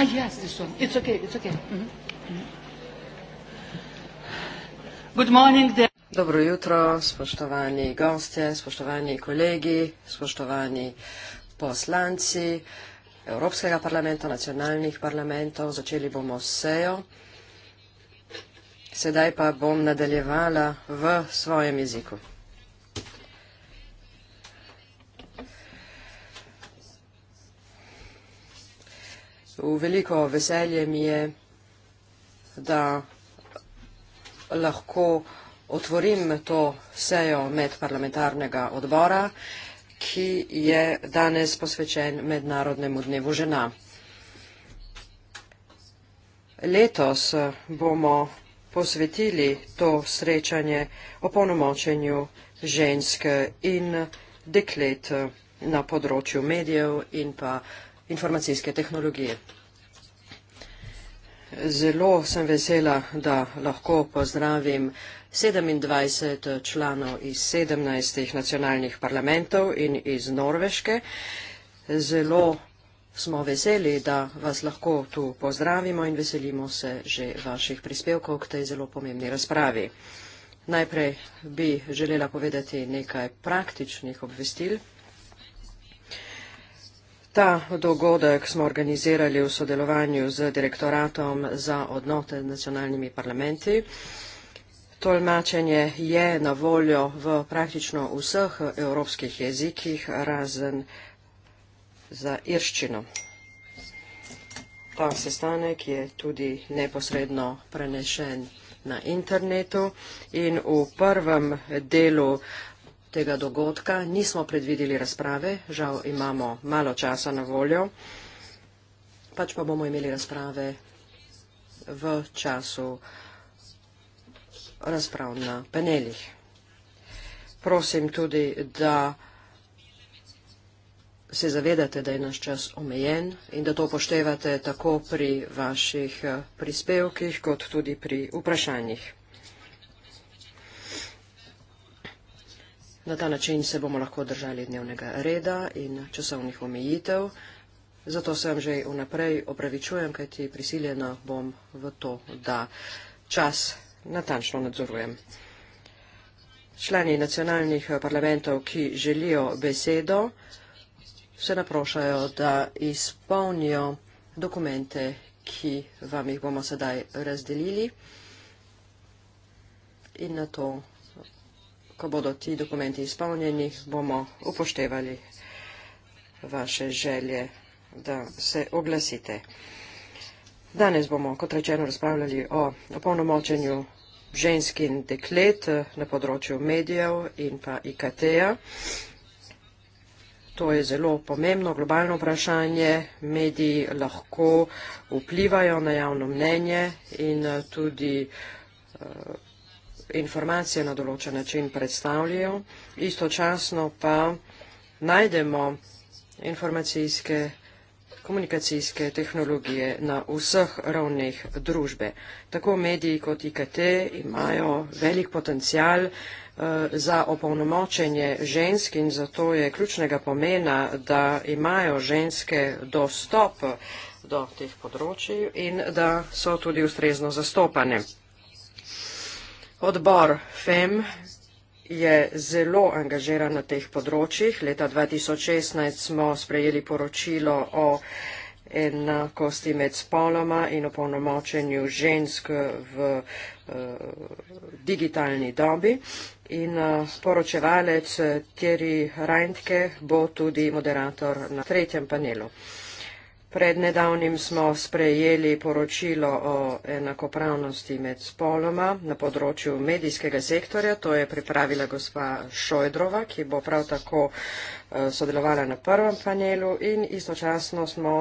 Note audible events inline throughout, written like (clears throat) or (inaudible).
Ah, yes, this one. It's okay, it's okay. Mm -hmm. Good morning, there. Dobro jutro, spoštovani gostje, spoštovani kolegi, spoštovani poslanci Evropskega parlamenta, nacionalnih parlamentov. Začeli bomo s sejo. Sedaj pa bom nadaljevala v svojem jeziku. V veliko veselje mi je, da lahko otvorim to sejo medparlamentarnega odbora, ki je danes posvečen Mednarodnemu dnevu žena. Letos bomo posvetili to srečanje o ponomočenju žensk in deklet na področju medijev in pa vsega informacijske tehnologije. Zelo sem vesela, da lahko pozdravim 27 članov iz 17 nacionalnih parlamentov in iz Norveške. Zelo smo veseli, da vas lahko tu pozdravimo in veselimo se že vaših prispevkov k tej zelo pomembni razpravi. Najprej bi želela povedati nekaj praktičnih obvestil. Ta dogodek smo organizirali v sodelovanju z direktoratom za odnote z nacionalnimi parlamenti. Tolmačenje je na voljo v praktično vseh evropskih jezikih, razen za irščino. Ta sestanek je tudi neposredno prenešen na internetu in v prvem delu tega dogodka. Nismo predvideli razprave, žal imamo malo časa na voljo, pač pa bomo imeli razprave v času razprav na panelih. Prosim tudi, da se zavedate, da je naš čas omejen in da to poštevate tako pri vaših prispevkih, kot tudi pri vprašanjih. Na ta način se bomo lahko držali dnevnega reda in časovnih omejitev. Zato se vam že vnaprej opravičujem, kajti prisiljena bom v to, da čas natančno nadzorujem. Člani nacionalnih parlamentov, ki želijo besedo, se naprošajo, da izpolnijo dokumente, ki vam jih bomo sedaj razdelili in na to ko bodo ti dokumenti izpolnjeni, bomo upoštevali vaše želje, da se oglasite. Danes bomo, kot rečeno, razpravljali o opolnomočenju žensk in deklet eh, na področju medijev in pa IKT-ja. To je zelo pomembno globalno vprašanje. Mediji lahko vplivajo na javno mnenje in eh, tudi eh, informacije na določen način predstavljajo, istočasno pa najdemo informacijske komunikacijske tehnologije na vseh ravneh družbe. Tako mediji kot IKT imajo velik potencial eh, za opolnomočenje žensk in zato je ključnega pomena, da imajo ženske dostop do teh področij in da so tudi ustrezno zastopane. Odbor FEM je zelo angažiran na teh področjih. Leta 2016 smo sprejeli poročilo o enakosti med spoloma in o polnomočenju žensk v uh, digitalni dobi. In uh, poročevalec Thierry Reintke bo tudi moderator na tretjem panelu. Pred nedavnim smo sprejeli poročilo o enakopravnosti med spoloma na področju medijskega sektorja. To je pripravila gospa Šojdrova, ki bo prav tako eh, sodelovala na prvem panelu in istočasno smo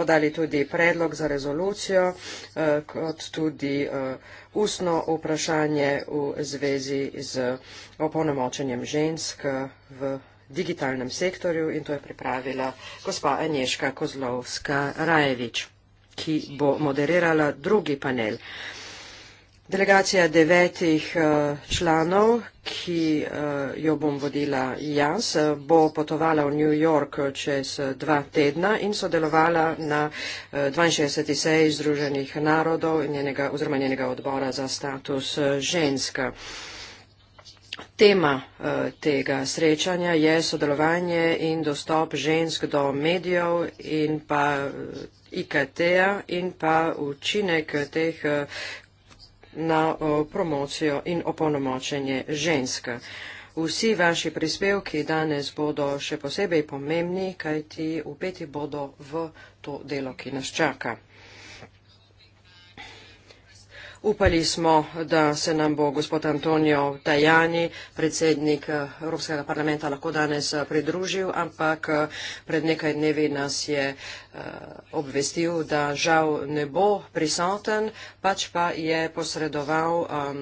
podali tudi predlog za rezolucijo, eh, kot tudi eh, ustno vprašanje v zvezi z opolnomočenjem žensk v digitalnem sektorju in to je pripravila gospa Anješka Kozlovska-Rajevič, ki bo moderirala drugi panel. Delegacija devetih eh, članov, ki eh, jo bom vodila jaz, bo potovala v New York čez dva tedna in sodelovala na 62. Eh, seji Združenih narodov in njenega, njenega odbora za status ženska. Tema eh, tega srečanja je sodelovanje in dostop žensk do medijev in pa eh, IKT-ja in pa učinek teh eh, na promocijo in opolnomočenje ženske. Vsi vaši prispevki danes bodo še posebej pomembni, kajti upeti bodo v to delo, ki nas čaka. Upali smo, da se nam bo gospod Antonijo Tajani, predsednik eh, Evropskega parlamenta, lahko danes eh, pridružil, ampak eh, pred nekaj dnevi nas je obvestil, da žal ne bo prisoten, pač pa je posredoval um,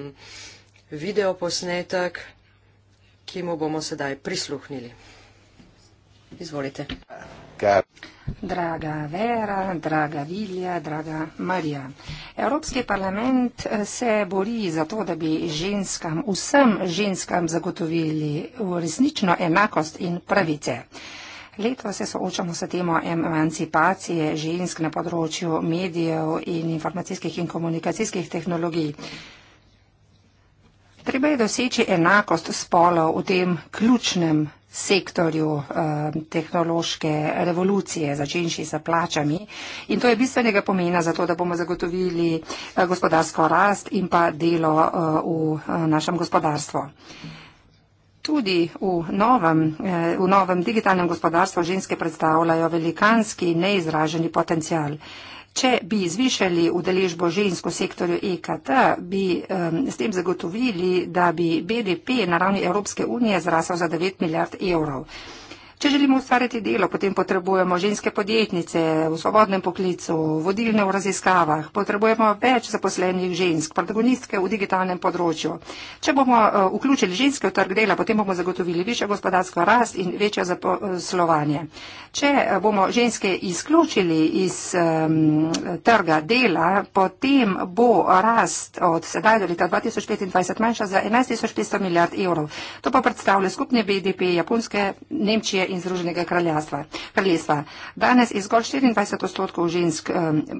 videoposnetek, ki mu bomo sedaj prisluhnili. Izvolite. Vatika. Draga Vera, draga Vilja, draga Marija. Evropski parlament eh, se bori za to, da bi ženskam, vsem ženskam zagotovili resnično enakost in pravice. Leto se soočamo s temo emancipacije žensk na področju medijev in informacijskih in komunikacijskih tehnologij. Treba je doseči enakost spolov v tem ključnem sektorju eh, tehnološke revolucije, začenši sa plačami. In to je bistvenega pomena za to, da bomo zagotovili eh, gospodarsko rast in pa delo eh, v eh, našem gospodarstvu. Tudi v novem, eh, v novem digitalnem gospodarstvu ženske predstavljajo velikanski neizraženi potencial. Če bi zvišali udeležbo žensko sektorju EKT, bi um, s tem zagotovili, da bi BDP na ravni Evropske unije zrasel za 9 milijard evrov. Če želimo ustvariti delo, potem potrebujemo ženske podjetnice v svobodnem poklicu, vodilne v raziskavah, potrebujemo več zaposlenih žensk, protagonistke v digitalnem področju. Če bomo eh, vključili ženske v trg dela, potem bomo zagotovili više gospodarsko rast in večjo zaposlovanje. Če eh, bomo ženske izključili iz um, trga dela, potem bo rast od sedaj do leta 2025 manjša za 11.500 milijard evrov. To pa predstavlja skupne BDP Japonske, Nemčije in Združenega kraljestva. Danes je zgolj 24 odstotkov žensk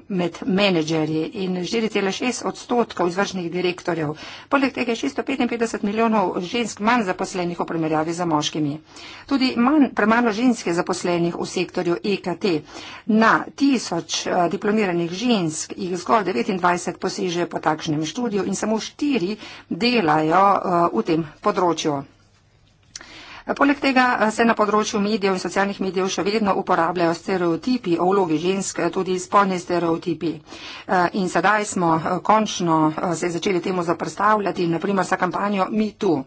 med menedžerji in 4,6 odstotkov izvršnih direktorjev. Poleg tega je 655 milijonov žensk manj zaposlenih v primerjavi z moškimi. Tudi manj, premalo žensk je zaposlenih v sektorju EKT. Na tisoč eh, diplomiranih žensk jih zgolj 29 poseže po takšnem študiju in samo štiri delajo eh, v tem področju. Poleg tega eh, se na področju medijev in socialnih medijev še vedno uporabljajo stereotipi o vlogi žensk, eh, tudi spolni stereotipi. Eh, in sedaj smo končno se začeli temu zaprstavljati, naprimer sa kampanjo MeToo.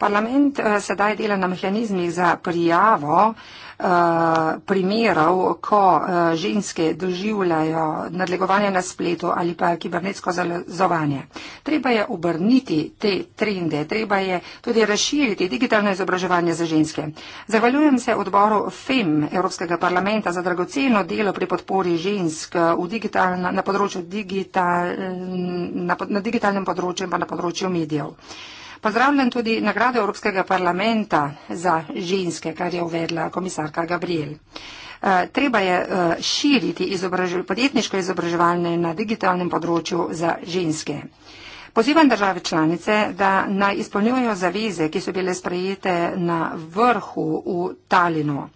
Parlament sedaj dela na mehanizmih za prijavo Eh, primerov, ko eh, ženske doživljajo nadlegovanje na spletu ali pa kibernetsko zalozovanje. Treba je obrniti te trende, treba je tudi razširiti digitalno izobraževanje za ženske. Zahvaljujem se odboru FEM Evropskega parlamenta za dragoceno delo pri podpori žensk eh, digitalna, na področju digital, na, na digitalnem področju in pa na področju medijev. Pozdravljam tudi nagrado Evropskega parlamenta za ženske, kar je uvedla komisarka Gabriel. Eh, treba je eh, širiti izobraž podjetniško izobraževanje na digitalnem področju za ženske. Pozivam države članice, da naj izpolnjujo zaveze, ki so bile sprejete na vrhu v Talinu.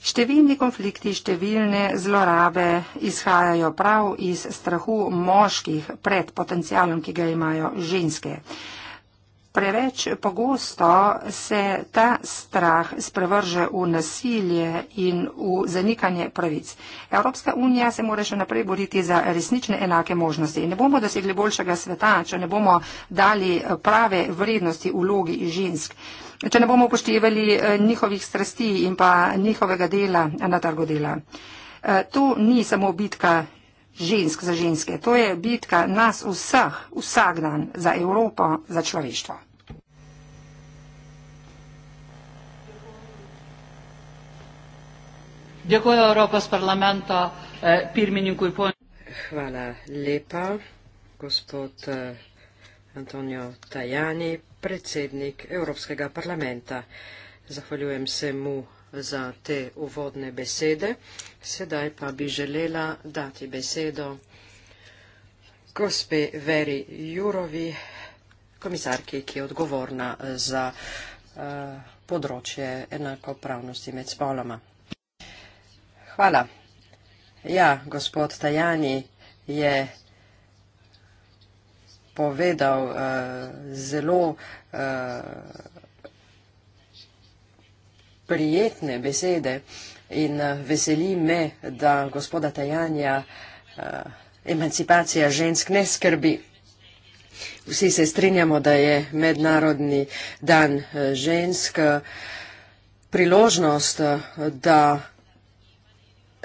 Številni konflikti, številne zlorabe izhajajo prav iz strahu moških pred potencialom, ki ga imajo ženske. Preveč pogosto se ta strah sprevrže v nasilje in v zanikanje pravic. Evropska unija se mora še naprej boriti za resnične enake možnosti. Ne bomo dosegli boljšega sveta, če ne bomo dali prave vrednosti vlogi žensk, če ne bomo upoštevali eh, njihovih strasti in pa njihovega dela na trgu dela. Eh, to ni samo bitka žensk za ženske. To je bitka nas vseh, vsak dan, za Evropo, za človeštvo. Eh, Hvala lepa, gospod eh, Antonio Tajani, predsednik Evropskega parlamenta. Zahvaljujem se mu za te uvodne besede. Sedaj pa bi želela dati besedo gospe Veri Jurovi, komisarki, ki je odgovorna za uh, področje enakopravnosti med spoloma. Hvala. Ja, gospod Tajani je povedal uh, zelo uh, prijetne besede in eh, veseli me, da gospoda Tajanja eh, emancipacija žensk ne skrbi. Vsi se strinjamo, da je mednarodni dan eh, žensk priložnost, da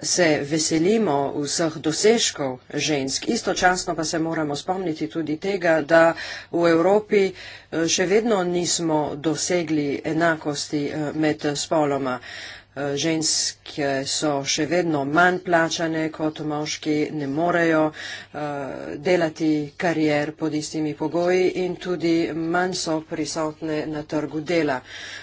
se veselimo vseh dosežkov žensk. Istočasno pa se moramo spomniti tudi tega, da v Evropi eh, še vedno nismo dosegli enakosti eh, med spoloma. Eh, ženske so še vedno manj plačane kot moški, ne morejo eh, delati karijer pod istimi pogoji in tudi manj so prisotne na trgu dela.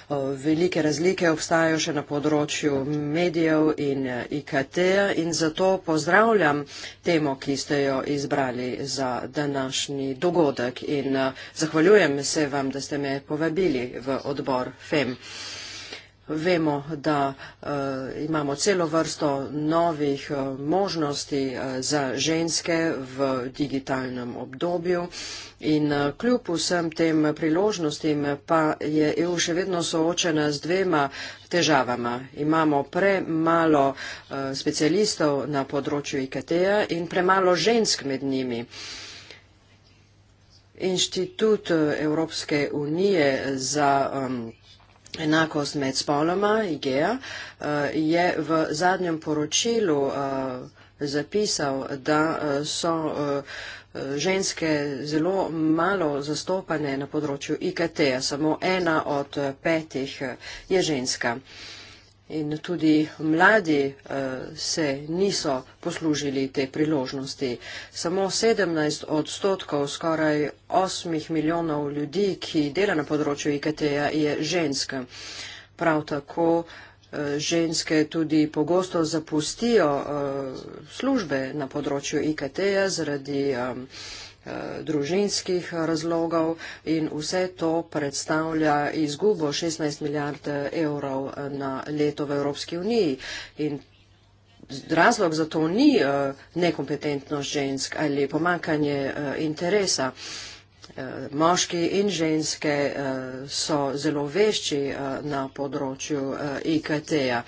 Eh, velike razlike obstajajo še na področju medijev in IKT in zato pozdravljam temo, ki ste jo izbrali za današnji dogodek in zahvaljujem se vam, da ste me povabili v odbor FEM. Vemo, da uh, imamo celo vrsto novih uh, možnosti uh, za ženske v digitalnem obdobju in uh, kljub vsem tem priložnostim pa je EU še vedno soočena z dvema težavama. Imamo premalo uh, specialistov na področju IKT-ja in premalo žensk med njimi. Inštitut Evropske unije za um, enakost med spoloma, IGEA, eh, je v zadnjem poročilu eh, zapisal, da eh, so ženske zelo malo zastopane na področju IKT-ja, samo ena od petih je ženska in tudi mladi eh, se niso poslužili te priložnosti. Samo 17 odstotkov skoraj 8 milijonov ljudi, ki dela na področju IKT-ja, je ženska. Prav tako ženske tudi pogosto zapustijo eh, službe na področju IKT-ja zaradi eh, eh, družinskih razlogov in vse to predstavlja izgubo 16 milijard evrov na leto v Evropski uniji. In razlog za to ni nekompetentnost žensk ali pomankanje interesa. Eh, moški in ženske eh, so zelo vešči eh, na področju IKT-ja.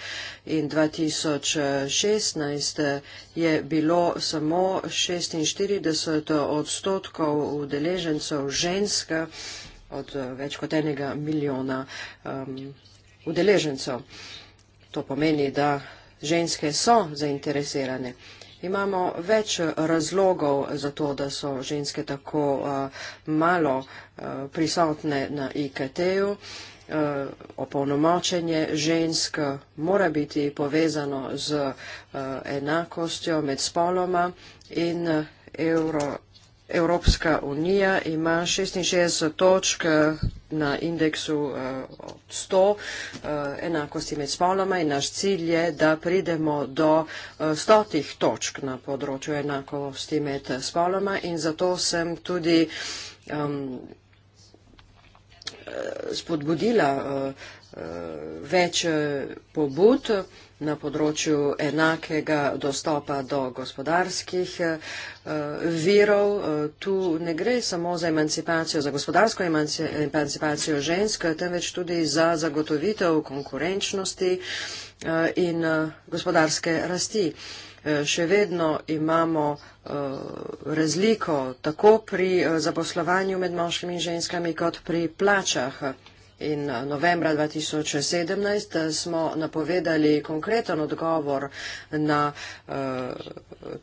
In 2016 je bilo samo 46 odstotkov udeležencev ženska od več kot enega milijona udeležencev. To pomeni, da ženske so zainteresirane. Imamo več razlogov za to, da so ženske tako uh, malo uh, prisotne na IKT-ju. Uh, eh, opolnomočenje žensk mora biti povezano z uh, enakostjo med spoloma in uh, Euro Evropska unija ima 66 točk eh, na indeksu eh, od 100 eh, enakosti med spoloma in naš cilj je, da pridemo do stotih točk na področju enakosti med spoloma in zato sem tudi spodbudila več pobud, na področju enakega dostopa do gospodarskih eh, virov. Eh, tu ne gre samo za emancipacijo, za gospodarsko emancipacijo žensk, temveč tudi za zagotovitev konkurenčnosti eh, in gospodarske rasti. Še vedno imamo razliko tako pri zaposlovanju med moškimi in ženskami kot pri plačah. In eh, novembra 2017 eh, smo napovedali konkreten odgovor na eh,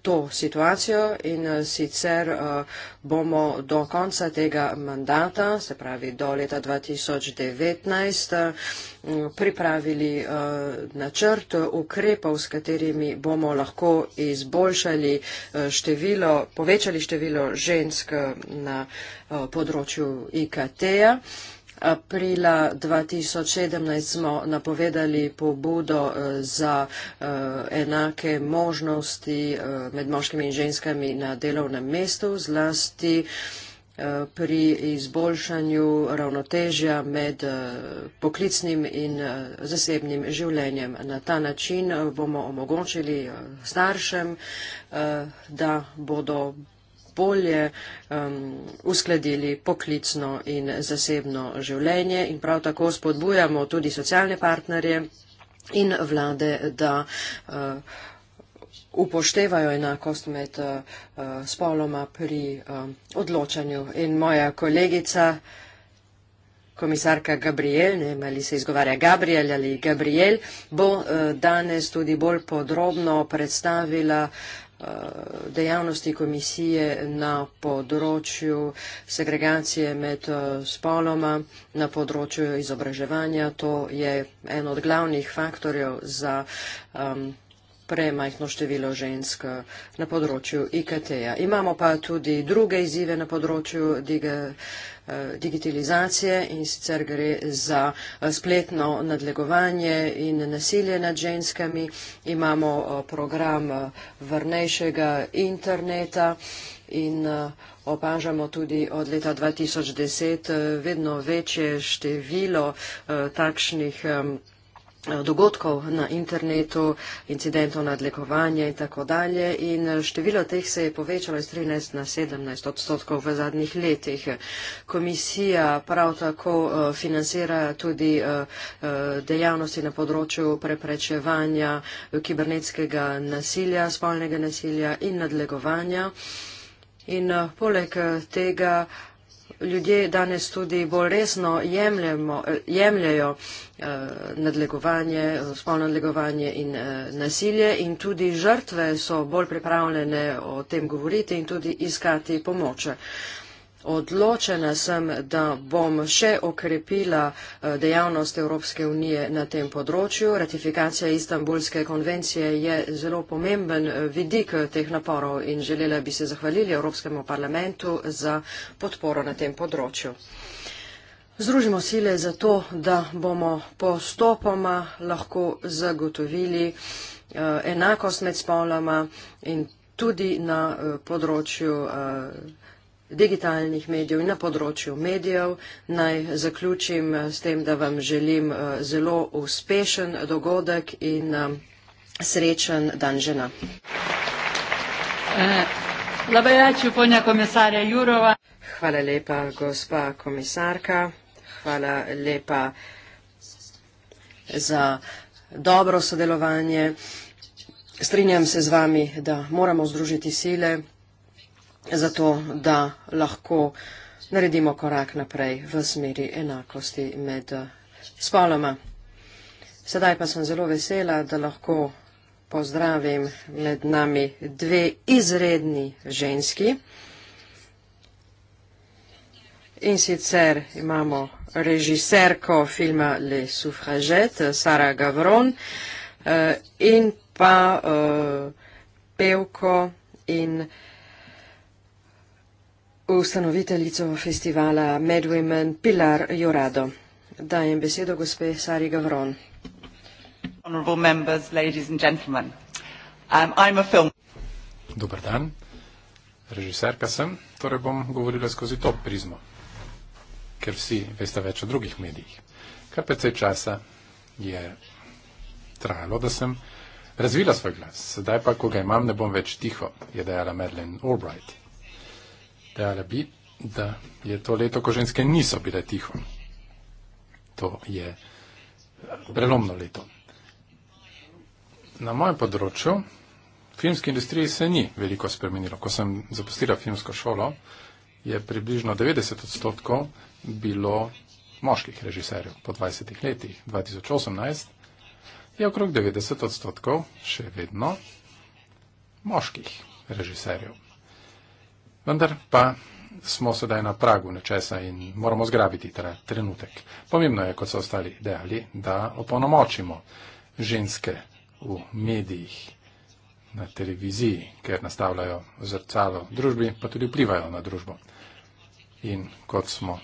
to situacijo in sicer bomo do konca tega mandata, se pravi do leta 2019, pripravili načrt ukrepov, s katerimi bomo lahko izboljšali število, povečali število žensk na področju IKT-ja. Aprila 2017 smo napovedali pobudo eh, za eh, enake možnosti eh, med moškimi in ženskami na delovnem mestu, zlasti pri izboljšanju ravnotežja med poklicnim in zasebnim življenjem. Na ta način bomo omogočili staršem, da bodo bolje um, uskladili poklicno in zasebno življenje in prav tako spodbujamo tudi socialne partnerje in vlade, da uh, upoštevajo enakost med uh, spoloma pri um, odločanju. In moja kolegica, komisarka Gabriel, ne vem ali se izgovarja Gabriel ali Gabriel, bo uh, danes tudi bolj podrobno predstavila uh, Eh, dejavnosti komisije na področju segregacije med eh, spoloma, na področju izobraževanja. To je en od glavnih faktorjev za um, premajhno število žensk na področju IKT-ja. Imamo pa tudi druge izzive na področju diga, eh, digitalizacije in sicer gre za eh, spletno nadlegovanje in nasilje nad ženskami. Imamo eh, program vrnejšega interneta in opažamo tudi od leta 2010 vedno večje število takšnih Eh, dogodkov na internetu, incidentov nadlegovanja in tako dalje in eh, število teh se je povečalo iz 13 na 17 odstotkov v zadnjih letih. Komisija prav tako eh, financira tudi dejavnosti na področju preprečevanja kibernetskega nasilja, spolnega nasilja in nadlegovanja. In poleg tega uh, ljudje danes tudi bolj resno jemljamo, eh, jemljajo eh, nadlegovanje, spolno nadlegovanje in eh, nasilje in tudi žrtve so bolj pripravljene o tem govoriti in tudi iskati pomoče. Odločena sem, da bom še okrepila eh, dejavnost Evropske unije na tem področju. Ratifikacija Istanbulske konvencije je zelo pomemben eh, vidik eh, teh naporov in želela bi se zahvalili Evropskemu parlamentu za podporo na tem področju. Združimo sile za to, da bomo postopoma lahko zagotovili enakost med spoloma in tudi na področju digitalnih medijev in na področju medijev. Naj zaključim s tem, da vam želim eh, zelo uspešen dogodek in eh, srečen dan žena. Eh, Hvala lepa, gospa komisarka. Hvala lepa za dobro sodelovanje. Strinjam se z vami, da moramo združiti sile zato, da lahko naredimo korak naprej v smeri enakosti med eh, spoloma. Sedaj pa sem zelo vesela, da lahko pozdravim med nami dve izredni ženski. In sicer imamo režiserko filma Le Suffraget, Sara Gavron, eh, in pa eh, pevko in pevko ustanoviteljico festivala Mad Women Pilar Jorado. Dajem besedo gospe Sari Gavron. Members, um, film... Dobar dan, režiserka sem, torej bom govorila skozi to prizmo, ker vsi veste več o drugih medijih. Kar precej časa je trajalo, da sem razvila svoj glas, sedaj pa, ko ga imam, ne bom več tiho, je dejala Marilyn Albright. Dejala bi, da je to leto, ko ženske niso bile tiho. To je prelomno leto. Na mojem področju filmske industrije se ni veliko spremenilo. Ko sem zapustila filmsko šolo, je približno 90 odstotkov bilo moških režiserjev. Po 20 letih, 2018, je okrog 90 odstotkov še vedno moških režiserjev. Vendar pa smo sedaj na pragu nečesa in moramo zgrabiti ta trenutek. Pomembno je, kot so ostali dejali, da opolnomočimo ženske v medijih, na televiziji, ker nastavljajo zrcalo družbi, pa tudi vplivajo na družbo. In kot smo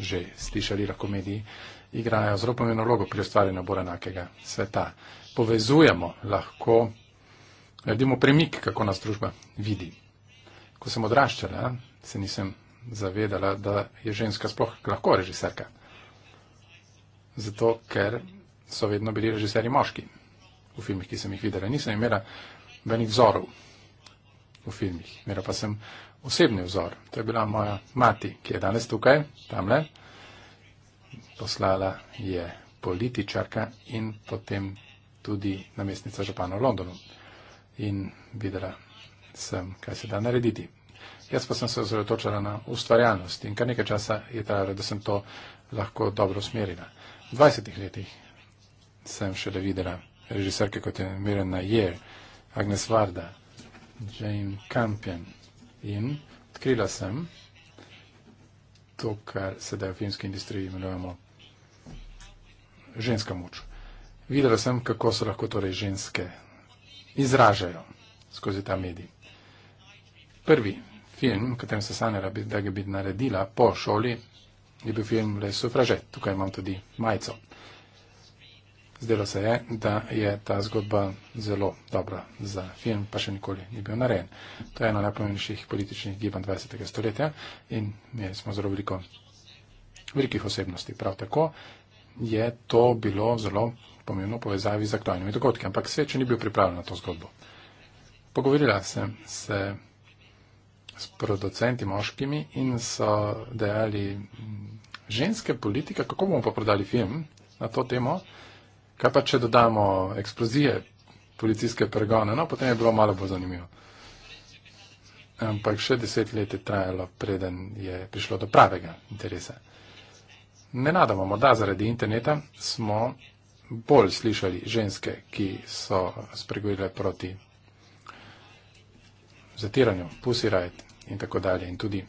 že slišali, lahko mediji igrajo zelo pomembno vlogo pri ustvarjanju bolj enakega sveta. Povezujemo lahko, naredimo premik, kako nas družba vidi ko sem odraščala, se nisem zavedala, da je ženska sploh lahko režiserka. Zato, ker so vedno bili režiserji moški v filmih, ki sem jih videla. Nisem imela benih vzorov v filmih, imela pa sem osebni vzor. To je bila moja mati, ki je danes tukaj, tamle. Poslala je političarka in potem tudi namestnica župana v Londonu. In videla sem, kaj se da narediti. Jaz pa sem se osredotočala na ustvarjalnost in kar nekaj časa je trajalo, da sem to lahko dobro usmerila. V 20 letih sem šele videla režiserke kot je Mirena Jer, Agnes Varda, Jane Campion in odkrila sem to, kar sedaj v filmski industriji imenujemo ženska moč. Videla sem, kako se lahko torej ženske izražajo skozi ta medij prvi film, v katerem sem sanjala, da ga bi naredila po šoli, je bil film Le Suffraget. Tukaj imam tudi majico. Zdelo se je, da je ta zgodba zelo dobra za film, pa še nikoli ni bil narejen. To je ena najpomembnejših političnih gibanj 20. stoletja in imeli smo zelo veliko velikih osebnosti. Prav tako je to bilo zelo pomembno v povezavi z aktualnimi dogodki, ampak svet še ni bil pripravljen na to zgodbo. Pogovorila sem se s producenti moškimi in so dejali ženske politike, kako bomo pa prodali film na to temo, kaj pa če dodamo eksplozije, policijske pregone, no potem je bilo malo bolj zanimivo. Ampak še deset let je trajalo, preden je prišlo do pravega interesa. Nenadoma, morda zaradi interneta, smo bolj slišali ženske, ki so spregovorile proti zatiranju, pusirajte, in tako dalje. In tudi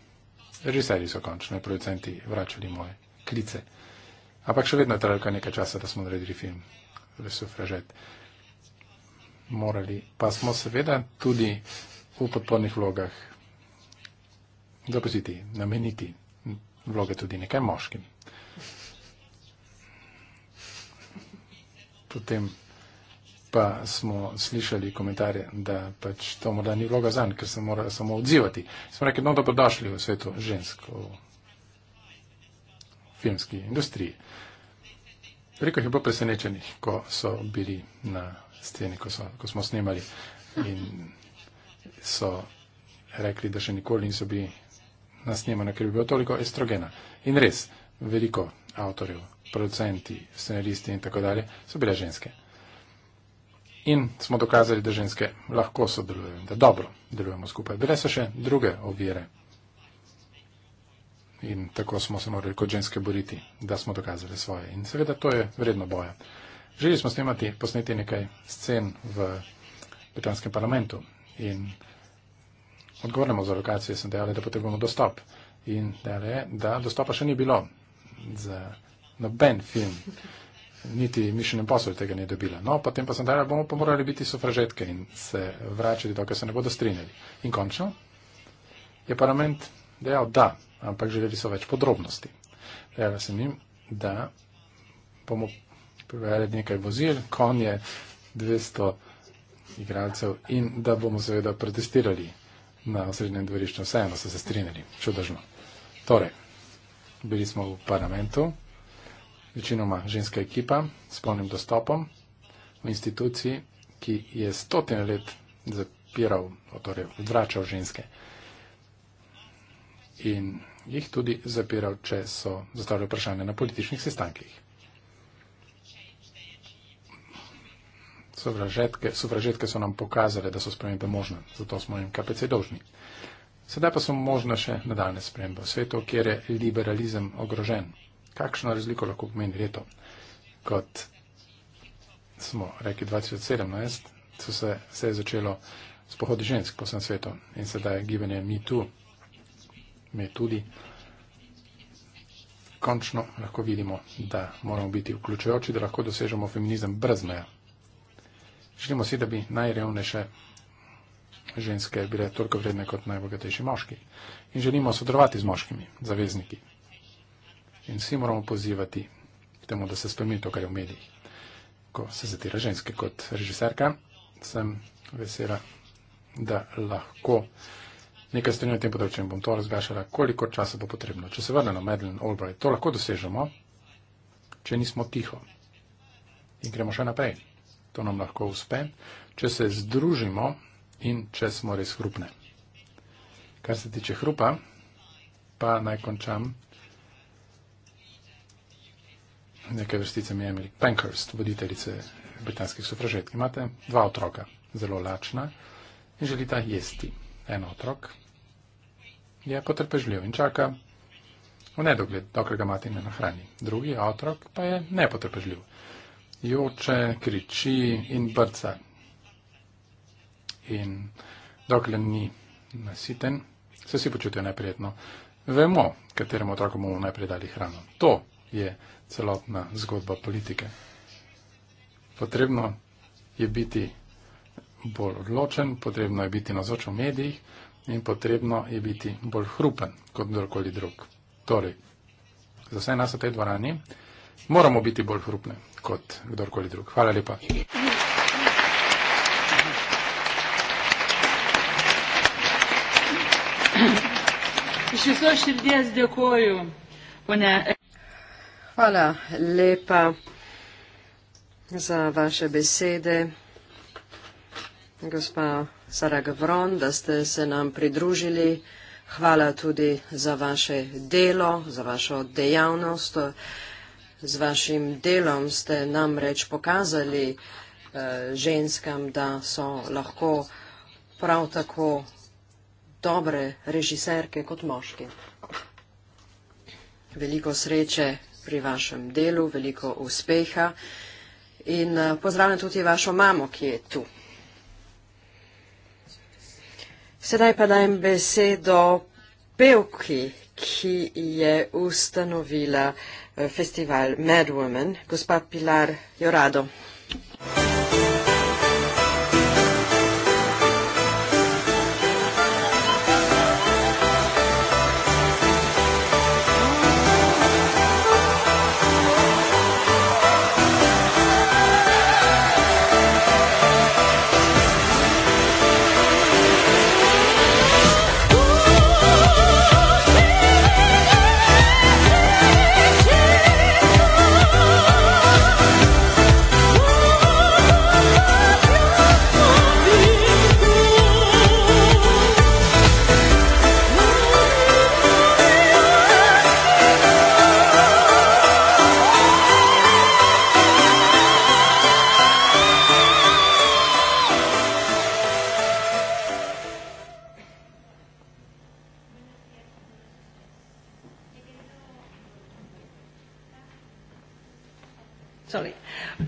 režiserji so končno, producenti vračali moje klice. Ampak še vedno trajalo nekaj časa, da smo naredili film Vesufražet. Morali pa smo seveda tudi v podpornih vlogah dopustiti, nameniti vloge tudi nekaj moškim. Potem pa smo slišali komentarje, da pač to morda ni vloga zanj, ker se mora samo odzivati. Smo rekli, no, dobrodošli v svetu žensk v filmski industriji. Veliko jih je bilo presenečenih, ko so bili na sceni, ko, so, ko smo snemali in so rekli, da še nikoli niso bili na snemanju, ker je bi bilo toliko estrogena. In res, veliko avtorjev, producenti, scenaristi in tako dalje so bile ženske in smo dokazali, da ženske lahko sodelujejo, da dobro delujemo skupaj. Bile so še druge ovire in tako smo se morali kot ženske boriti, da smo dokazali svoje. In seveda to je vredno boja. Želeli smo snemati, posneti nekaj scen v britanskem parlamentu in odgovornemu za lokacije sem dejala, da potrebujemo dostop. In dejala je, da dostopa še ni bilo za noben film. Okay niti Mission Impossible tega ni dobila. No, potem pa sem dejala, bomo pa morali biti sufražetke in se vračati, dokaj se ne bodo strinjali. In končno je parlament dejal, da, ampak želeli so več podrobnosti. Dejala sem jim, da bomo pripravili nekaj vozil, konje, 200 igralcev in da bomo seveda protestirali na osrednjem dvorišču. Vseeno so se strinjali. Čudežno. Torej, bili smo v parlamentu večinoma ženska ekipa s polnim dostopom v instituciji, ki je stotine let zapiral, no, torej odvračal ženske in jih tudi zapiral, če so zastavljali vprašanje na političnih sestankih. Sovražetke, sovražetke so nam pokazale, da so spremembe možne, zato smo jim KPC dolžni. Sedaj pa so možne še nadaljne spremembe v svetu, kjer je liberalizem ogrožen kakšno razliko lahko pomeni leto. Kot smo rekli 2017, so se, se je začelo s pohodi žensk po vsem svetu in sedaj je gibanje Me Too, Me Tudi. Končno lahko vidimo, da moramo biti vključujoči, da lahko dosežemo feminizem brez meja. Želimo si, da bi najrevnejše ženske bile toliko vredne kot najbogatejši moški. In želimo sodelovati z moškimi, zavezniki. In vsi moramo pozivati k temu, da se spomni to, kar je v medijih. Ko se zatira ženske kot režiserka, sem vesela, da lahko nekaj stvari na tem področju in bom to razgašala, koliko časa bo potrebno. Če se vrne na Madeleine Albright, to lahko dosežemo, če nismo tiho. In gremo še naprej. To nam lahko uspe, če se združimo in če smo res hrupne. Kar se tiče hrupa, pa naj končam nekaj vrstice Miami Pankhurst, voditeljice britanskih sofražetk. Imate dva otroka, zelo lačna in želita jesti. En otrok je potrpežljiv in čaka v nedogled, dokler ga mati ne nahrani. Drugi otrok pa je nepotrpežljiv. Joče, kriči in brca. In dokler ni nasiten, se vsi počutijo neprijetno. Vemo, kateremu otroku bomo najprej dali hrano. To je celotna zgodba politike. Potrebno je biti bolj odločen, potrebno je biti nazoč v medijih in potrebno je biti bolj hrupen kot kdorkoli drug. Torej, za vse nas v tej dvorani moramo biti bolj hrupni kot kdorkoli drug. Hvala lepa. Iš viso širdies dėkoju, ponia. Hvala lepa za vaše besede, gospa Sara Gavron, da ste se nam pridružili. Hvala tudi za vaše delo, za vašo dejavnost. Z vašim delom ste nam reč pokazali eh, ženskam, da so lahko prav tako dobre režiserke kot moški. Veliko sreče pri vašem delu, veliko uspeha in eh, pozdravljam tudi vašo mamo, ki je tu. Sedaj pa dajem besedo pevki, ki je ustanovila eh, festival Mad Women, gospa Pilar Jorado.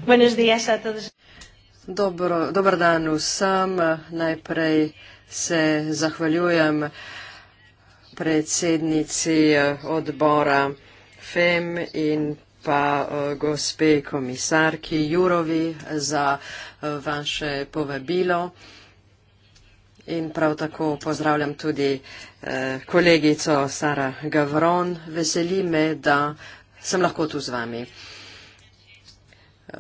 Buenos días a todos. Dobro, dobar dan vsem. Najprej se zahvaljujem predsednici eh, odbora FEM in pa eh, gospe komisarki Jurovi za eh, vaše povabilo. In prav tako pozdravljam tudi kolegico Sara Gavron. Veseli me, da sem lahko tu z vami. Eh,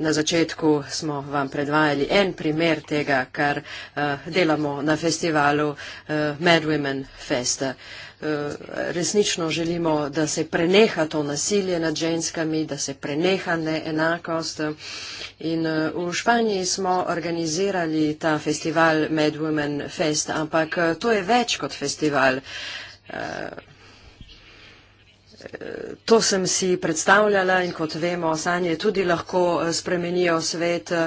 na začetku smo vam predvajali en primer tega, kar eh, delamo na festivalu eh, Mad Women Fest. Resnično želimo, da se preneha to nasilje nad ženskami, da se preneha neenakost. In v Španiji smo organizirali ta festival Mad Women Fest, ampak to je več kot festival. To sem si predstavljala in kot vemo, sanje tudi lahko eh, spremenijo svet eh,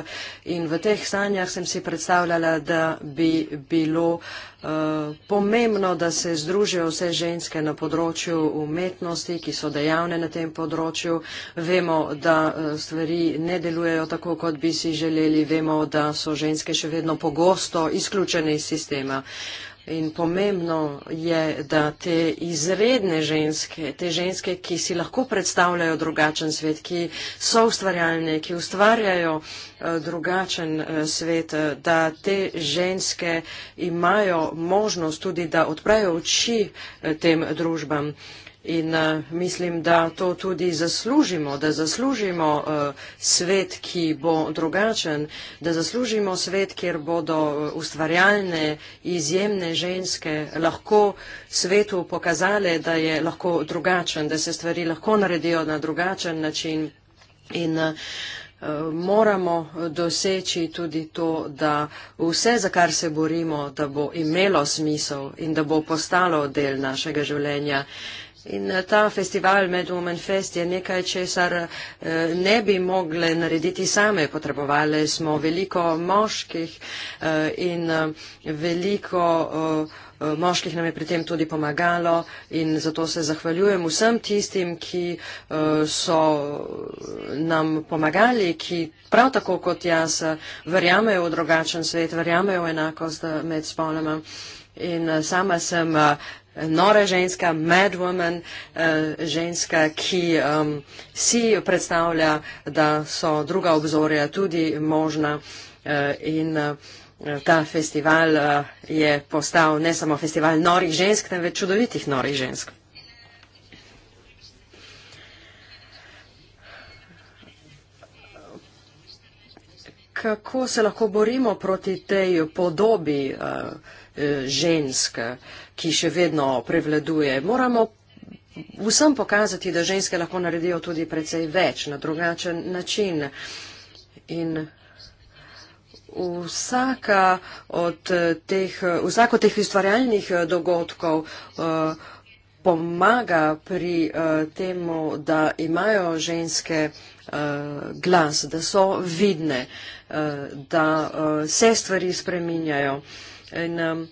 in v teh sanjah sem si predstavljala, da bi bilo eh, pomembno, da se združijo vse ženske na področju umetnosti, ki so dejavne na tem področju. Vemo, da stvari ne delujejo tako, kot bi si želeli. Vemo, da so ženske še vedno pogosto izključene iz sistema. In pomembno je, da te izredne ženske, te ženske, ki si lahko predstavljajo drugačen svet, ki so ustvarjalne, ki ustvarjajo eh, drugačen eh, svet, eh, da te ženske imajo možnost tudi, da odprejo oči tem družbam. In uh, mislim, da to tudi zaslužimo, da zaslužimo uh, svet, ki bo drugačen, da zaslužimo svet, kjer bodo eh, ustvarjalne, izjemne ženske lahko svetu pokazale, da je lahko drugačen, da se stvari lahko naredijo na drugačen način. In, uh, moramo doseči tudi to, da vse, za kar se borimo, da bo imelo smisel in da bo postalo del našega življenja. In eh, ta festival Medwoman Fest je nekaj, česar eh, ne bi mogle narediti same. Potrebovali smo veliko moških eh, in veliko moških nam je pri tem tudi pomagalo in zato se zahvaljujem vsem tistim, ki so nam pomagali, ki prav tako kot jaz verjamejo v drugačen svet, verjamejo v enakost med spoloma. In sama sem uh, nora ženska, mad woman, eh, ženska, ki um, si predstavlja, da so druga obzorja tudi možna eh, in eh, ta festival je postal ne samo festival norih žensk, temveč čudovitih norih žensk. Kako se lahko borimo proti tej podobi uh, žensk? Uh, ki še vedno prevladuje. Moramo vsem pokazati, da ženske lahko naredijo tudi precej več na drugačen način. In vsaka od teh, vsako teh ustvarjalnih eh, dogodkov eh, pomaga pri uh, temu, da imajo ženske uh, glas, da so vidne, uh, da uh, se stvari spreminjajo. In, um,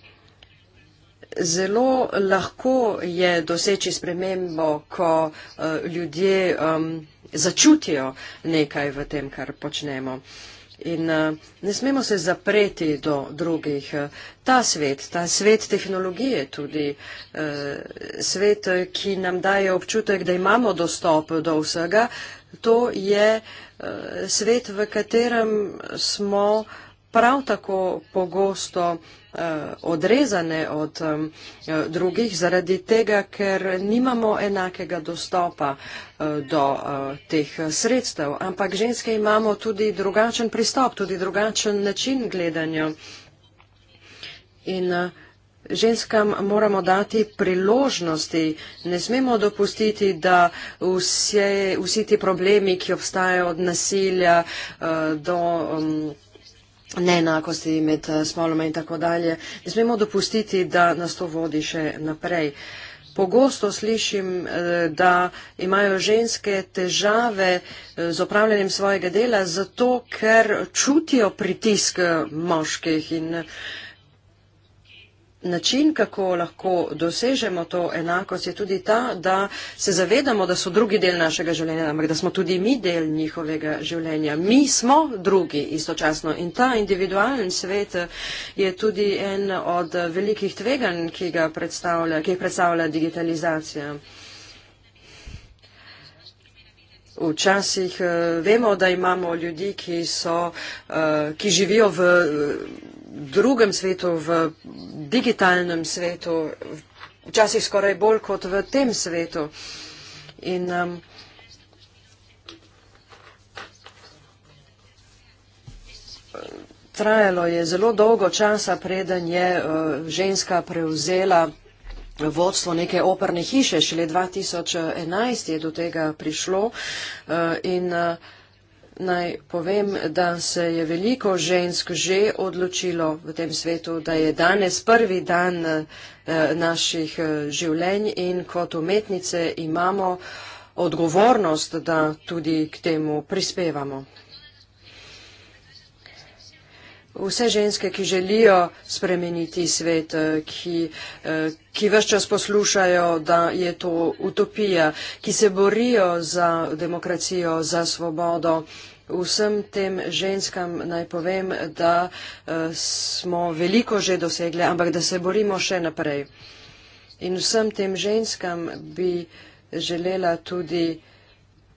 zelo lahko je doseči spremembo, ko uh, ljudje um, začutijo nekaj v tem, kar počnemo. In eh, ne smemo se zapreti do drugih. Ta svet, ta svet tehnologije tudi, eh, svet, ki nam daje občutek, da imamo dostop do vsega, to je svet, v katerem smo prav tako pogosto eh, odrezane od eh, drugih zaradi tega, ker nimamo enakega dostopa eh, do teh sredstev. Ampak ženske imamo tudi drugačen pristop, tudi drugačen način gledanja. In ženskam moramo dati priložnosti, ne smemo dopustiti, da vse, vsi ti problemi, ki obstajajo od nasilja do mm, neenakosti med eh, spoloma in tako dalje. Ne smemo dopustiti, da nas to vodi še naprej. Pogosto slišim, eh, da imajo ženske težave eh, z opravljanjem svojega dela, zato ker čutijo pritisk moških in način, kako lahko dosežemo to enakost, je tudi ta, da se zavedamo, da so drugi del našega življenja, ampak da smo tudi mi del njihovega življenja. Mi smo drugi istočasno in ta individualen svet je tudi en od velikih tveganj, ki ga predstavlja, ki predstavlja digitalizacija. Včasih eh, vemo, da imamo ljudi, ki, so, eh, ki živijo v drugem svetu, v digitalnem svetu, včasih skoraj bolj kot v tem svetu. In, um, Trajalo je zelo dolgo časa, preden je uh, ženska prevzela vodstvo neke operne hiše, šele 2011 je do tega prišlo. Uh, in, uh, naj povem, da se je veliko žensk že odločilo v tem svetu, da je danes prvi dan eh, naših eh, življenj in kot umetnice imamo odgovornost, da tudi k temu prispevamo vse ženske, ki želijo spremeniti svet, eh, ki, eh, ki vse čas poslušajo, da je to utopija, ki se borijo za demokracijo, za svobodo. Vsem tem ženskam naj povem, da eh, smo veliko že dosegli, ampak da se borimo še naprej. In vsem tem ženskam bi želela tudi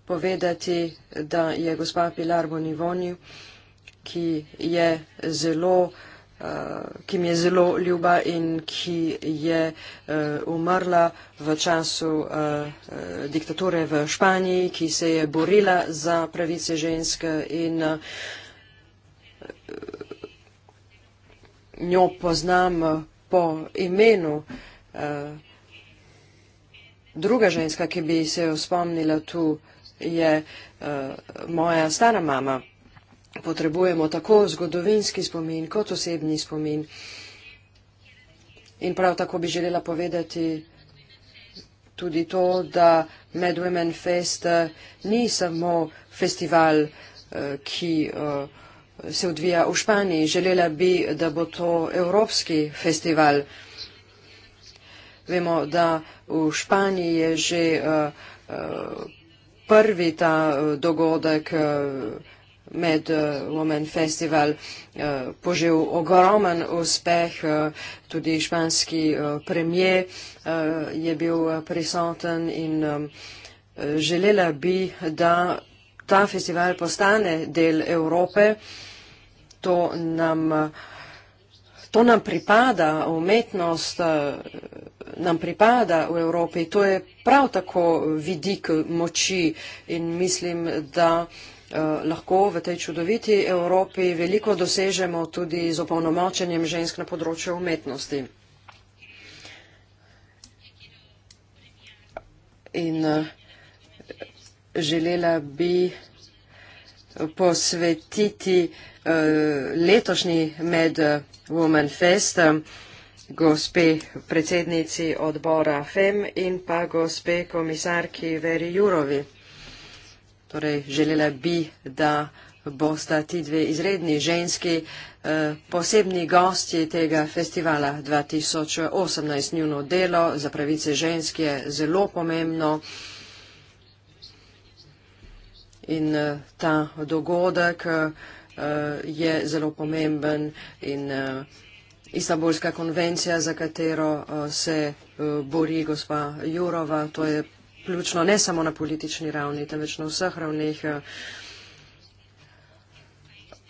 povedati, da je gospa Pilar Bonivoni ki, je zelo, uh, ki mi je zelo ljuba in ki je uh, umrla v času uh, uh, diktature v Španiji, ki se je borila za pravice žensk in uh, njo poznam po imenu. Uh, Druga ženska, ki bi se jo spomnila tu, je uh, moja stara mama potrebujemo tako zgodovinski spomin kot osebni spomin. In prav tako bi želela povedati tudi to, da Mad Women Fest eh, ni samo festival, eh, ki eh, se odvija v Španiji. Želela bi, da bo to evropski festival. Vemo, da v Španiji je že prvi ta dogodek med uh, eh, Lomen Festival uh, požel ogromen uspeh, uh, tudi španski uh, premijer uh, je bil prisoten in um, želela bi, da ta festival postane del Evrope. To nam, to nam pripada, umetnost nam pripada v Evropi. To je prav tako vidik moči in mislim, da uh, Eh, lahko v tej čudoviti Evropi veliko dosežemo tudi z opolnomočenjem žensk na področju umetnosti. In eh, želela bi posvetiti eh, letošnji Med Women Fest gospe predsednici odbora FEM in pa gospe komisarki Veri Jurovi. Torej, želela bi, da bosta ti dve izredni ženski eh, posebni gosti tega festivala 2018. Njuno delo za pravice ženske je zelo pomembno in eh, ta dogodek eh, je zelo pomemben in Istanbulska konvencija, za katero se bori gospa Jurova, to je vključno ne samo na politični ravni, temveč na vseh ravneh.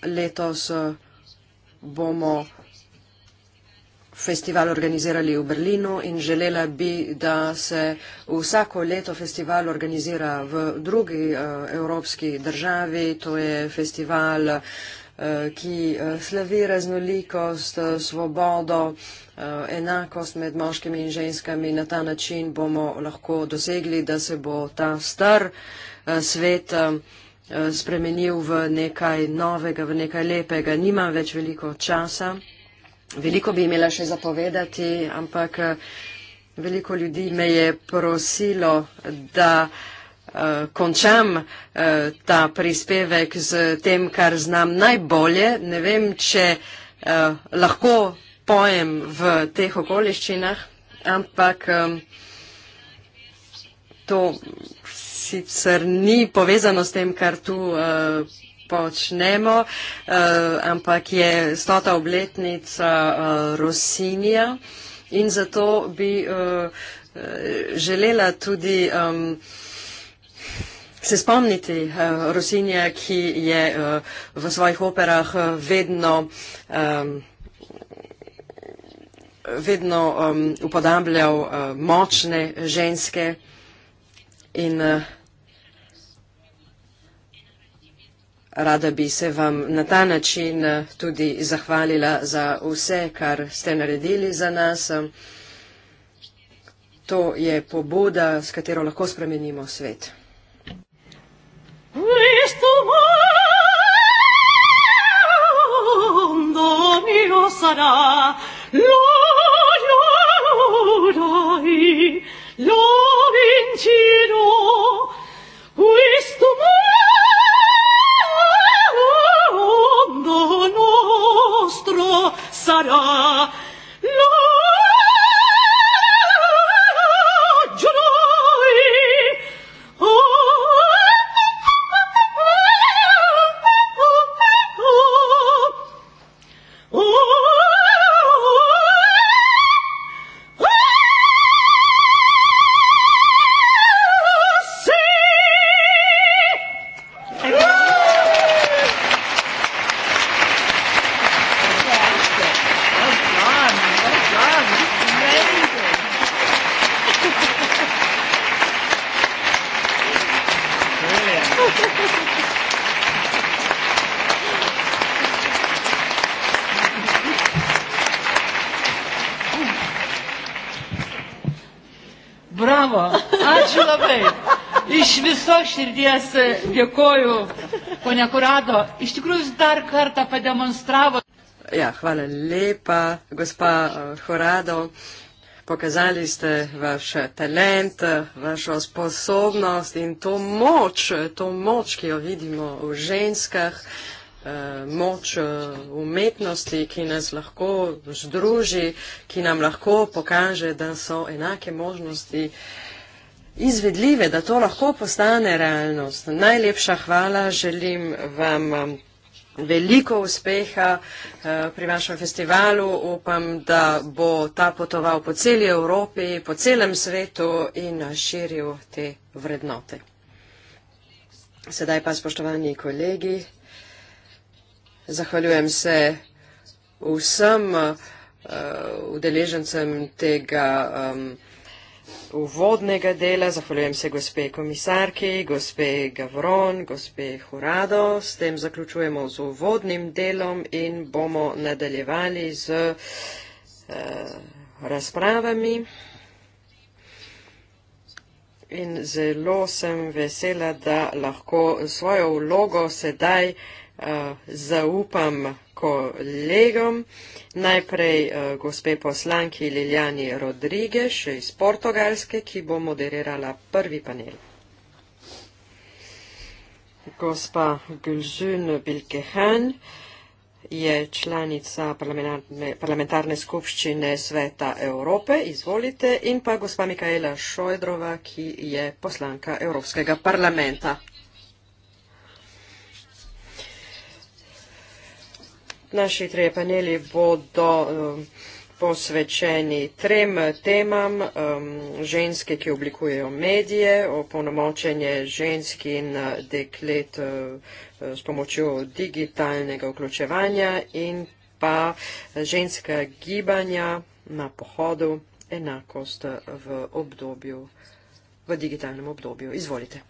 Letos eh, bomo festival organizirali v Berlinu in želela bi, da se vsako leto festival organizira v drugi eh, evropski državi. To je festival, eh, ki slavi raznolikost, svobodo. Eh, enakost med moškimi in ženskami. Na ta način bomo lahko dosegli, da se bo ta star eh, svet eh, spremenil v nekaj novega, v nekaj lepega. Nimam več veliko časa. Veliko bi imela še zapovedati, ampak veliko ljudi me je prosilo, da končam ta prispevek z tem, kar znam najbolje. Ne vem, če lahko pojem v teh okoliščinah, ampak um, to sicer ni povezano s tem, kar tu uh, počnemo, uh, ampak je stota obletnica uh, Rosinija in zato bi uh, uh želela tudi um, se spomniti uh, Rosinija, ki je uh, v svojih operah uh, vedno um, vedno um, upodabljal uh, močne ženske in uh, rada bi se vam na ta način uh, tudi zahvalila za vse, kar ste naredili za nas. Um, to je poboda, s katero lahko spremenimo svet. Mundo mio sarà, lui. lo vincerò questo mondo nostro sarà širdies e, dėkoju, ponia Kurado. Iš tikrųjų, jūs dar kartą pademonstravote. Ja, hvala lepa, gospa e, Kurado. Pokazali ste vaš talent, vašo sposobnost in to moč, to moč, ki jo vidimo v ženskah, e, moč umetnosti, ki nas lahko združi, ki nam lahko pokaže, da so enake možnosti izvedljive, da to lahko postane realnost. Najlepša hvala, želim vam um, veliko uspeha uh, pri vašem festivalu. Upam, da bo ta potoval po celi Evropi, po celem svetu in širil te vrednote. Sedaj pa, spoštovani kolegi, zahvaljujem se vsem uh, udeležencem tega. Um, uvodnega dela, zahvaljujem se gospe komisarki, gospe Gavron, gospe Hurado. S tem zaključujemo z uvodnim delom in bomo nadaljevali z eh, razpravami. In zelo sem vesela, da lahko svojo vlogo sedaj eh, Eh, zaupam kolegom, najprej eh, gospe poslanki Liljani Rodrigeš iz Portugalske, ki bo moderirala prvi panel. Gospa Gülžün Bilkehan je članica parlamentarne, parlamentarne skupščine Sveta Evrope, izvolite, in pa gospa Mikaela Šojdrova, ki je poslanka Evropskega parlamenta. Naši trije paneli bodo um, posvečeni trem temam, um, ženske, ki oblikujejo medije, opolnomočenje žensk in uh, deklet uh, s pomočjo digitalnega vključevanja in pa ženska gibanja na pohodu enakost v obdobju, v digitalnem obdobju. Izvolite.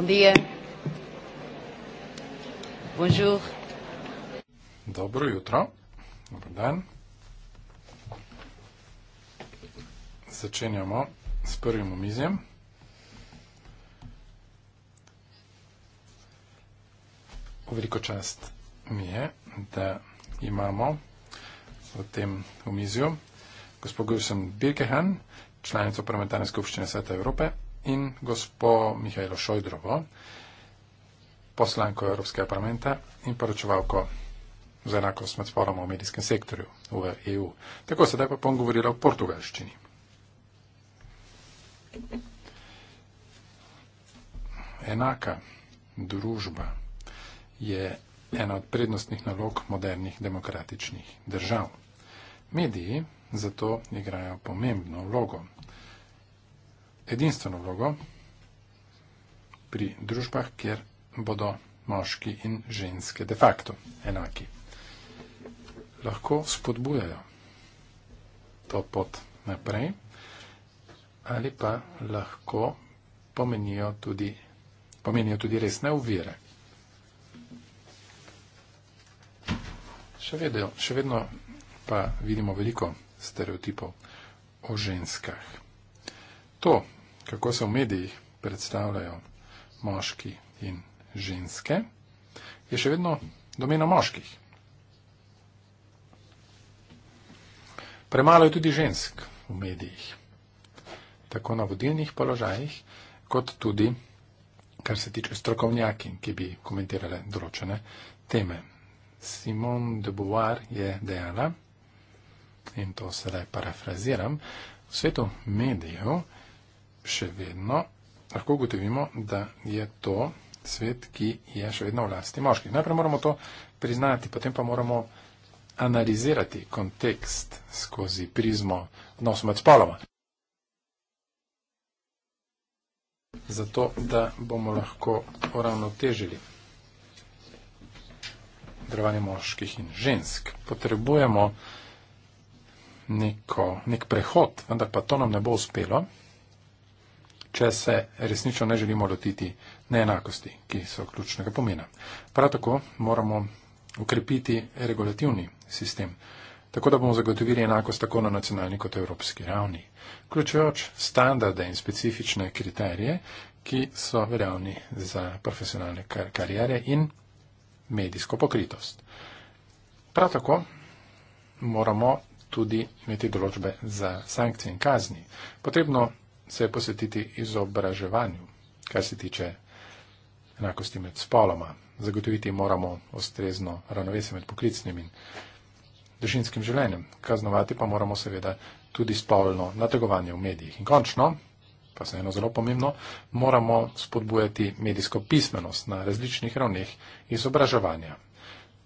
Bom dia. Bonjour. Dobro jutro. Dobro dan. Začenjamo s prvim omizjem. Veliko čast mi je, da imamo v tem omizju gospod Gursen Birkehan, članico parlamentarne skupščine Sveta Evrope, in gospo Mihajlo Šojdrovo, poslanko Evropskega parlamenta in poročevalko za enakost med sporoma v medijskem sektorju v EU. Tako sedaj pa bom govorila o portugalščini. Enaka družba je ena od prednostnih nalog modernih demokratičnih držav. Mediji zato igrajo pomembno vlogo edinstveno vlogo pri družbah, kjer bodo moški in ženske de facto enaki. Lahko spodbujajo to pot naprej ali pa lahko pomenijo tudi, pomenijo tudi resne uvire. Še vedno, še vedno pa vidimo veliko stereotipov o ženskah. To, kako se v medijih predstavljajo moški in ženske, je še vedno domena moških. Premalo je tudi žensk v medijih, tako na vodilnih položajih, kot tudi, kar se tiče strokovnjaki, ki bi komentirale določene teme. Simone de Beauvoir je dejala, in to sedaj parafraziram, v svetu medijev, še vedno lahko ugotovimo, da je to svet, ki je še vedno v lasti moških. Najprej moramo to priznati, potem pa moramo analizirati kontekst skozi prizmo odnosov med spoloma. Zato, da bomo lahko uravnotežili delovanje moških in žensk, potrebujemo neko, nek prehod, vendar pa to nam ne bo uspelo če se resnično ne želimo lotiti neenakosti, ki so ključnega pomena. Prav tako moramo ukrepiti regulativni sistem, tako da bomo zagotovili enakost tako na nacionalni kot evropski ravni, vključujoč standarde in specifične kriterije, ki so veljavni za profesionalne kar karijere in medijsko pokritost. Prav tako moramo tudi imeti določbe za sankcije in kazni. Potrebno se je posvetiti izobraževanju, kar se tiče enakosti med spoloma. Zagotoviti moramo ustrezno ravnovesje med poklicnim in državinskim življenjem. Kaznovati pa moramo seveda tudi spolno nategovanje v medijih. In končno, pa se eno zelo pomembno, moramo spodbujati medijsko pismenost na različnih ravneh izobraževanja.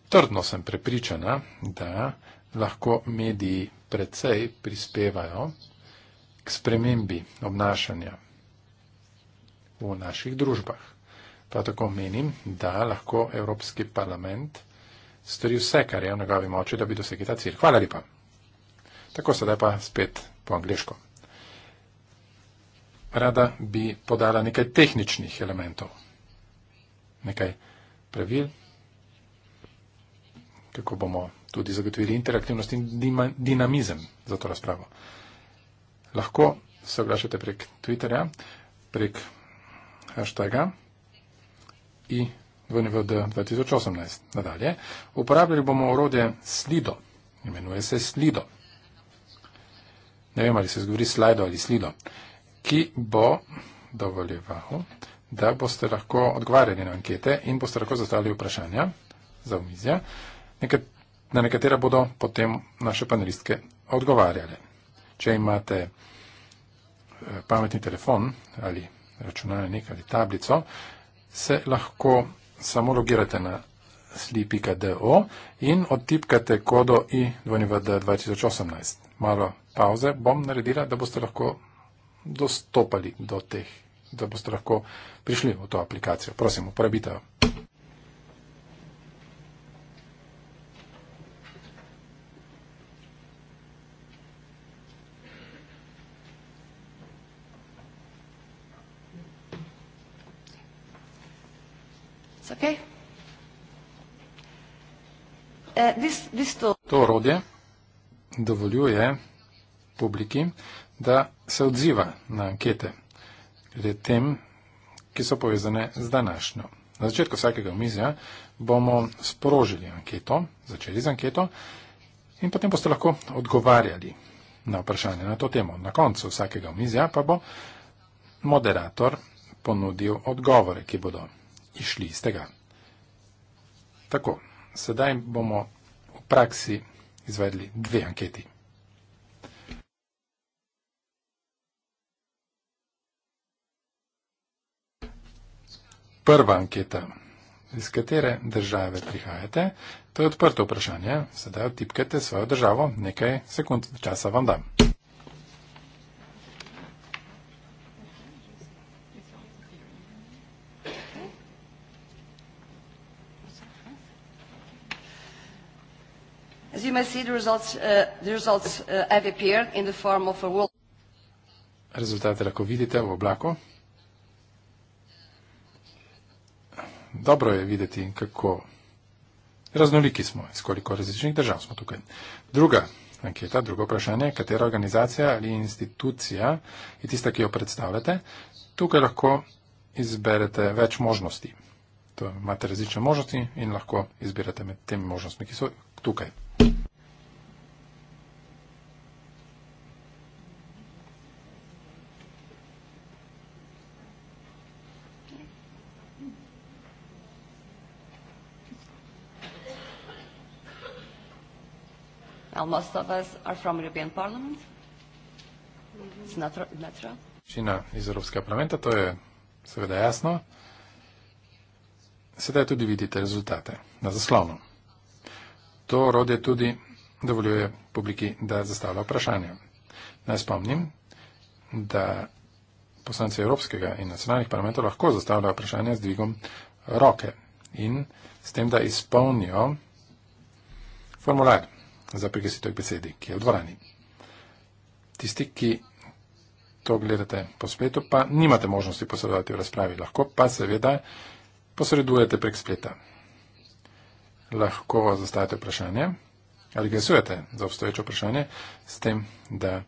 Trdno sem prepričana, da lahko mediji precej prispevajo k spremembi obnašanja v naših družbah. Pa tako menim, da lahko Evropski parlament stori vse, kar je v njegovi moči, da bi dosegli ta cilj. Hvala lepa. Tako sedaj pa spet po angliško. Rada bi podala nekaj tehničnih elementov, nekaj pravil, kako bomo tudi zagotovili interaktivnost in dinamizem za to razpravo lahko se oglašate prek Twitterja, prek hashtaga iwnvd2018. Nadalje, uporabljali bomo orode Slido, imenuje se Slido. Ne vem, ali se zgovori Slido ali Slido, ki bo dovoljeval, da boste lahko odgovarjali na ankete in boste lahko zastavili vprašanja za omizja, na nekatera bodo potem naše panelistke odgovarjale. Če imate eh, pametni telefon ali računalnik ali tablico, se lahko samo logirate na sli.do in odtipkate kodo IWD 2018. Malo pauze bom naredila, da boste lahko dostopali do teh, da boste lahko prišli v to aplikacijo. Prosim, uporabite jo. Okay. E, bis, bistvo... To orodje dovoljuje publiki, da se odziva na ankete glede tem, ki so povezane z današnjo. Na začetku vsakega omizja bomo sprožili anketo, začeli z anketo in potem boste lahko odgovarjali na vprašanje na to temo. Na koncu vsakega omizja pa bo moderator ponudil odgovore, ki bodo izšli iz tega. Tako, sedaj bomo v praksi izvedli dve anketi. Prva anketa, iz katere države prihajate, to je odprto vprašanje. Sedaj odtipkajte svojo državo, nekaj sekund časa vam dam. you may see, the results uh, uh, have appeared in the form of a world. Rezultate lahko vidite v oblaku. Dobro je videti, kako raznoliki smo, iz koliko različnih držav smo tukaj. Druga anketa, drugo vprašanje, katera organizacija ali institucija je tista, ki jo predstavljate. Tukaj lahko izberete več možnosti. To imate različne možnosti in lahko izbirate med temi možnostmi, ki so tukaj. Well, most of us are from European Parliament. It's not natural. Večina iz Evropskega parlamenta, to je seveda jasno. Sedaj tudi vidite rezultate na zaslonu. To orodje tudi dovoljuje publiki, da zastavlja vprašanja. Naj spomnim, da poslanci Evropskega in nacionalnih parlamentov lahko zastavljajo vprašanja z dvigom roke in s tem, da izpolnijo formular za prigesitev k besedi, ki je v dvorani. Tisti, ki to gledate po spletu, pa nimate možnosti posredovati v razpravi, lahko pa seveda posredujete prek spleta lahko zastavite vprašanje ali glasujete za obstoječo vprašanje s tem, da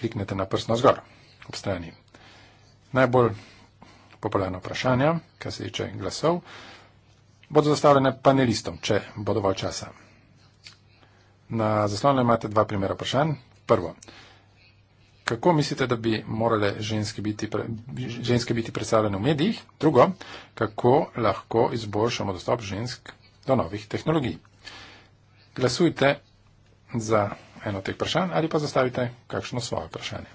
kliknete na prst navzgor ob strani. Najbolj popularna vprašanja, kar se tiče glasov, bodo zastavljene panelistom, če bo dovolj časa. Na zaslonu imate dva primera vprašanj. Prvo, kako mislite, da bi morale ženske biti, pre, ženske biti predstavljene v medijih? Drugo, kako lahko izboljšamo dostop žensk do novih tehnologij. Glasujte za eno od teh vprašanj ali pa zastavite kakšno svoje vprašanje.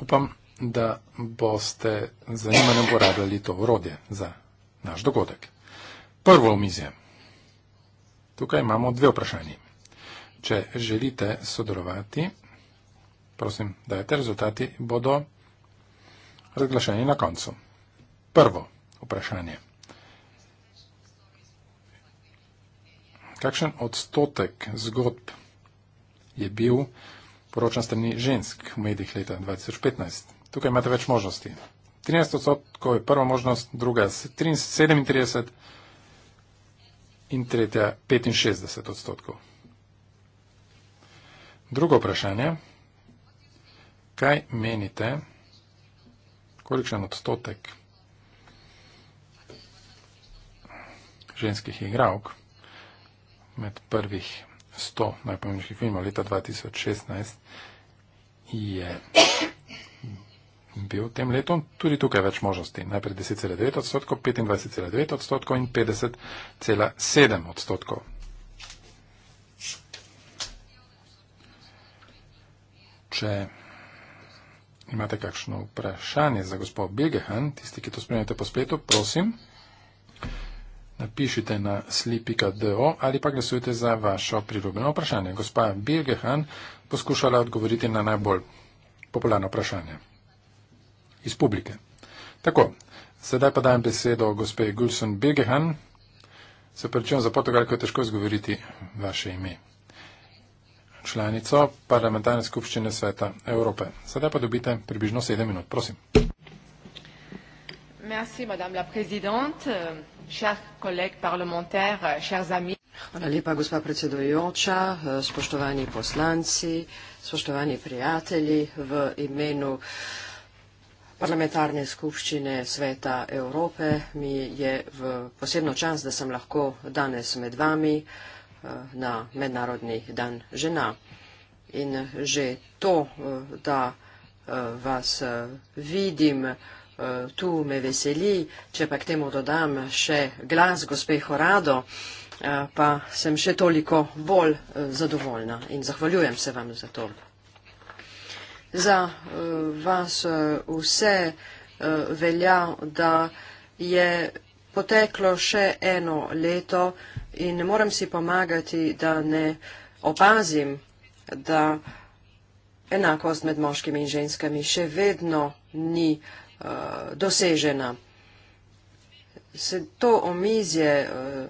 Upam, da boste zanimanjem uporabljali to orodje za naš dogodek. Prvo omizje. Tukaj imamo dve vprašanje. Če želite sodelovati, prosim, dajte rezultati, bodo razglašeni na koncu. Prvo vprašanje. Kakšen odstotek zgodb je bil poročan strani žensk v medijih leta 2015? Tukaj imate več možnosti. 13 odstotkov je prva možnost, druga 37 in tretja 65 odstotkov. Drugo vprašanje. Kaj menite, kolikšen odstotek ženskih igravk med prvih 100 najpomembnejših filmov leta 2016 je bil tem letom tudi tukaj več možnosti. Najprej 10,9 odstotkov, 25,9 odstotkov in 50,7 odstotkov. Če imate kakšno vprašanje za gospod Begehan, tisti, ki to spremljate po spletu, prosim, napišite na slipika.do ali pa glasujte za vašo priljubljeno vprašanje. Gospa Begehan poskušala odgovoriti na najbolj popularno vprašanje iz publike. Tako, sedaj pa dajem besedo gospe Gulson Begehan. Se prečujem za Portugalko, je težko izgovoriti vaše ime članico parlamentarne skupščine sveta Evrope. Sedaj pa dobite približno sedem minut, prosim. Merci, madame la présidente, cher collègue parlementaire, chers amis. Hvala lepa, gospa predsedujoča, spoštovani poslanci, spoštovani prijatelji v imenu parlamentarne skupščine sveta Evrope. Mi je v posebno čas, da sem lahko danes med vami. Eh, na mednarodni dan žena. In že to, eh, da eh, vas vidim, tu me veseli, če pa k temu dodam še glas gospe Horado, pa sem še toliko bolj zadovoljna in zahvaljujem se vam za to. Za vas vse velja, da je poteklo še eno leto, in ne morem si pomagati, da ne opazim, da enakost med moškimi in ženskami še vedno ni uh, dosežena. Se to omizje uh,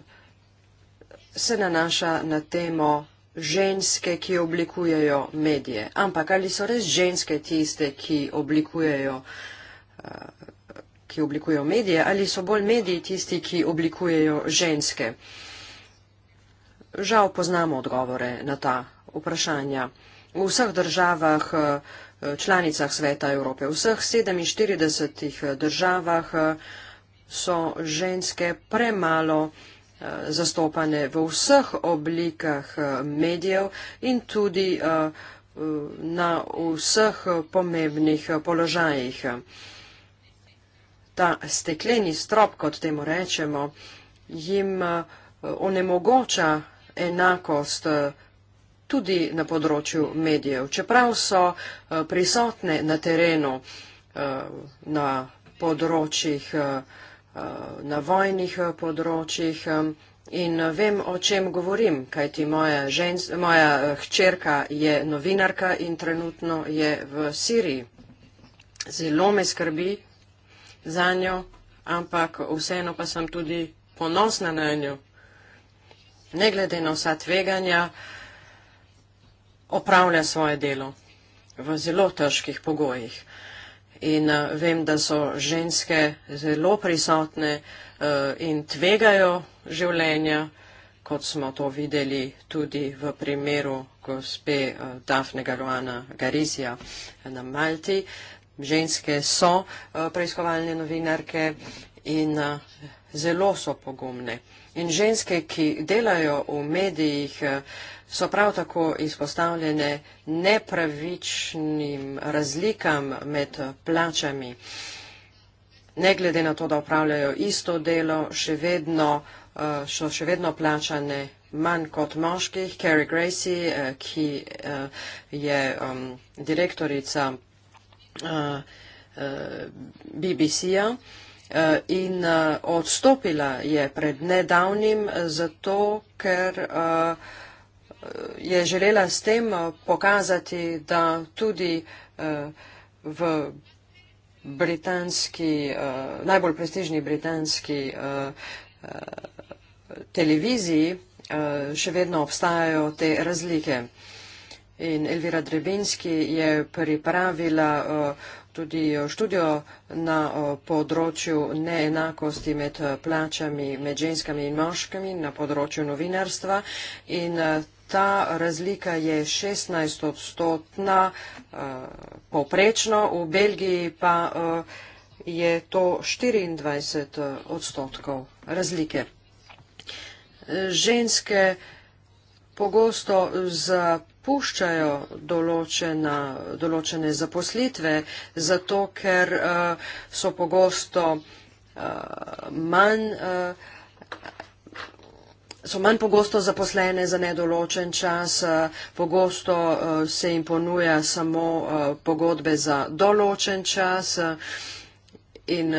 se nanaša na temo ženske, ki oblikujejo medije. Ampak ali so res ženske tiste, ki oblikujejo, eh, ki oblikujejo medije, ali so bolj mediji tisti, ki oblikujejo ženske? Uh, žal poznamo odgovore na ta vprašanja. V vseh državah, eh, članicah Sveta Evrope, v vseh 47 eh, državah eh, so ženske premalo zastopane v vseh oblikah medijev in tudi na vseh pomembnih položajih. Ta stekleni strop, kot temu rečemo, jim onemogoča enakost eh, tudi na področju medijev. Čeprav so eh, prisotne na terenu, eh, na področjih, na vojnih področjih in vem, o čem govorim, kajti moja, žens, moja hčerka je novinarka in trenutno je v Siriji. Zelo me skrbi za njo, ampak vseeno pa sem tudi ponosna na njo ne glede na vsa tveganja, opravlja svoje delo v zelo težkih pogojih. In eh, vem, da so ženske zelo prisotne eh, in tvegajo življenja, kot smo to videli tudi v primeru gospe eh, Dafne Garuana Garizija na Malti. Ženske so preiskovalne novinarke in zelo so pogumne. In ženske, ki delajo v medijih, eh, so prav tako izpostavljene nepravičnim razlikam med plačami. Ne glede na to, da upravljajo isto delo, še vedno, eh, so še vedno plačane manj kot moških. Carrie Gracie, eh, ki je um, direktorica BBC-a, Eh, in eh, odstopila je pred nedavnim zato, ker eh, je želela s tem pokazati, da tudi v britanski, najbolj prestižni britanski televiziji še vedno obstajajo te razlike. In Elvira Drebinski je pripravila uh, tudi eh, študijo na eh, področju neenakosti med eh, plačami med ženskami in moškami na področju novinarstva in ta razlika je 16 odstotna poprečno, v Belgiji pa je to 24 odstotkov razlike. Ženske pogosto z puščajo določena, določene zaposlitve, zato ker uh, so pogosto uh, manj. Uh, so manj pogosto zaposlene za nedoločen čas, pogosto se jim ponuja samo pogodbe za določen čas in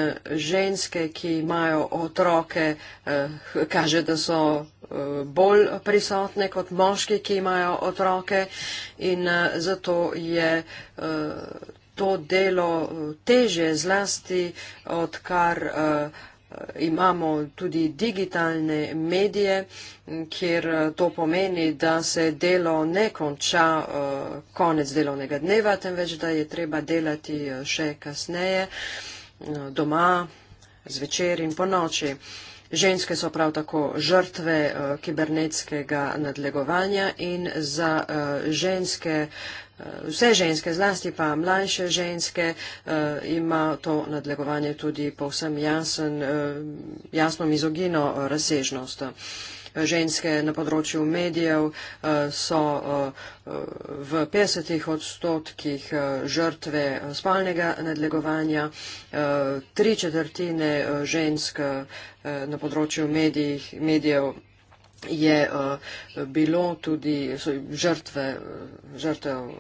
ženske, ki imajo otroke, kaže, da so bolj prisotne kot moški, ki imajo otroke in eh, zato je eh, to delo eh, teže zlasti, odkar imamo tudi digitalne medije, kjer to pomeni, da se delo ne konča konec delovnega dneva, temveč da je treba delati še kasneje doma, zvečer in po noči. Ženske so prav tako žrtve uh, kibernetskega nadlegovanja in za uh, ženske, uh, vse ženske, zlasti pa mlajše ženske, uh, ima to nadlegovanje tudi povsem jasen, uh, jasno mizogino uh, razsežnost. Uh, ženske na področju medijev eh, so eh, v 50 odstotkih eh, žrtve spalnega nadlegovanja, tri četrtine žensk na področju medijih, medijev je bilo tudi žrtve, žrtev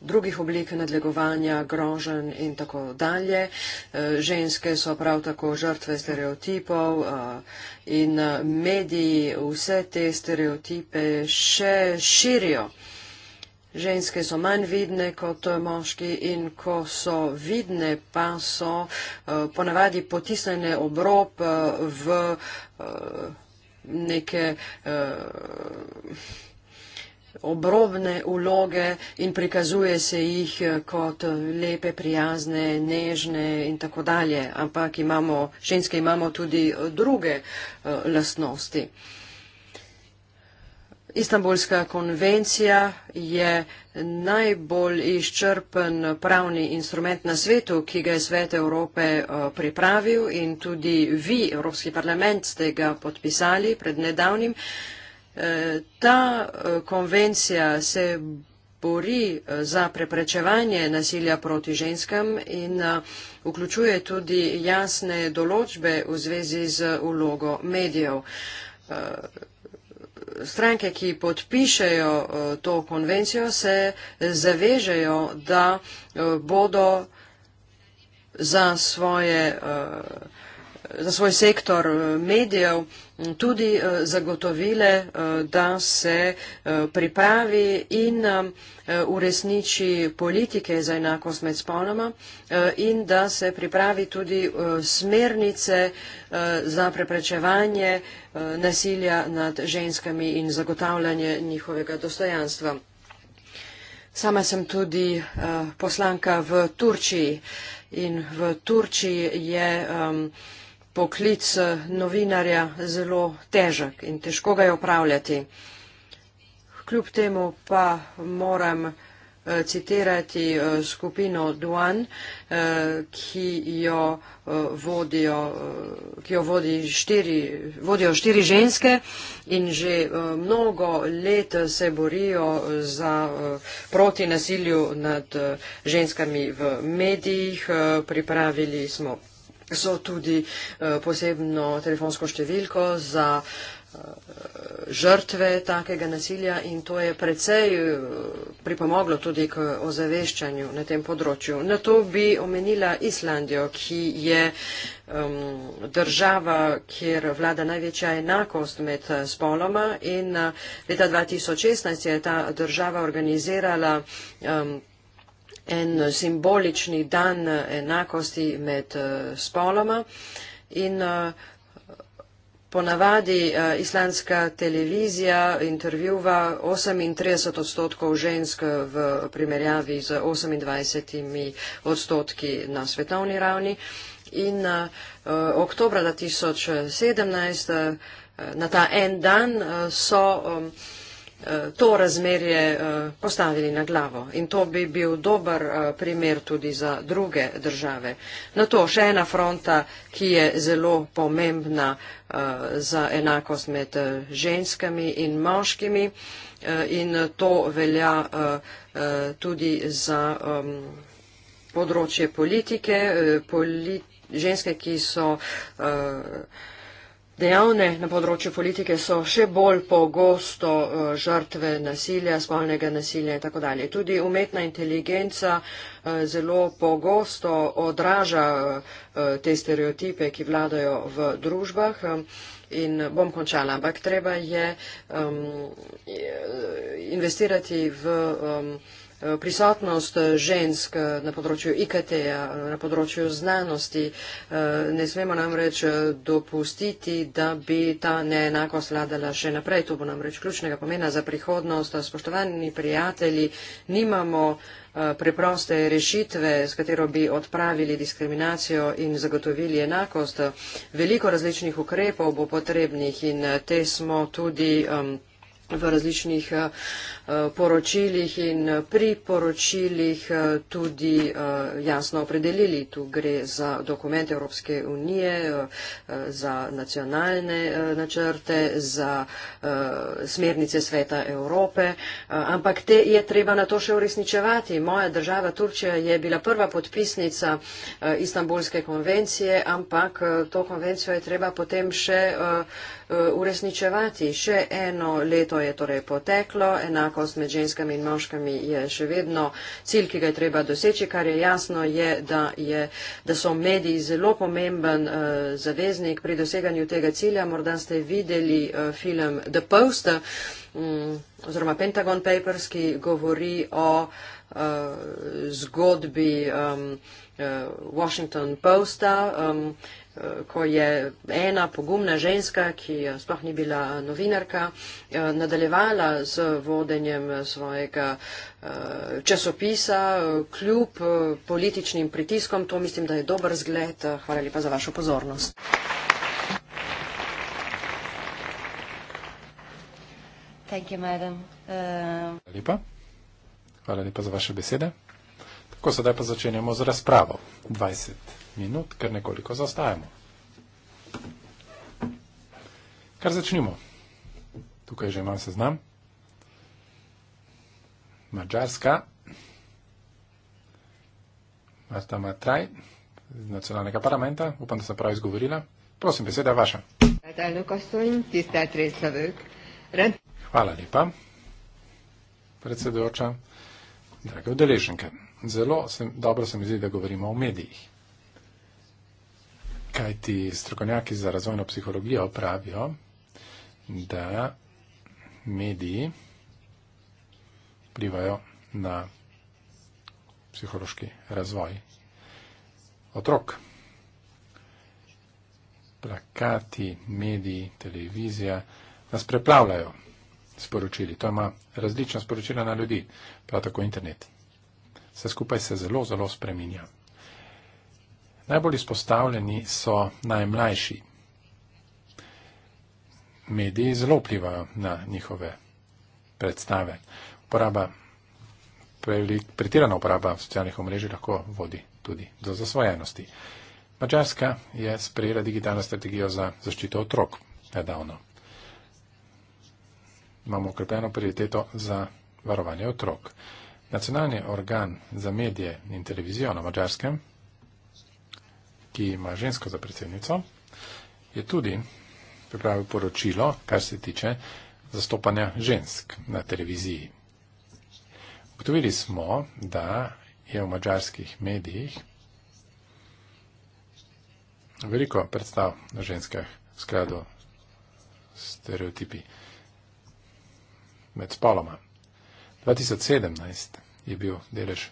drugih oblik nadlegovanja, grožen in tako dalje. E, ženske so prav tako žrtve stereotipov e, in e, mediji vse te stereotipe še širijo. Ženske so manj vidne kot moški in ko so vidne, pa so ponavadi potisnjene obrob v neke obrobne vloge in prikazuje se jih eh, kot eh, lepe, prijazne, nežne in tako dalje. Ampak imamo, ženske imamo tudi eh, druge lastnosti. Istanbulska konvencija je najbolj izčrpen pravni instrument na svetu, ki ga je Svet Evrope pripravil in tudi vi, Evropski parlament, ste ga podpisali pred nedavnim. E, ta e, konvencija se bori e, za preprečevanje nasilja proti ženskam in vključuje tudi jasne določbe v zvezi z ulogo medijev. Stranke, ki podpišejo to konvencijo, se zavežejo, da bodo za svoje za svoj sektor eh, medijev tudi eh, zagotovile, eh, da se pripravi in uresniči politike za enakost med spoloma in da se pripravi tudi smernice za preprečevanje nasilja nad ženskami in zagotavljanje njihovega dostojanstva. Sama sem tudi poslanka v Turčiji in v Turčiji je um, poklic eh, novinarja zelo težek in težko ga je upravljati. Kljub temu pa moram eh, citirati eh, skupino Duan, ki jo vodijo, ki jo vodi štiri, vodijo štiri ženske in že mnogo let se borijo za proti nasilju nad ženskami v medijih. Pripravili smo so tudi eh, posebno telefonsko številko za eh, žrtve takega nasilja in to je precej eh, pripomoglo tudi k ozaveščanju na tem področju. Na to bi omenila Islandijo, ki je um, država, kjer vlada največja enakost med spoloma in leta 2016 je ta država organizirala um, en simbolični dan enakosti med eh, spoloma in eh, ponavadi eh, islandska televizija intervjuva 38 odstotkov žensk v primerjavi z 28 odstotki na svetovni ravni in oktobra 2017 na ta en dan so Eh, to razmerje eh, postavili na glavo in to bi bil dober eh, primer tudi za druge države. Na to še ena fronta, ki je zelo pomembna za enakost med ženskami in moškimi in to velja tudi za področje politike, politi ženske, ki so dejavne na področju politike so še bolj pogosto eh, žrtve nasilja, spolnega nasilja in tako dalje. Tudi umetna inteligenca eh, zelo pogosto odraža eh, te stereotipe, ki vladajo v družbah. In bom končala, ampak treba je um, investirati v. Um, Eh, prisotnost eh, žensk eh, na področju IKT, -ja, na področju znanosti. Ne smemo namreč dopustiti, da bi ta neenakost vladala še naprej. To bo namreč ključnega pomena za prihodnost. Spoštovani prijatelji, nimamo preproste rešitve, s katero bi odpravili diskriminacijo in zagotovili enakost. Veliko različnih ukrepov bo potrebnih in te smo tudi v različnih uh, Eh, poročilih in pri poročilih eh, tudi eh, jasno opredelili. Tu gre za dokumente Evropske unije, za nacionalne načrte, za smernice sveta Evrope, ampak te je treba na to še uresničevati. Moja država Turčija je bila prva podpisnica Istanbulske konvencije, ampak to konvencijo je treba potem še uresničevati. Še eno leto je torej poteklo, enako enakost med ženskami in moškami je še vedno cilj, ki ga je treba doseči, kar je jasno, je, da, je, da so mediji zelo pomemben uh, zaveznik pri doseganju tega cilja. Morda ste videli uh, film The Post um, oziroma Pentagon Papers, ki govori o uh, zgodbi um, uh, Washington Posta. Um, ko je ena pogumna ženska, ki sploh ni bila novinarka, eh, nadaljevala z vodenjem svojega eh, časopisa eh, kljub političnim pritiskom. To mislim, da je dober zgled. Hvala lepa za vašo pozornost. You, uh... Hvala lepa. Hvala lepa za vaše besede. Tako sedaj pa začenjamo z razpravo. 20 minut, ker nekoliko zastajamo. Kar začnimo. Tukaj že imam seznam. Mačarska, Marta Matraj iz nacionalnega parlamenta, upam, da se prav izgovorila. Prosim, beseda je vaša. Hvala lepa, predsedujoča, drage udeleženke. Zelo sem, dobro se mi zdi, da govorimo o medijih. Kaj ti strokovnjaki za razvojno psihologijo pravijo, da mediji vplivajo na psihološki razvoj otrok. Plakati, mediji, televizija nas preplavljajo sporočili. To ima različna sporočila na ljudi, prav tako internet. Vse skupaj se zelo, zelo spreminja. Najbolj izpostavljeni so najmlajši. Mediji zelo vplivajo na njihove predstave. Uporaba, pretirana uporaba socialnih omrežij lahko vodi tudi do zasvojenosti. Mačarska je sprejela digitalno strategijo za zaščito otrok nedavno. Imamo okrepljeno prioriteto za varovanje otrok. Nacionalni organ za medije in televizijo na mačarskem ki ima žensko za predsednico, je tudi pripravil poročilo, kar se tiče zastopanja žensk na televiziji. Ugotovili smo, da je v mađarskih medijih veliko predstav na ženskah v skladu stereotipi med spoloma. 2017 je bil delež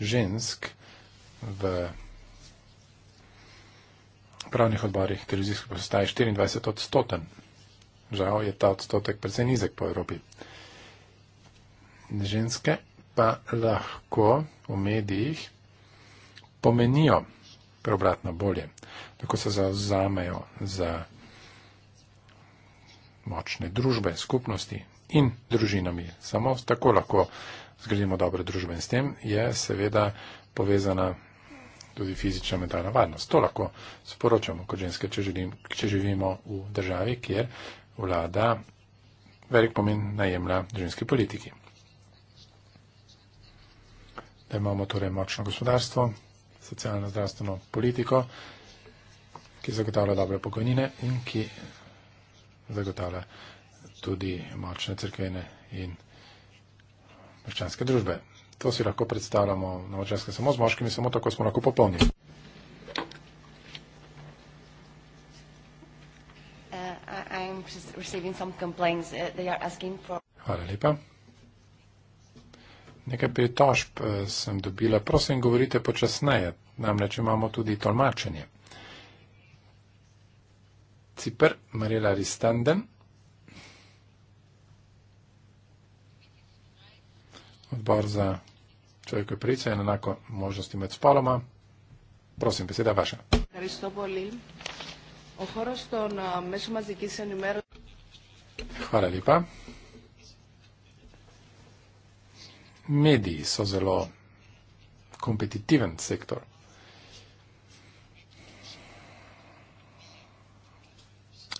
žensk v pravnih odborih televizijske postaje 24 odstoten. Žal je ta odstotek precej nizek po Evropi. Ženske pa lahko v medijih pomenijo preobratno bolje, tako se zauzamejo za močne družbe, skupnosti in družinami. Samo tako lahko zgradimo dobre družbe in s tem je seveda povezana tudi fizična mentalna varnost. To lahko sporočamo kot ženske, če, želim, če živimo v državi, kjer vlada velik pomen najemlja ženski politiki. Da imamo torej močno gospodarstvo, socialno-zdravstveno politiko, ki zagotavlja dobre pokojnine in ki zagotavlja tudi močne crkvene in vrščanske družbe to si lahko predstavljamo na očenske, samo z moškimi, samo tako smo lahko popolni. Uh, uh, Hvala lepa. Nekaj pritožb uh, sem dobila. Prosim, govorite počasneje, namreč imamo tudi tolmačenje. Cipr, Marela Ristanden. Odbor za človekove pravice in enako možnosti med spoloma. Prosim, beseda vaša. Hvala lepa. Mediji so zelo kompetitiven sektor.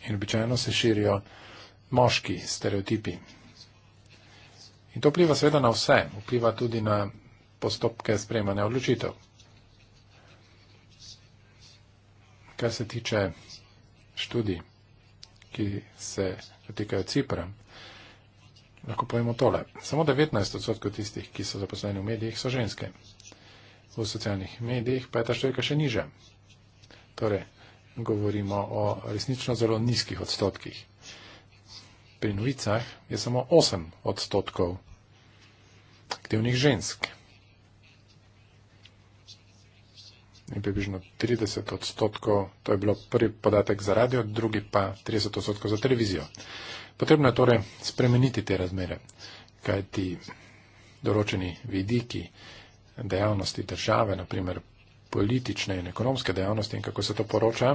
In običajno se širijo moški stereotipi. In to vpliva seveda na vse. Vpliva tudi na postopke sprejemanja odločitev. Kar se tiče študij, ki se dotikajo Cipra, lahko povemo tole. Samo 19 odstotkov tistih, ki so zaposleni v medijih, so ženske. V socialnih medijih pa je ta številka še niža. Torej, govorimo o resnično zelo nizkih odstotkih. Pri novicah je samo 8 odstotkov aktivnih žensk. je bilo približno 30 odstotkov, to je bilo prvi podatek za radio, drugi pa 30 odstotkov za televizijo. Potrebno je torej spremeniti te razmere, kaj ti določeni vidiki dejavnosti države, naprimer politične in ekonomske dejavnosti in kako se to poroča,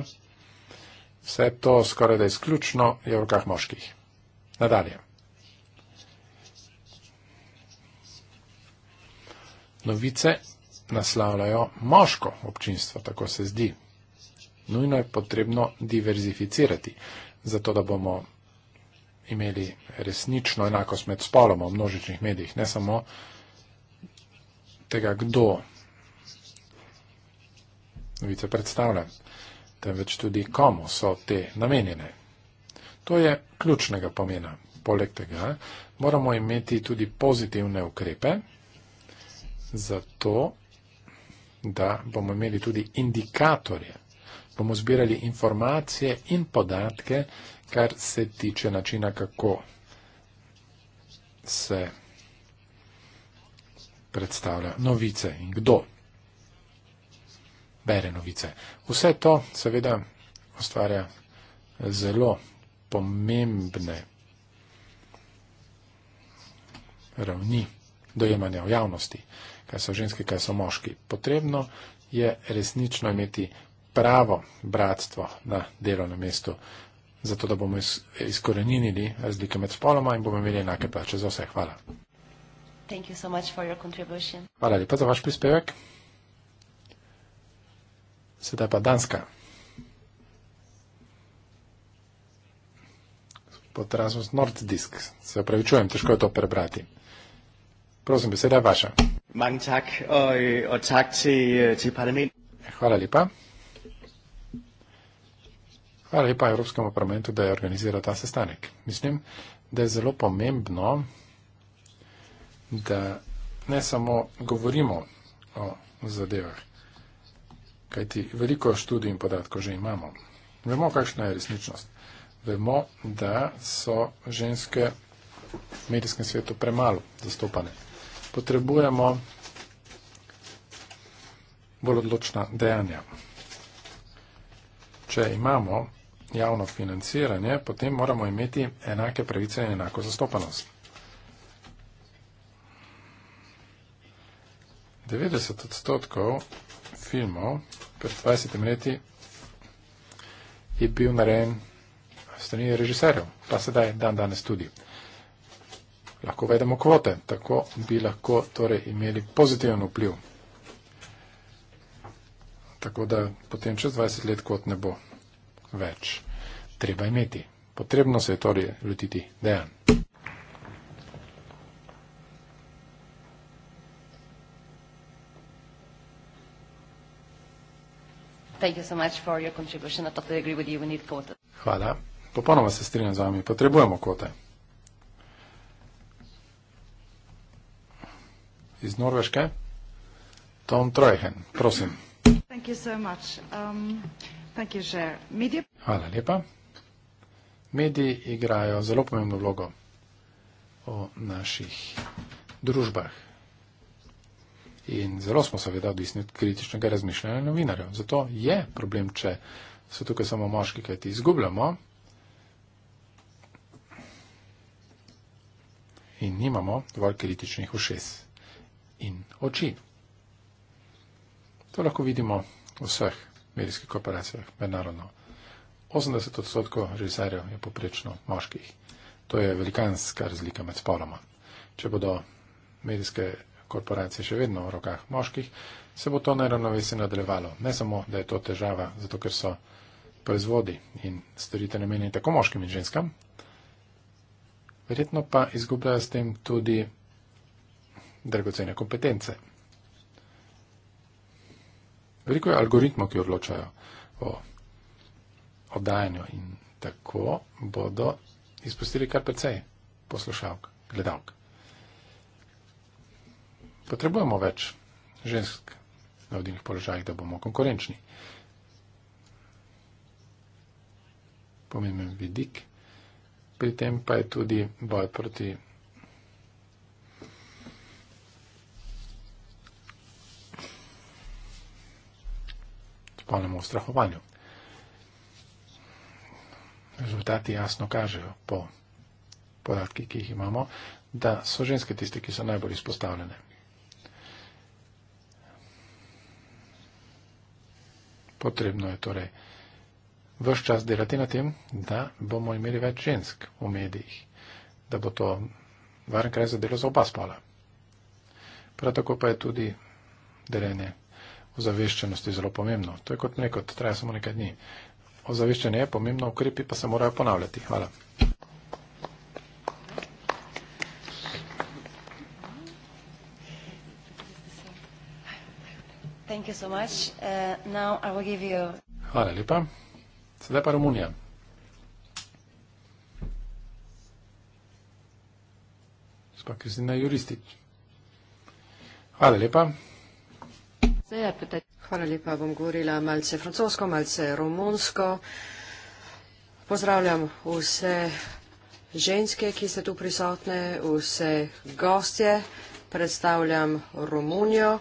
vse to skoraj da izključno je v rokah moških. Nadalje. Novice naslavljajo moško občinstvo, tako se zdi. Nujno je potrebno diverzificirati, zato da bomo imeli resnično enakost med spoloma v množičnih medijih, ne samo tega, kdo novice predstavlja, temveč tudi komu so te namenjene. To je ključnega pomena. Poleg tega moramo imeti tudi pozitivne ukrepe, zato da bomo imeli tudi indikatorje, bomo zbirali informacije in podatke, kar se tiče načina, kako se predstavlja novice in kdo bere novice. Vse to seveda ustvarja zelo pomembne ravni dojemanja v javnosti kaj so ženske, kaj so moški. Potrebno je resnično imeti pravo bratstvo na delovnem mestu, zato da bomo izkorenili razlike med spoloma in bomo imeli enake plače za vse. Hvala. So Hvala lepa za vaš prispevek. Sedaj pa Danska. Pod razvoz Nordisk. Se opravičujem, težko je to prebrati. Prosim, beseda je vaša. Mange tak, og, øh, og tak til, øh, til parlamentet. Hvala lepa. Hvala lepa Evropskemu parlamentu, da je organiziral ta sestanek. Mislim, da je zelo pomembno, da ne samo govorimo o zadevah, kajti veliko študij in podatkov že imamo. Vemo, kakšna je resničnost. Vemo, da so ženske v medijskem svetu premalo zastopane potrebujemo bolj odločna dejanja. Če imamo javno financiranje, potem moramo imeti enake pravice in enako zastopanost. 90 odstotkov filmov pred 20 leti je bil narejen strani režiserjev, pa sedaj dan danes tudi lahko vedemo kvote. Tako bi lahko torej imeli pozitiven vpliv. Tako da potem čez 20 let kvot ne bo več. Treba imeti. Potrebno se je torej lotiti dejanj. Hvala. Popolnoma se strinjam z vami. Potrebujemo kvote. iz Norveške. Tom Trojhen, prosim. Thank you so much. Um, thank you, Medij... Hvala lepa. Mediji igrajo zelo pomembno vlogo o naših družbah. In zelo smo seveda odvisni od kritičnega razmišljanja novinarjev. Zato je problem, če so tukaj samo moški, kaj ti izgubljamo. In nimamo dovolj kritičnih ušes in oči. To lahko vidimo v vseh medijskih korporacijah, mednarodno. 80 odstotkov režiserjev je poprečno moških. To je velikanska razlika med spoloma. Če bodo medijske korporacije še vedno v rokah moških, se bo to neravnovesje nadaljevalo. Ne samo, da je to težava, zato ker so proizvodi in storite namenjeni tako moškim in ženskam, verjetno pa izgubljajo s tem tudi dragocene kompetence. Veliko je algoritmov, ki odločajo o oddajanju in tako bodo izpustili kar precej poslušalk, gledalk. Potrebujemo več žensk na vodilnih položajih, da bomo konkurenčni. Pomemben vidik pri tem pa je tudi boj proti polnemu ustrahovanju. Rezultati jasno kažejo po podatki, ki jih imamo, da so ženske tiste, ki so najbolj izpostavljene. Potrebno je torej vse čas delati na tem, da bomo imeli več žensk v medijih, da bo to varen kraj za delo za oba spola. Prav tako pa je tudi delenje ozaveščenosti zelo pomembno. To je kot mleko, to traja samo nekaj dni. Ozaveščenje je pomembno, ukrepi pa se morajo ponavljati. Hvala. Uh, Hvala lepa. Sedaj pa Romunija. Spak, ki si na juristič. Hvala lepa. Hvala lepa, bom govorila malce francosko, malce romunsko. Pozdravljam vse ženske, ki ste tu prisotne, vse gostje. Predstavljam Romunijo,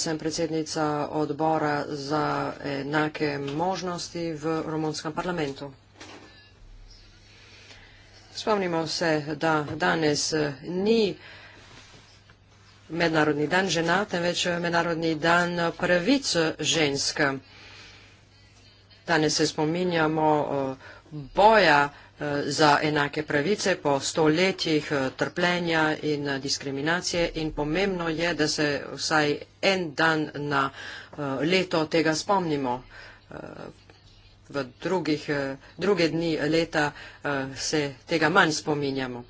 sem predsednica odbora za enake možnosti v romunskem parlamentu. Spomnimo se, da danes ni mednarodni dan žena, temveč mednarodni dan pravic žensk. Danes se spominjamo boja za enake pravice po stoletjih trpljenja in diskriminacije in pomembno je, da se vsaj en dan na leto tega spomnimo. V drugih, druge dni leta se tega manj spominjamo.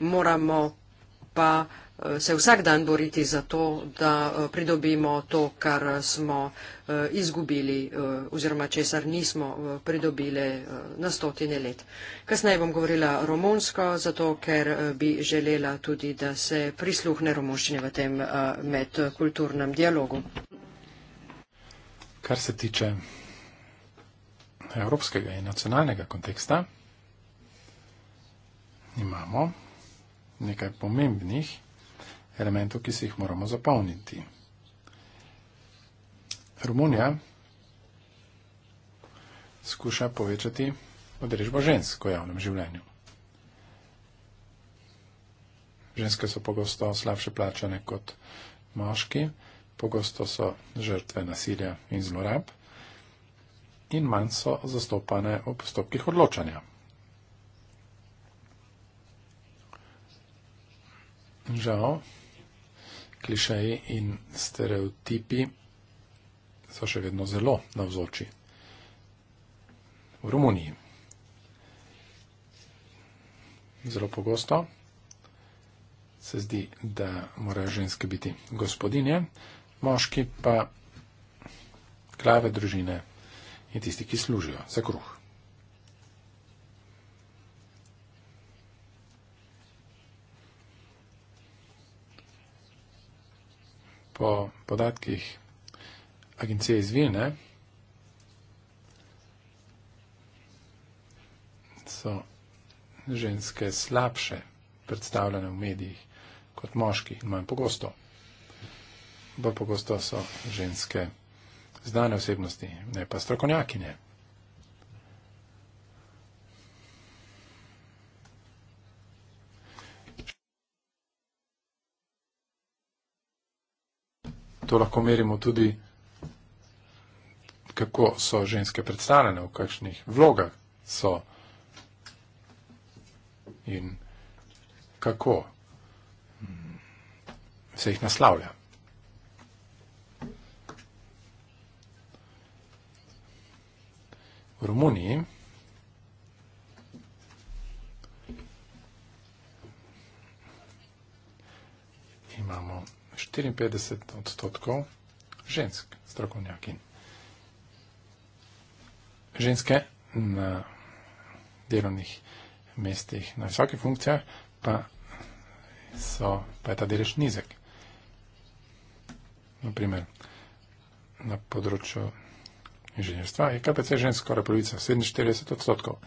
Moramo pa Eh, se vsak dan boriti za to, da eh, pridobimo to, kar eh, smo izgubili oziroma česar nismo pridobili na stotine let. Kasneje bom govorila romunsko, zato ker bi želela tudi, da se prisluhne romunščine v tem medkulturnem dialogu. Kar se tiče evropskega in nacionalnega konteksta, imamo nekaj pomembnih elementov, ki si jih moramo zapolniti. Romunija skuša povečati odrežbo žensk v javnem življenju. Ženske so pogosto slabše plačane kot moški, pogosto so žrtve nasilja in zlorab in manj so zastopane v postopkih odločanja. Žal, klišeji in stereotipi so še vedno zelo navzoči. V Romuniji. Zelo pogosto se zdi, da morajo ženske biti gospodinje, moški pa glave družine in tisti, ki služijo za kruh. po podatkih agencije izvilne so ženske slabše predstavljene v medijih kot moški in manj pogosto. Bolj pogosto so ženske znane osebnosti, ne pa strokovnjakinje. to lahko merimo tudi, kako so ženske predstavljene, v kakšnih vlogah so in kako se jih naslavlja. V Romuniji imamo 54 odstotkov žensk, strokovnjakin. Ženske na delovnih mestih, na vsakih funkcijah, pa, so, pa je ta delež nizek. Naprimer, na področju inženjerstva je KPC žensk skoraj polovica, 47 odstotkov.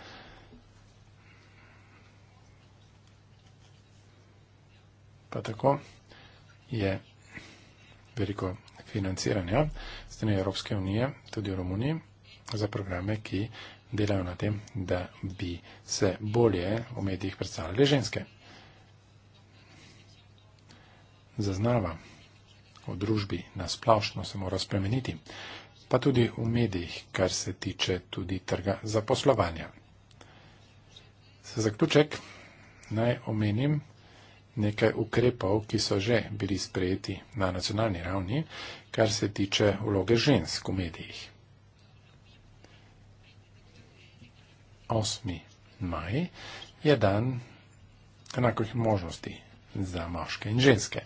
Pa tako, je veliko financiranja strani Evropske unije, tudi v Romuniji, za programe, ki delajo na tem, da bi se bolje v medijih predstavljali ženske. Zaznava v družbi na splošno se mora spremeniti, pa tudi v medijih, kar se tiče tudi trga za poslovanja. Za zaključek naj omenim, nekaj ukrepov, ki so že bili sprejeti na nacionalni ravni, kar se tiče vloge žensk v medijih. 8. maj je dan enakih možnosti za moške in ženske.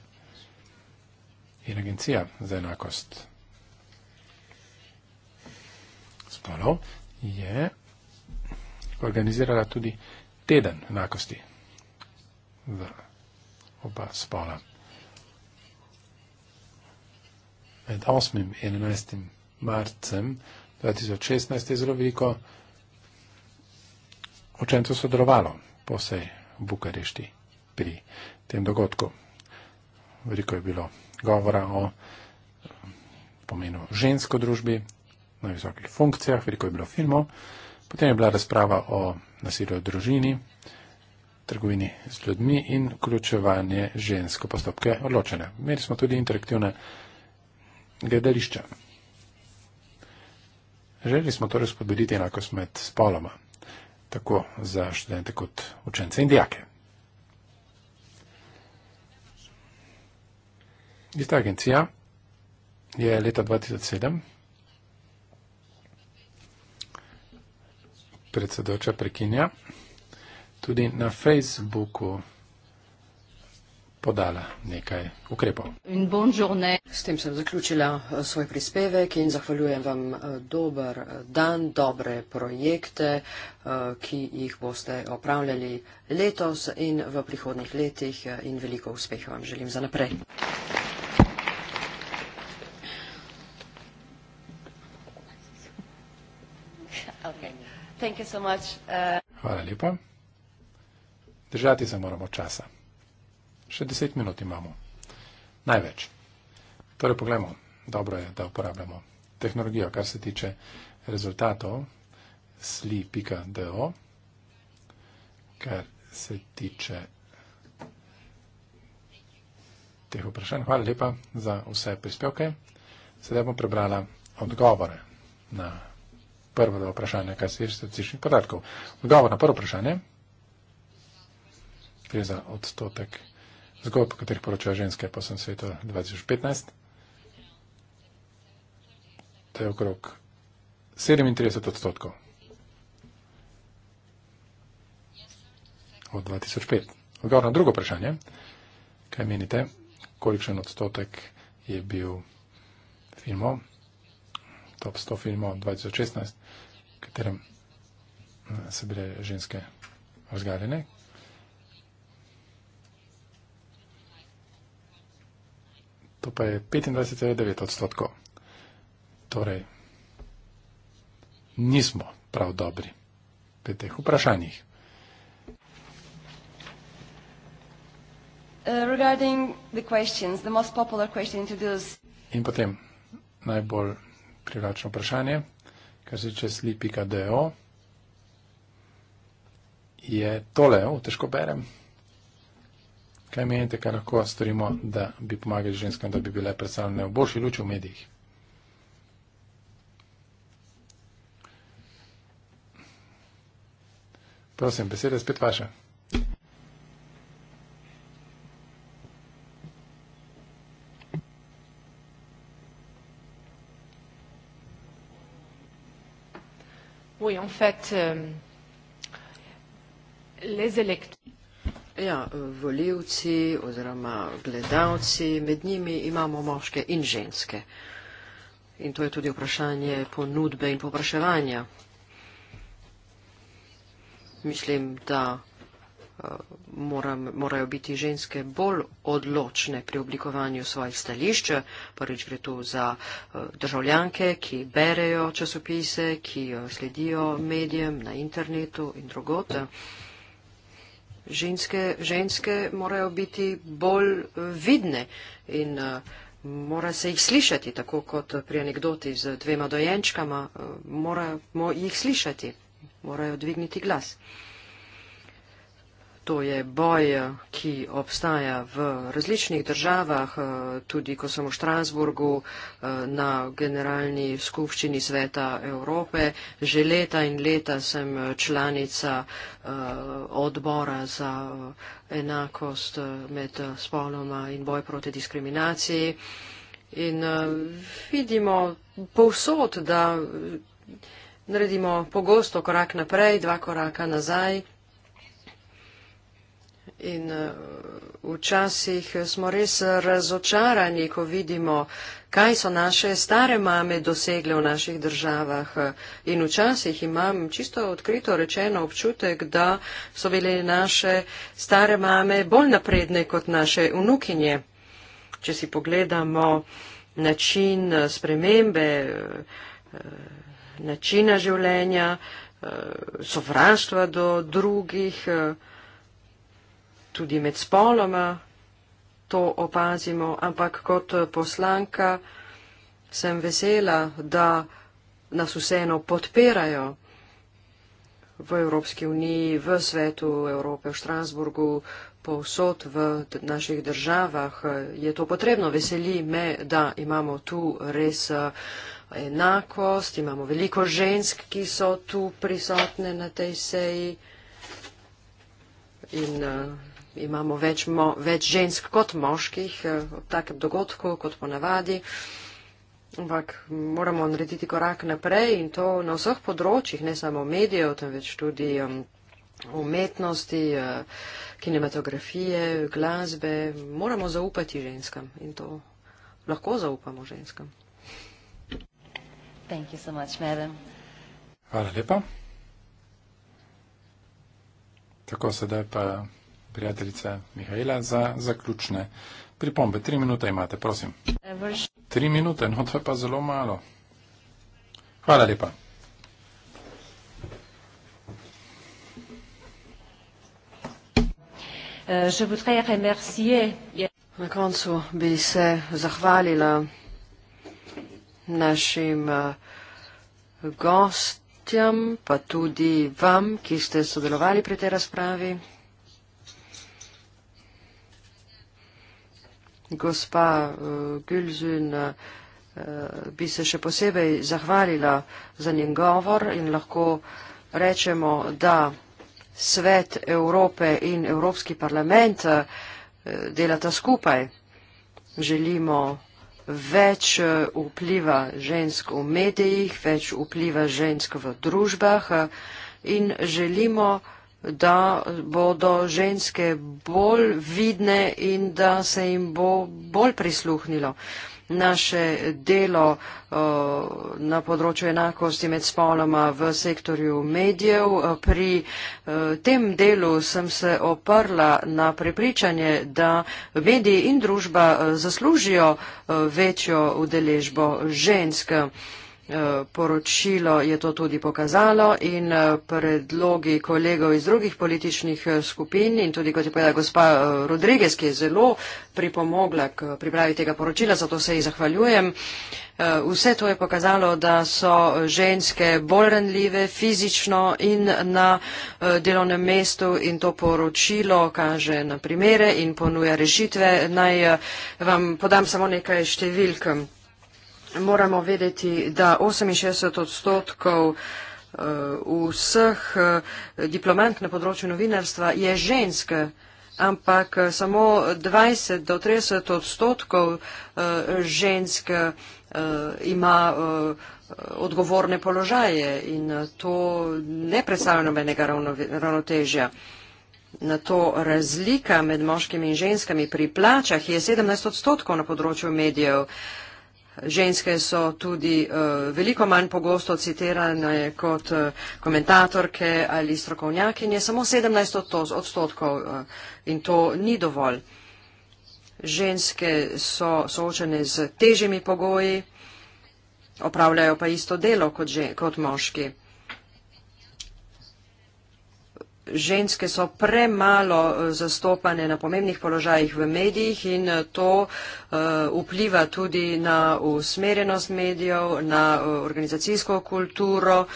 In agencija za enakost spolov je organizirala tudi teden enakosti za moške oba spola. Med 8. in 11. marcem 2016 je zelo veliko učencev sodelovalo po vsej Bukarešti pri tem dogodku. Veliko je bilo govora o eh, pomenu žensko družbi na visokih funkcijah, veliko je bilo filmov, potem je bila razprava o nasilju v družini trgovini z ljudmi in vključevanje žensk v postopke odločanja. Imeli smo tudi interaktivne gledališča. Želeli smo torej spodbuditi enakost med spoloma, tako za študente kot učence in dijake. Ista agencija je leta 2007 predsedoča prekinja tudi na Facebooku podala nekaj ukrepov. S tem sem zaključila eh, svoj prispevek in zahvaljujem vam eh, dober eh, dan, dobre projekte, ki jih boste opravljali letos in v prihodnih letih in veliko uspeha vam želim za naprej. Okay. Thank you so much. Uh... Hvala lepa. Držati se moramo časa. Še deset minut imamo. Največ. Torej pogledamo, dobro je, da uporabljamo tehnologijo, kar se tiče rezultatov sli.do, kar se tiče teh vprašanj. Hvala lepa za vse prispevke. Sedaj bom prebrala odgovore na prvo vprašanje, kar se tiče statističnih podatkov. Odgovor na prvo vprašanje gre za odstotek zgodb, katerih poročajo ženske po svetu 2015. To je okrog 37 odstotkov od 2005. Odgovor na drugo vprašanje, kaj menite, kolikšen odstotek je bil filmov, top 100 filmov 2016, v katerem eh, so bile ženske razgaljene, to pa je 25,9 odstotkov. Torej, nismo prav dobri pri teh vprašanjih. Uh, the the introduced... In potem najbolj privlačno vprašanje, kar se tiče slipika.do, je tole, o, težko berem. Kaj menite, kaj lahko storimo, da bi pomagali ženskam, da bi bile predstavljene v boljši luči v medijih? Prosim, beseda je spet vaša. Oui, en fait, euh, les électeurs... Ja, voljivci oziroma gledalci, med njimi imamo moške in ženske. In to je tudi vprašanje ponudbe in popraševanja. Mislim, da eh, mora, morajo biti ženske bolj odločne pri oblikovanju svojih stališč. Prvič gre tu za eh, državljanke, ki berejo časopise, ki sledijo medijem na internetu in drugote ženske, ženske morajo biti bolj eh, vidne in eh, mora se jih slišati, tako kot pri anekdoti z dvema dojenčkama, eh, moramo jih slišati, morajo dvigniti glas. To je boj, ki obstaja v različnih državah, eh, tudi ko sem v Štrasburgu eh, na generalni skupščini sveta Evrope. Že leta in leta sem članica eh, odbora za enakost med spoloma in boj proti diskriminaciji. In vidimo povsod, da naredimo pogosto korak naprej, dva koraka nazaj. In eh, včasih smo res razočarani, ko vidimo, kaj so naše stare mame dosegle v naših državah. In včasih imam čisto odkrito rečeno občutek, da so bile naše stare mame bolj napredne kot naše unukinje. Če si pogledamo način eh, spremembe, eh, načina življenja, sovraštva do drugih, tudi med spoloma to opazimo, ampak kot poslanka sem vesela, da nas vseeno podpirajo v Evropski uniji, v svetu Evrope, v Štrasburgu, povsod v naših državah. Je to potrebno, veseli me, da imamo tu res eh, enakost, imamo veliko žensk, ki so tu prisotne na tej seji. In eh, imamo več, mo, več žensk kot moških v eh, takem dogodku, kot ponavadi. Ampak moramo narediti korak naprej in to na vseh področjih, ne samo medijev, temveč tudi um, umetnosti, uh, kinematografije, glasbe. Moramo zaupati ženskam in to lahko zaupamo ženskam. So much, Hvala lepa. Tako sedaj pa prijateljica Mihajla, za zaključne pripombe. Tri minute imate, prosim. Tri minute, no to je pa zelo malo. Hvala lepa. Na koncu bi se zahvalila našim eh, gostjem, pa tudi vam, ki ste sodelovali pri tej razpravi. gospa uh, Gülzün uh, bi se še posebej zahvalila za njen govor in lahko rečemo, da svet Evrope in Evropski parlament eh, delata skupaj. Želimo več vpliva žensk v medijih, več vpliva žensk v družbah in želimo da bodo ženske bolj vidne in da se jim bo bolj prisluhnilo. Naše delo uh, na področju enakosti med spoloma v sektorju medijev. Eh, pri uh, tem delu sem se oprla na prepričanje, da mediji in družba uh, zaslužijo uh, večjo udeležbo žensk. Uh, Eh, poročilo je to tudi pokazalo in eh, predlogi kolegov iz drugih političnih eh, skupin in tudi, kot je povedala gospa Rodriguez, ki je zelo pripomogla k pripravi tega poročila, zato se ji zahvaljujem. Vse to je pokazalo, da so ženske bolj ranljive fizično in na delovnem mestu in to poročilo kaže na primere in ponuja rešitve. Naj vam podam samo nekaj številkam moramo vedeti, da 68 odstotkov eh, vseh eh, diplomant na področju novinarstva je ženske, ampak eh, samo 20 do 30 odstotkov ženske ima odgovorne položaje in to ne predstavlja nobenega ravnotežja. Na to razlika med moškimi in ženskami pri plačah je 17 odstotkov na področju medijev. Ženske so tudi uh, veliko manj pogosto citirane kot uh, komentatorke ali strokovnjakinje, samo 17 odstotkov uh, in to ni dovolj. Ženske so soočene z težjimi pogoji, opravljajo pa isto delo kot, že, kot moški ženske so premalo eh, zastopane na pomembnih položajih v medijih in eh, to eh, vpliva tudi na usmerjenost medijev, na organizacijsko kulturo,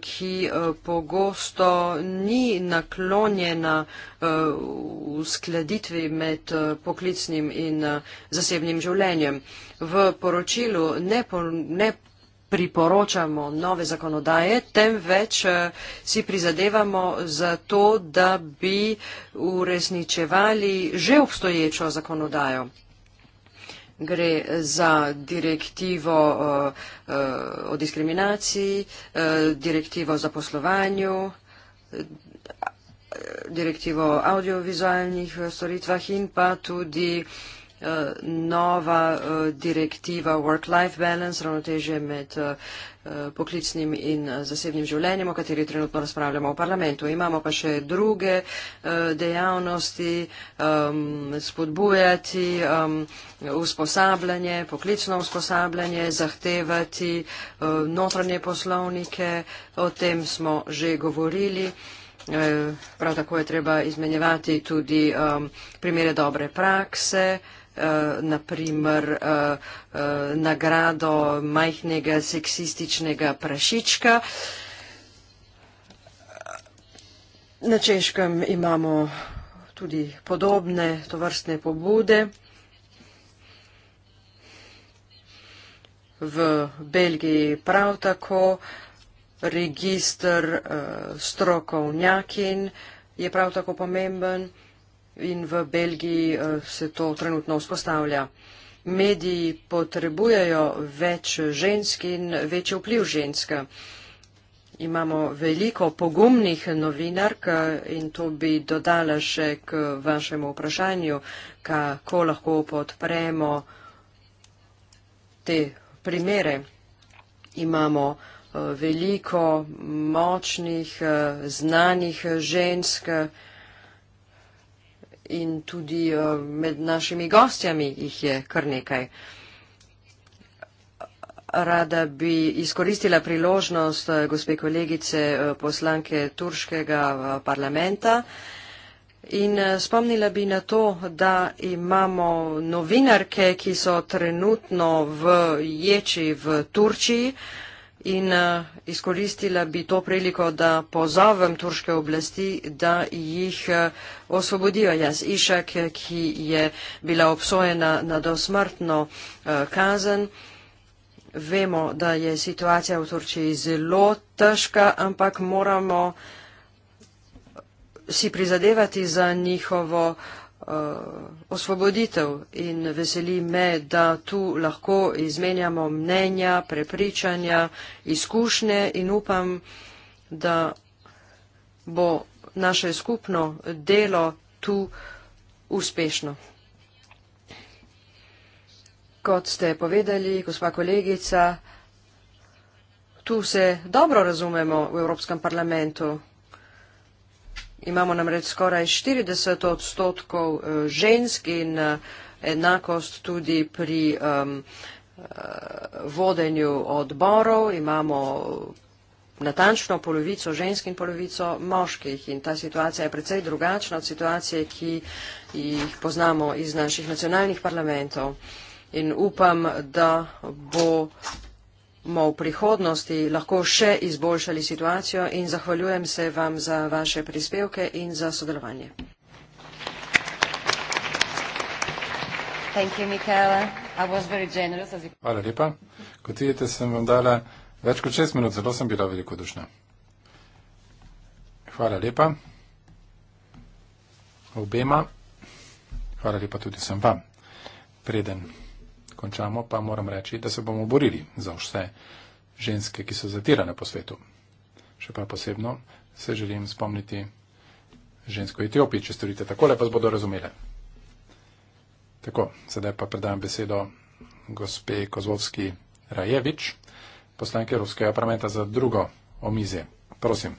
ki pogosto ni naklonjena v skladitvi med poklicnim in zasebnim življenjem. V poročilu ne, po, ne priporočamo nove zakonodaje, temveč eh, si prizadevamo za to, da bi uresničevali že obstoječo zakonodajo. Gre za direktivo eh, eh, o diskriminaciji, direktivo o zaposlovanju, direktivo o audiovizualnih storitvah in pa tudi direktivo Eh, nova eh, direktiva Work-Life Balance, ravnotežje med eh, poklicnim in zasebnim življenjem, o kateri trenutno razpravljamo v parlamentu. Imamo pa še druge dejavnosti, ehm, spodbujati ehm, usposabljanje, poklicno usposabljanje, zahtevati notranje poslovnike, o tem smo že govorili. Prav tako je treba izmenjevati tudi ehm, primere dobre prakse, Eh, naprimer eh, eh, nagrado majhnega seksističnega prašička. Na Češkem imamo tudi podobne tovrstne pobude. V Belgiji prav tako registr strokovnjakin je prav tako pomemben in v Belgiji eh, se to trenutno vzpostavlja. Mediji potrebujejo več žensk in večji vpliv žensk. Imamo veliko pogumnih novinark eh, in to bi dodala še k vašemu vprašanju, kako lahko podpremo te primere. Imamo eh, veliko močnih, znanih žensk, in tudi uh, med našimi gostjami jih je kar nekaj. Rada bi izkoristila priložnost uh, gospe kolegice uh, poslanke turškega uh, parlamenta in uh, spomnila bi na to, da imamo novinarke, ki so trenutno v ječi v Turčiji. Uh, in eh, izkoristila bi to priliko, da pozovem turške oblasti, da jih eh, osvobodijo. Jaz Išak, eh, ki je bila obsojena na dosmrtno kazen, vemo, da je situacija v Turčiji zelo težka, ampak moramo si prizadevati za njihovo uh, Eh, osvoboditev in veseli me, da tu lahko izmenjamo mnenja, prepričanja, izkušnje in upam, da bo naše skupno delo tu uspešno. Kot ste povedali, gospa kolegica, tu se dobro razumemo v Evropskem parlamentu. Imamo namreč skoraj 40 odstotkov eh, žensk in eh, enakost tudi pri um, vodenju odborov. Imamo natančno polovico žensk in polovico moških in ta situacija je precej drugačna od situacije, ki jih poznamo iz naših nacionalnih parlamentov. In upam, da bo bomo v prihodnosti lahko še izboljšali situacijo in zahvaljujem se vam za vaše prispevke in za sodelovanje. Hvala lepa. Kot vidite, sem vam dala več kot šest minut, zelo sem bila velikodušna. Hvala lepa obema. Hvala lepa tudi sem vam. Preden končamo, pa moram reči, da se bomo borili za vse ženske, ki so zatirane po svetu. Še pa posebno se želim spomniti žensko Etiopijo, če storite tako, pa bodo razumele. Tako, sedaj pa predajam besedo gospe Kozlovski Rajevič, poslanke Ruskega parlamenta za drugo omize. Prosim.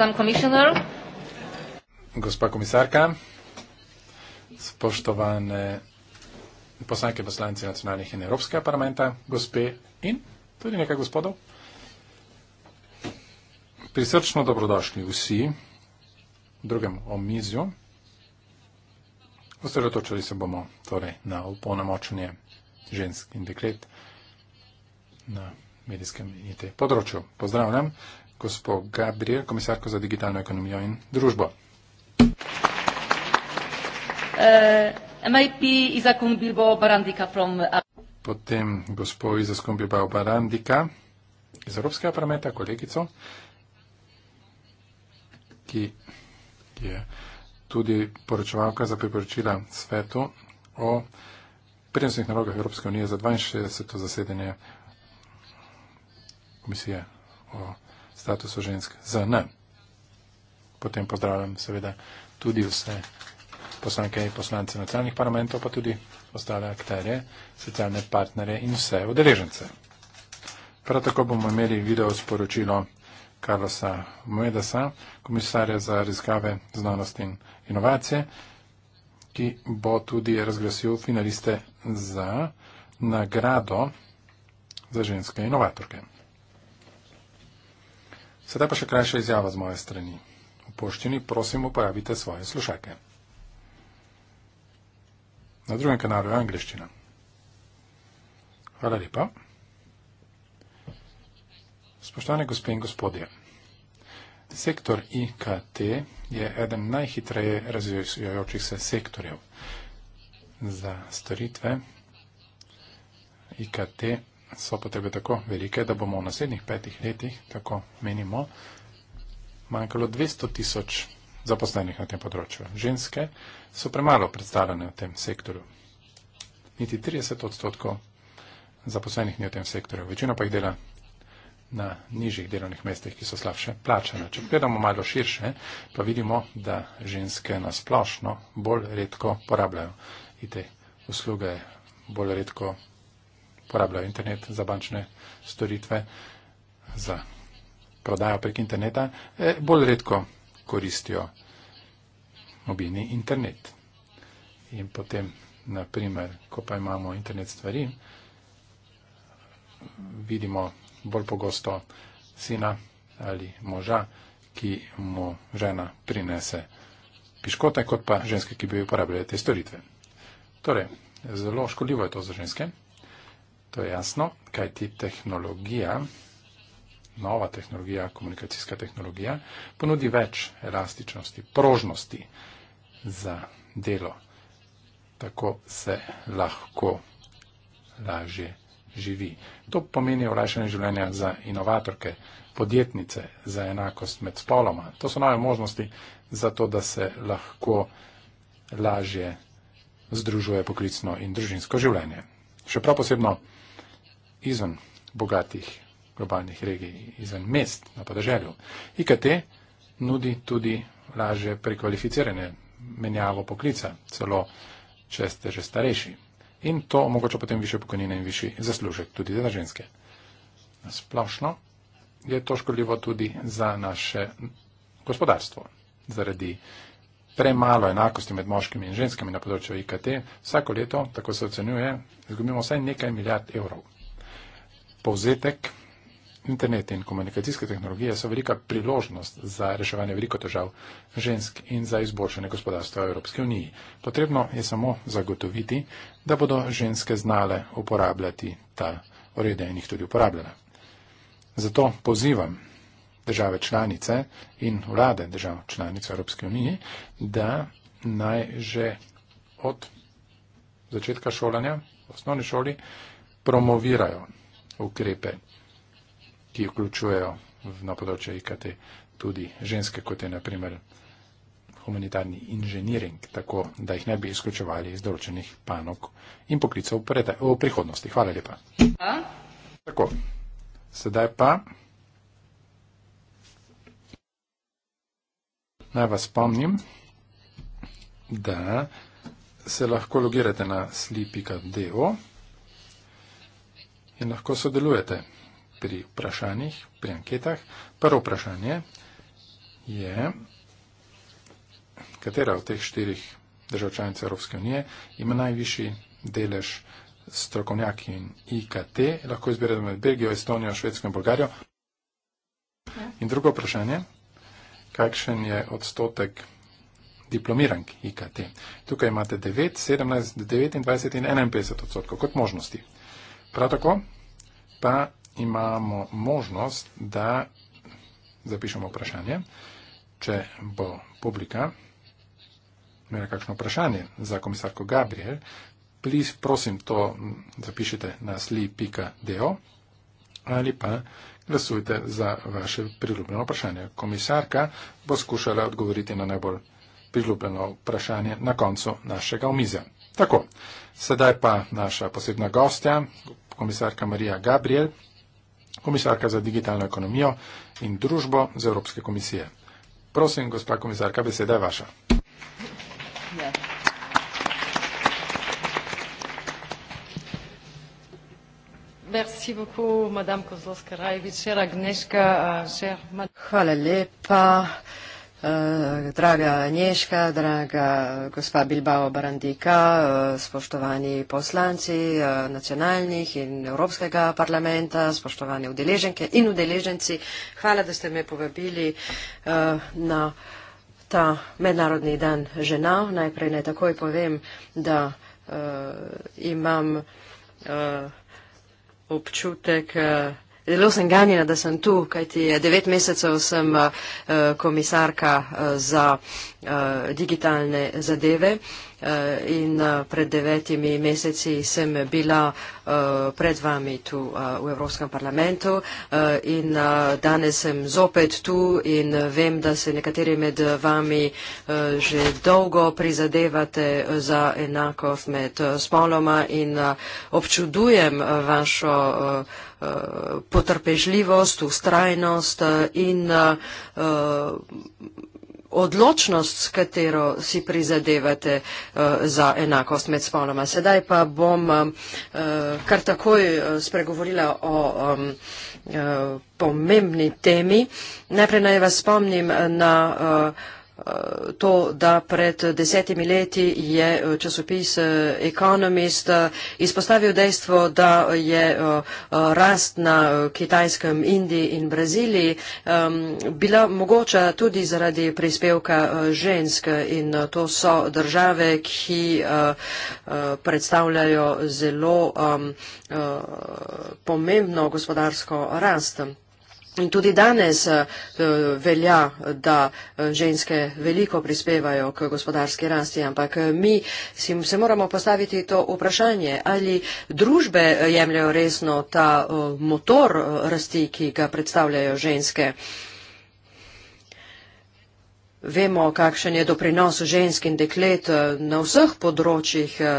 Madame Commissioner. Gospa komisarka, spoštovane poslanke poslanci nacionalnih in evropskega parlamenta, gospe in tudi nekaj gospodov. Prisrčno dobrodošli vsi v drugem omizju. Osredotočili se bomo torej na opolnomočenje žensk in deklet na medijskem in te področju. Pozdravljam gospo Gabriel, komisarko za digitalno ekonomijo in družbo. Uh, uh, Potem gospo Izaskun Bilbao Barandika iz Evropskega parlamenta, kolegico, ki je tudi poročevalka za priporočila svetu o prednostnih nalogah Evropske unije za 62. zasedanje komisije o statusu žensk ZN. Potem pozdravljam seveda tudi vse poslanke in poslance nacionalnih parlamentov, pa tudi ostale akterje, socialne partnere in vse udeležence. Prav tako bomo imeli video sporočilo Karlosa Moedasa, komisarja za raziskave znanost in inovacije, ki bo tudi razglasil finaliste za nagrado za ženske inovatorke. Sedaj pa še krajša izjava z moje strani. V poščini prosim uporabite svoje slušalke. Na drugem kanalu je angliščina. Hvala lepa. Spoštovane gospe in gospodje, sektor IKT je eden najhitreje razvijajočih se sektorjev za storitve IKT so potrebe tako velike, da bomo v naslednjih petih letih, tako menimo, manjkalo 200 tisoč zaposlenih na tem področju. Ženske so premalo predstavljene v tem sektorju. Niti 30 odstotkov zaposlenih ni v tem sektorju. Večino pa jih dela na nižjih delovnih mestih, ki so slabše plačane. Če gledamo malo širše, pa vidimo, da ženske nasplošno bolj redko porabljajo. In te usluge bolj redko uporabljajo internet za bančne storitve, za prodajo prek interneta, e, bolj redko koristijo mobilni internet. In potem, naprimer, ko pa imamo internet stvari, vidimo bolj pogosto sina ali moža, ki mu žena prinese piškote, kot pa ženske, ki bi uporabljali te storitve. Torej, zelo škodljivo je to za ženske. To je jasno, kaj ti tehnologija, nova tehnologija, komunikacijska tehnologija, ponudi več elastičnosti, prožnosti za delo. Tako se lahko lažje živi. To pomeni olajšanje življenja za inovatorke, podjetnice, za enakost med spoloma. To so nove možnosti za to, da se lahko lažje združuje poklicno in družinsko življenje. Še prav posebno izven bogatih globalnih regij, izven mest na podeželju. IKT nudi tudi lažje prekvalificiranje, menjavo poklica, celo če ste že starejši. In to omogoča potem više pokojnine in višji zaslužek tudi za ženske. Splošno je to škodljivo tudi za naše gospodarstvo. Zaradi premalo enakosti med moškimi in ženskami na področju IKT vsako leto, tako se ocenjuje, izgubimo vsaj nekaj milijard evrov povzetek, internet in komunikacijske tehnologije so velika priložnost za reševanje veliko težav žensk in za izboljšanje gospodarstva v Evropske uniji. Potrebno je samo zagotoviti, da bodo ženske znale uporabljati ta orede in jih tudi uporabljale. Zato pozivam države članice in vlade držav članic Evropske unije, da naj že od začetka šolanja v osnovni šoli promovirajo ukrepe, ki vključujejo na področje IKT tudi ženske, kot je naprimer humanitarni inženiring, tako da jih ne bi izključevali iz določenih panog in poklicov v, preda, v prihodnosti. Hvala lepa. A? Tako, sedaj pa. Naj vas spomnim, da se lahko logirate na slipika.deo in lahko sodelujete pri vprašanjih, pri anketah. Prvo vprašanje je, katera od teh štirih držav članice Evropske unije ima najvišji delež strokovnjaki in IKT, lahko izberete med Belgijo, Estonijo, Švedsko in Bolgarijo. In drugo vprašanje, kakšen je odstotek diplomiranj IKT? Tukaj imate 9, 17, 29 in 51 odstotkov kot možnosti. Prav tako pa imamo možnost, da zapišemo vprašanje, če bo publika imela kakšno vprašanje za komisarko Gabriel, please, prosim, to zapišite na sli.deo ali pa glasujte za vaše priljubljeno vprašanje. Komisarka bo skušala odgovoriti na najbolj priljubljeno vprašanje na koncu našega omizja. Tako, sedaj pa naša posebna gostja, komisarka Marija Gabriel, komisarka za digitalno ekonomijo in družbo z Evropske komisije. Prosim, gospa komisarka, beseda je vaša. Ja. Hvala lepa. Eh, draga Nješka, draga gospa Bilbao Barandika, eh, spoštovani poslanci eh, nacionalnih in Evropskega parlamenta, spoštovane udeleženke in udeleženci, hvala, da ste me povabili na ta mednarodni dan žena. Najprej naj takoj povem, da imam občutek, Zelo sem ganjena, da sem tu, kajti devet mesecev sem uh, komisarka uh, za uh, digitalne zadeve. Uh, Eh, in eh, pred devetimi meseci sem bila eh, pred vami tu v Evropskem parlamentu in danes sem zopet tu in vem, da se nekateri med vami že dolgo prizadevate za enakost med spoloma in občudujem vašo potrpežljivost, ustrajnost in odločnost, s katero si prizadevate uh, za enakost med spoloma. Sedaj pa bom uh, kar takoj eh, spregovorila o. Um, uh, pomembni temi. Najprej naj vas spomnim na uh, to, da pred desetimi leti je eh, časopis eh, Economist eh, izpostavil dejstvo, da je rast na Kitajskem, Indiji in Braziliji ehm, bila mogoča tudi zaradi prispevka žensk in to so države, ki predstavljajo zelo ehm, pomembno gospodarsko rast. In tudi danes eh, velja, da eh, ženske veliko prispevajo k gospodarski rasti, ampak eh, mi se moramo postaviti to vprašanje, ali družbe jemljajo resno ta motor rasti, ki ga predstavljajo ženske. Vemo, kakšen je doprinos žensk in deklet eh, na vseh področjih eh,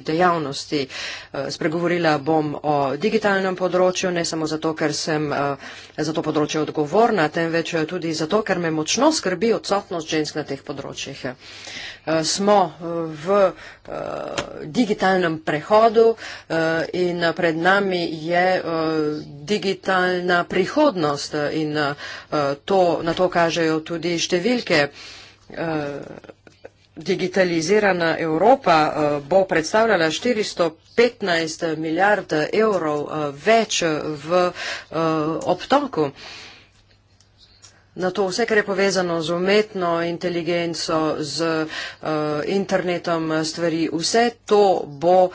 dejavnosti. Eh, spregovorila bom o digitalnem področju, ne samo zato, ker sem za to področje odgovorna, temveč tudi zato, ker me močno skrbi odsotnost žensk na teh področjih. Smo v digitalnem prehodu in pred nami je digitalna prihodnost in to, na to kažejo tudi številke bude eh, digitalizirana Evropa, eh, bo predstavljala 415 milijard evrov eh, več v obtoku na to vse, kar je povezano z umetno inteligenco, z uh, internetom eh, stvari. Vse to bo uh,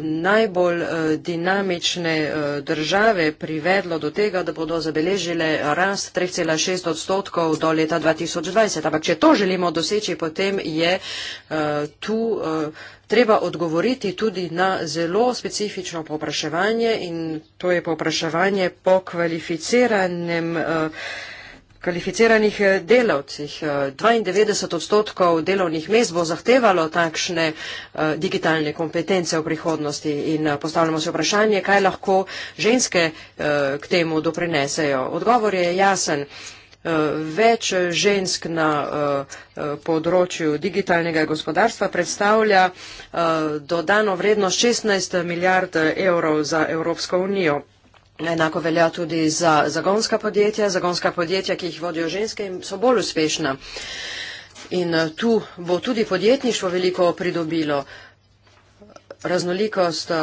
najbolj uh, dinamične uh, države privedlo do tega, da bodo zabeležile rast 3,6 odstotkov do leta 2020. Ampak če to želimo doseči, potem je uh, tu. Uh, Treba odgovoriti tudi na zelo specifično popraševanje in to je popraševanje po kvalificiranem. Uh, kvalificiranih eh, delavcih. 92 eh, odstotkov delovnih mest bo zahtevalo takšne eh, digitalne kompetence v prihodnosti in postavljamo se vprašanje, kaj lahko ženske k temu doprinesejo. Odgovor je jasen. Več žensk na področju digitalnega gospodarstva predstavlja dodano vrednost 16 milijard evrov za Evropsko unijo. Enako velja tudi za zagonska podjetja, zagonska podjetja, ki jih vodijo ženske in so bolj uspešna. In eh, tu bo tudi podjetništvo veliko pridobilo. Uh, raznolikost eh,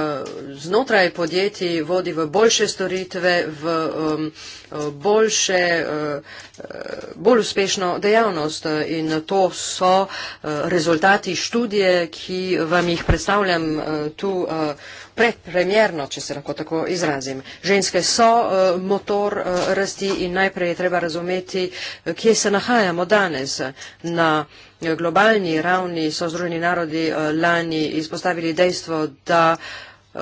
znotraj podjetij vodi v boljše storitve, v eh, boljše, eh, bolj uspešno dejavnost in to so rezultati študije, ki vam jih predstavljam tu predpremjerno, če se lahko tako izrazim. Ženske so motor rasti in najprej je treba razumeti, kje se nahajamo danes na vsega globalni ravni so Združeni narodi eh, lani izpostavili dejstvo, da eh,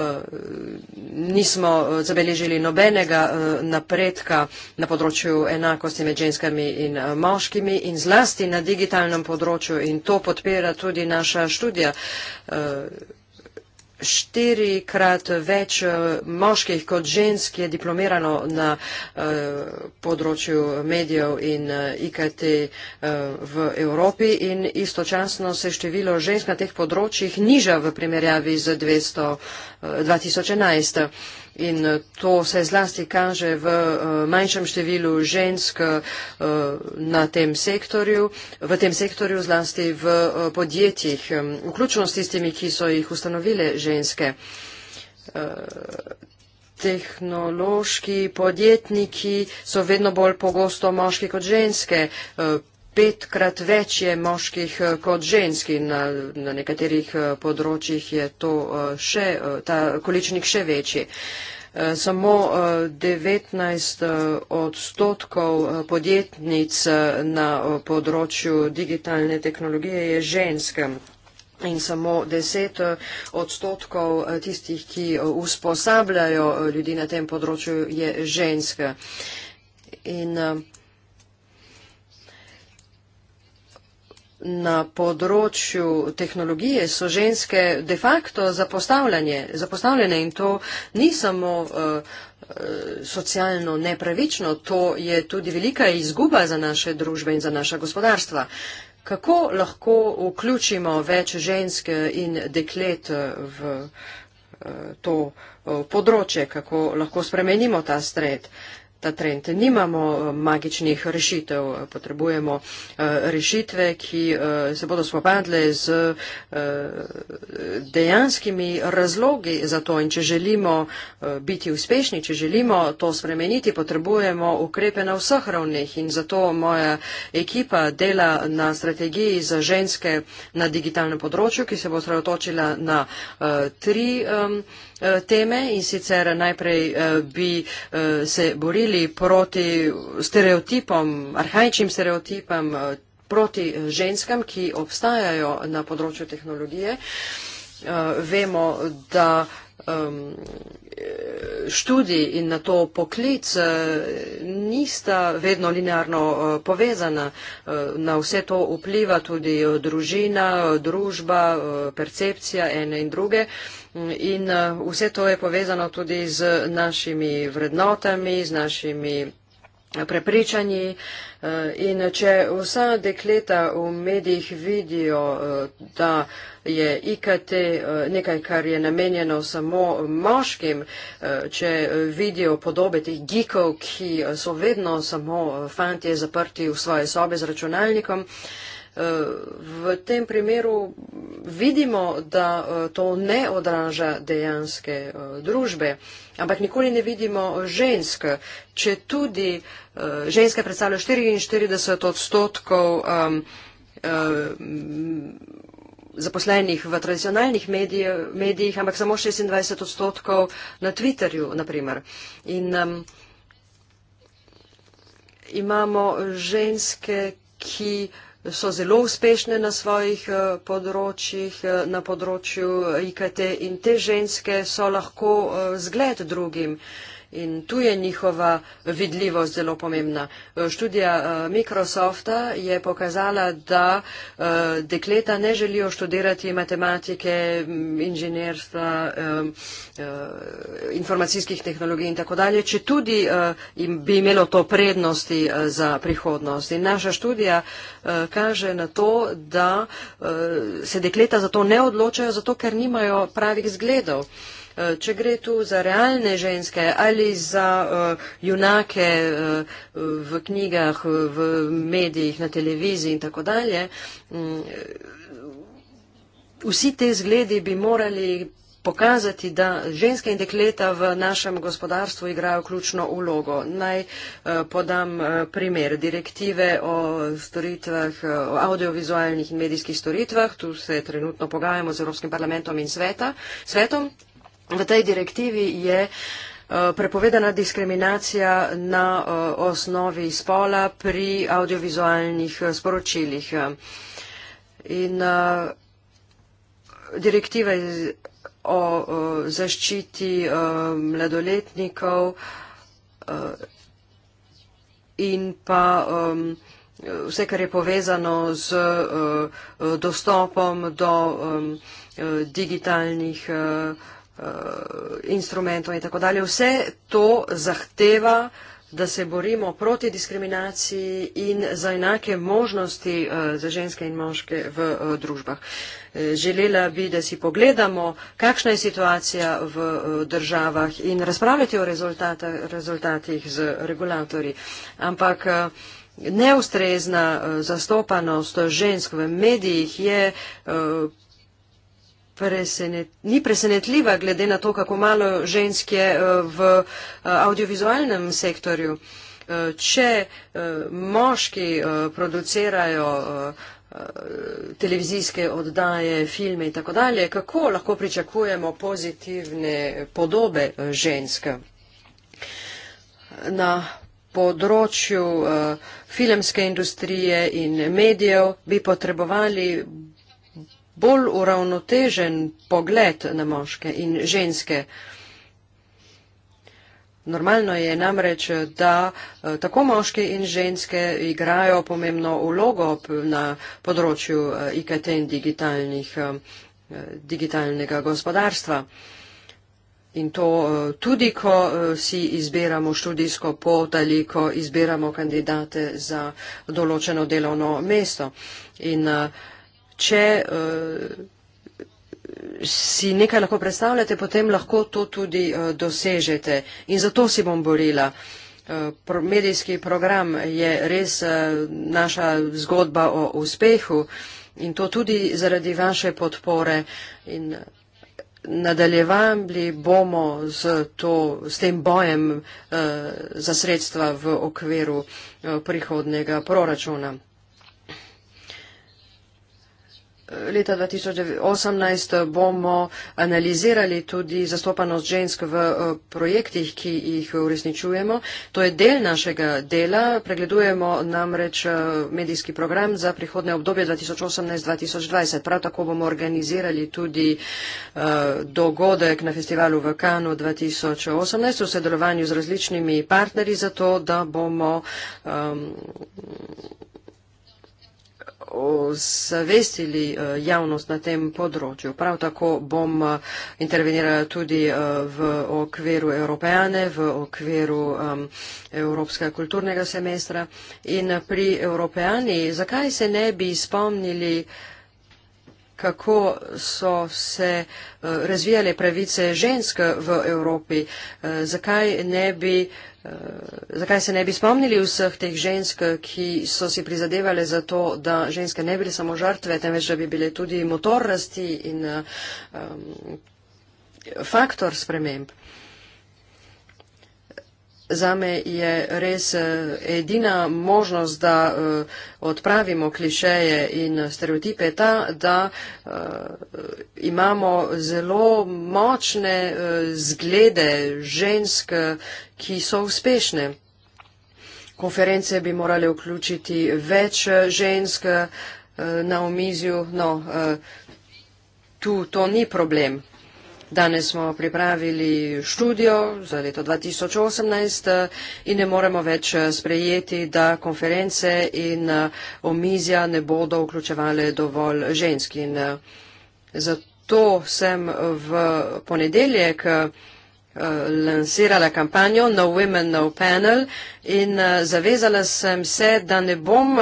nismo eh, zabeležili nobenega napredka na področju enakosti med ženskami in moškimi in zlasti na digitalnem področju in to podpira tudi naša študija štirikrat več eh, moških kot žensk je diplomirano na eh, področju medijev in eh, IKT v Evropi in istočasno se število žensk na teh področjih niža v primerjavi z 2011 in eh, to se zlasti kaže v eh, manjšem številu žensk eh, na tem sektorju, v tem sektorju zlasti v podjetjih, vključno s tistimi, ki so jih ustanovile ženske. Tehnološki podjetniki so vedno bolj pogosto moški kot ženske, petkrat več je moških eh, kot žensk in na, na nekaterih eh, področjih je to eh, še, ta količnik še večji. Samo 19 odstotkov podjetnic na področju digitalne tehnologije je ženskem in samo 10 odstotkov tistih, ki usposabljajo ljudi na tem področju, je ženska. In, na področju tehnologije so ženske de facto zapostavljene in to ni samo eh, socialno nepravično, to je tudi velika izguba za naše družbe in za naša gospodarstva. Kako lahko vključimo več žensk in deklet eh, v eh, to področje, kako lahko spremenimo ta stred? ta trend. Nimamo eh, magičnih rešitev, potrebujemo eh, rešitve, ki eh, se bodo spopadle z dejanskimi razlogi za to in če želimo biti uspešni, če želimo to spremeniti, potrebujemo ukrepe na vseh ravneh in zato moja ekipa dela na strategiji za ženske na digitalnem področju, ki se bo sredotočila na tri Eh, teme in sicer najprej eh, bi eh, se borili proti stereotipom, arhajičnim stereotipom proti ženskam, ki obstajajo na področju tehnologije. Vemo, da študij in na to poklic eh, nista vedno linearno eh, povezana. Eh, na vse to vpliva tudi družina, družba, percepcija ene in druge. In vse to je povezano tudi z našimi vrednotami, z našimi prepričani eh, in če vsa dekleta v medijih vidijo, eh, da je IKT eh, nekaj, kar je namenjeno samo moškim, če vidijo podobe tih gikov, ki so vedno samo fantje zaprti v svoje sobe z računalnikom, V tem primeru vidimo, da e, to ne odraža dejanske e, družbe, ampak nikoli ne vidimo ženske. Če tudi e, ženske predstavljajo 44 odstotkov zaposlenih v tradicionalnih medijih, ampak samo 26 odstotkov na Twitterju, naprimer. In um, imamo ženske, ki uh, so zelo uspešne na svojih eh, področjih, eh, na področju IKT in te ženske so lahko eh, zgled drugim. In tu je njihova vidljivost zelo pomembna. E, študija e, Microsofta je pokazala, da e, dekleta ne želijo študirati matematike, inženjerstva, informacijskih tehnologij in tako dalje, če tudi bi imelo to prednosti za prihodnost. In naša študija kaže na to, da se dekleta za to ne odločajo, zato ker nimajo pravih zgledov. Eh, če gre tu za realne ženske ali za uh, junake uh, v knjigah, v medijih, na televiziji in tako dalje, mm, vsi te zgledi bi morali pokazati, da ženske in dekleta v našem gospodarstvu igrajo ključno ulogo. Naj podam primer direktive o storitvah, o audiovizualnih in medijskih storitvah. Tu se trenutno pogajamo z Evropskim parlamentom in sveta, svetom v tej direktivi je eh, prepovedana diskriminacija na eh, osnovi spola pri audiovizualnih eh, sporočilih. In direktiva o zaščiti mladoletnikov in pa vse, kar je povezano z dostopom do digitalnih sporočil Eh, instrumentov in tako dalje. Vse to zahteva, da se borimo proti diskriminaciji in za enake možnosti eh, za ženske in moške v eh, družbah. Želela bi, da si pogledamo, kakšna je situacija v državah in razpravljati o rezultatih z regulatorji. Ampak neustrezna zastopanost žensk v medijih je presenet, ni presenetljiva, glede na to, kako malo žensk je eh, v eh, audiovizualnem sektorju. Eh, če moški producirajo televizijske oddaje, filme in tako dalje, kako lahko pričakujemo pozitivne podobe ženske na področju filmske industrije in medijev bi potrebovali bolj uravnotežen pogled na moške in ženske. Normalno je namreč, da eh, tako moški in ženske igrajo pomembno vlogo na področju eh, IKT in eh, digitalnega gospodarstva. In to tudi, ko si izbiramo študijsko pot ali ko izbiramo kandidate za določeno delovno mesto. In uh, če eh, si nekaj lahko predstavljate, potem lahko to tudi eh, dosežete. In zato si bom borila. Eh, medijski program je res naša zgodba o uspehu in to tudi zaradi vaše podpore. In nadaljevali bomo z, to, z tem bojem za sredstva v okviru prihodnega proračuna leta 2018 bomo analizirali tudi zastopanost žensk v eh, projektih, ki jih uresničujemo. To je del našega dela. Pregledujemo namreč eh, medijski program za prihodne obdobje 2018-2020. Prav tako bomo organizirali tudi eh, dogodek na festivalu v Kanu 2018 v sodelovanju z različnimi partnerji za to, da bomo um, osvestili eh, javnost na tem področju. Prav tako bom eh, intervenirala tudi eh, v okviru Evropejane, v okviru Evropskega kulturnega semestra. In pri Evropejani, zakaj se ne bi spomnili, kako so se razvijale pravice žensk v Evropi, zakaj ne bi Eh, zakaj se ne bi spomnili vseh teh žensk, ki so si prizadevali za to, da ženske ne bile samo žrtve, temveč da bi bile tudi motornosti in um, faktor sprememb. Zame je res eh, edina možnost, da eh, odpravimo klišeje in stereotipe ta, da eh, imamo zelo močne zglede žensk, ki so uspešne. Konference bi morali vključiti več žensk na omizju, no, tu to ni problem. Danes smo pripravili študijo za leto 2018 eh, in ne moremo več eh, sprejeti, da konference in eh, omizja ne bodo vključevale dovolj žensk. In zato sem v ponedeljek lansirala kampanjo No Women No Panel in zavezala sem se, da ne bom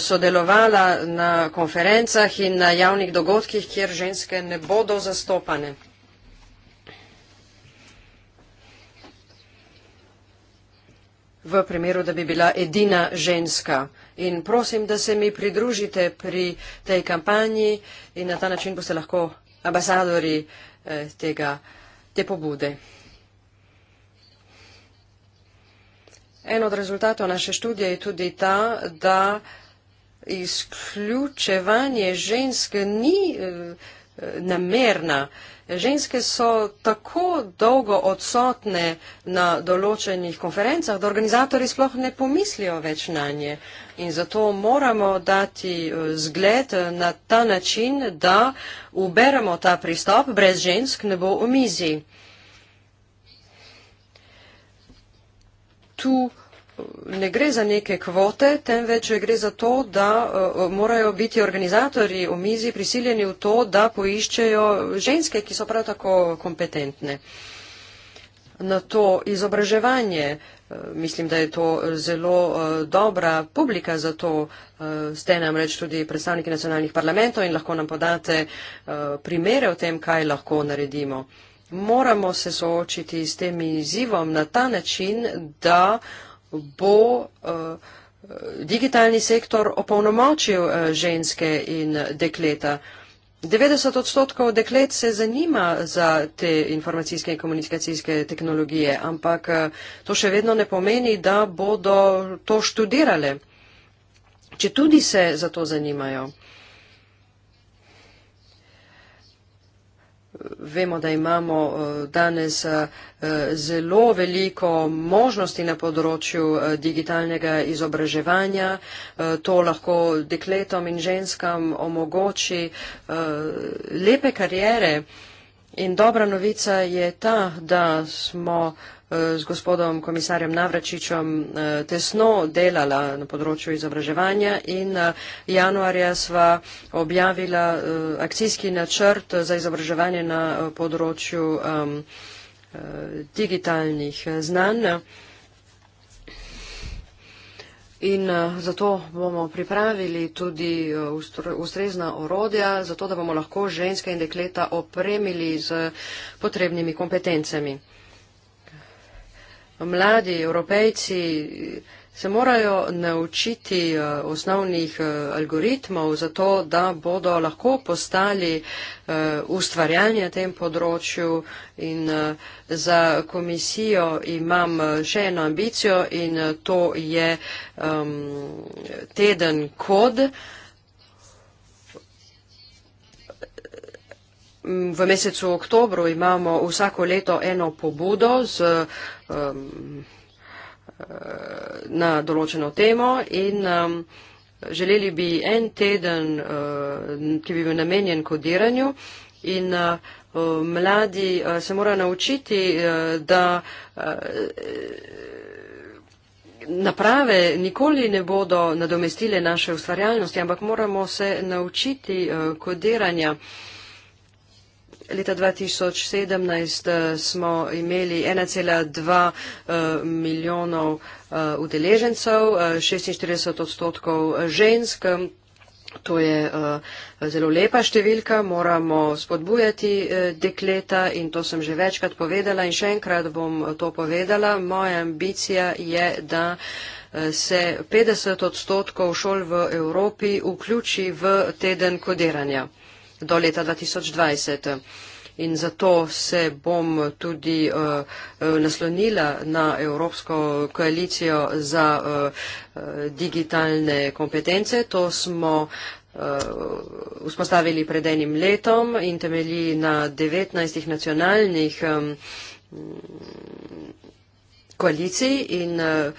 sodelovala na konferencah in na javnih dogodkih, kjer ženske ne bodo zastopane. v primeru, da bi bila edina ženska. In prosim, da se mi pridružite pri tej kampanji in na ta način boste lahko ambasadori eh, tega, te pobude. En od rezultatov naše študije je tudi ta, da izključevanje žensk ni eh, eh, namerna. Ženske so tako dolgo odsotne na določenih konferencah, da organizatori sploh ne pomislijo več na nje. In zato moramo dati eh, zgled eh, na ta način, da uberemo ta pristop, brez žensk ne bo v mizi. Tu ne gre za neke kvote, temveč gre za to, da eh, morajo biti organizatorji v mizi prisiljeni v to, da poiščejo ženske, ki so prav tako kompetentne. Na to izobraževanje, eh, mislim, da je to eh, zelo dobra publika, zato ste namreč tudi predstavniki nacionalnih parlamentov in lahko nam podate primere o tem, kaj lahko naredimo. Moramo se soočiti s tem izzivom na ta način, da uh, bo eh, digitalni sektor opolnomočil eh, ženske in dekleta. 90 odstotkov deklet se zanima za te informacijske in komunikacijske tehnologije, ampak eh, to še vedno ne pomeni, da bodo to študirale, če tudi se za to zanimajo. vemo, da imamo eh, danes eh, zelo veliko možnosti na področju eh, digitalnega izobraževanja. To lahko dekletom in ženskam omogoči lepe karijere. In dobra novica je ta, da smo Eh, z gospodom komisarjem Navračičem eh, tesno delala na področju izobraževanja in eh, januarja sva objavila akcijski načrt za izobraževanje na področju digitalnih znanj. In zato bomo pripravili tudi ustrezna orodja, zato da bomo lahko ženske in dekleta opremili z potrebnimi kompetencemi mladi evropejci se morajo naučiti eh, osnovnih eh, algoritmov za to, da bodo lahko postali eh, ustvarjalni na tem področju in za komisijo imam še eno ambicijo in to je ehm, teden kod. V mesecu oktobru imamo vsako leto eno pobudo z vsega, um, eh, na določeno temo in um, želeli bi en teden, uh, ki bi bil namenjen kodiranju in uh, mladi uh, se mora naučiti, uh, da uh, naprave nikoli ne bodo nadomestile naše ustvarjalnosti, ampak moramo se naučiti uh, kodiranja. Uh, Leta 2017 eh, smo imeli 1,2 eh, milijonov eh, udeležencev, 46 odstotkov žensk. To je zelo lepa številka, moramo spodbujati dekleta in to sem že večkrat povedala in še enkrat bom to povedala. Moja ambicija je, da se 50 odstotkov šol v Evropi vključi v teden kodiranja do leta 2020. In zato se bom tudi uh, naslonila na Evropsko koalicijo za uh, digitalne kompetence. To smo uh, vzpostavili pred enim letom in temelji na 19 nacionalnih um, koaliciji in uh,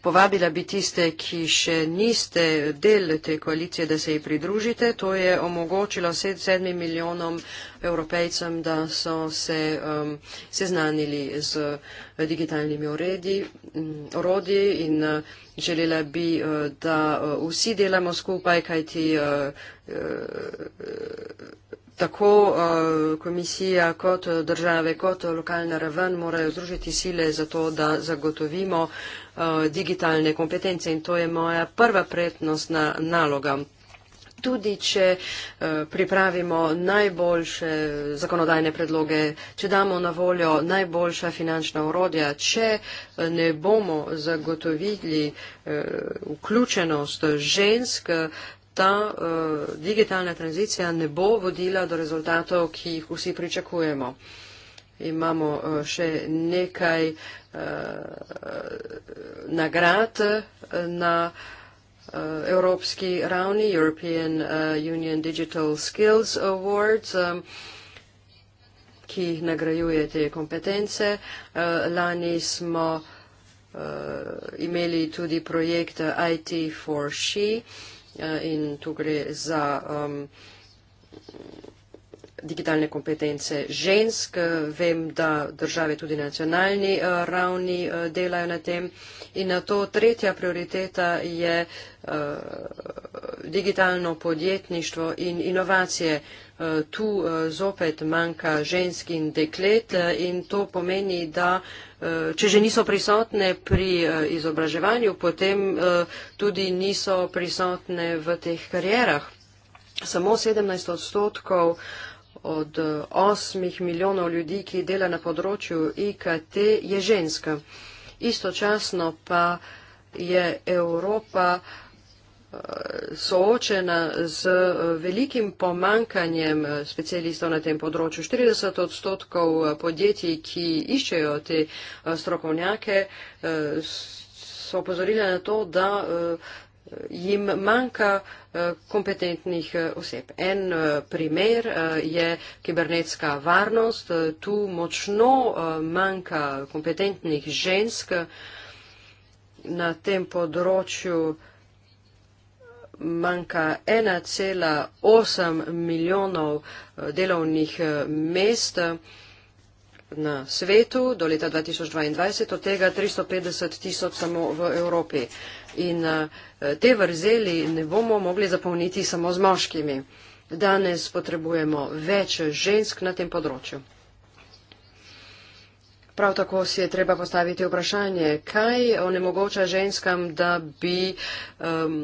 Povabila bi tiste, ki še niste del te koalicije, da se ji pridružite. To je omogočilo sedmim milijonom evropejcem, da so se um, seznanili z uh, digitalnimi uredi, mm, orodji in uh, želela bi, uh, da uh, vsi delamo skupaj, kajti. Uh, uh, tako eh, komisija kot eh, države kot eh, lokalna raven morajo združiti sile za to, da zagotovimo digitalne kompetence in to je moja prva prednostna naloga. Tudi, če pripravimo najboljše zakonodajne predloge, če damo na voljo najboljša finančna urodja, če ne bomo zagotovili vključenost žensk ta uh, digitalna tranzicija ne bo vodila do rezultatov, ki jih vsi pričakujemo. Imamo uh, še nekaj uh, nagrad na uh, evropski ravni, European uh, Union Digital Skills Awards. Um, ki nagrajuje te kompetence. Lani smo imeli tudi projekt IT for She, Ja, in tu gre za um, digitalne kompetence žensk. Vem, da države tudi na nacionalni uh, ravni uh, delajo na tem. In na to tretja prioriteta je uh, digitalno podjetništvo in inovacije. Uh, tu eh, zopet manjka žensk in deklet eh, in to pomeni, da eh, če že niso prisotne pri izobraževanju, potem tudi niso prisotne v teh karjerah. Samo 17 odstotkov od 8 milijonov ljudi, ki dela na področju IKT, je ženska. Istočasno pa je Evropa uh, soočena z eh, velikim pomankanjem eh, specialistov na tem področju. 40 odstotkov eh, podjetij, ki iščejo te strokovnjake, so opozorili na to, da jim manjka kompetentnih oseb. En primer je kibernetska varnost. Tu močno manjka kompetentnih žensk na tem področju manjka 1,8 milijonov eh, delovnih eh, mest eh, na svetu do leta 2022, od tega 350 tisoč samo v Evropi. In te vrzeli ne bomo mogli zapolniti samo z moškimi. Danes potrebujemo več žensk na tem področju. Prav tako si je treba postaviti vprašanje, kaj onemogoča ženskam, da bi um,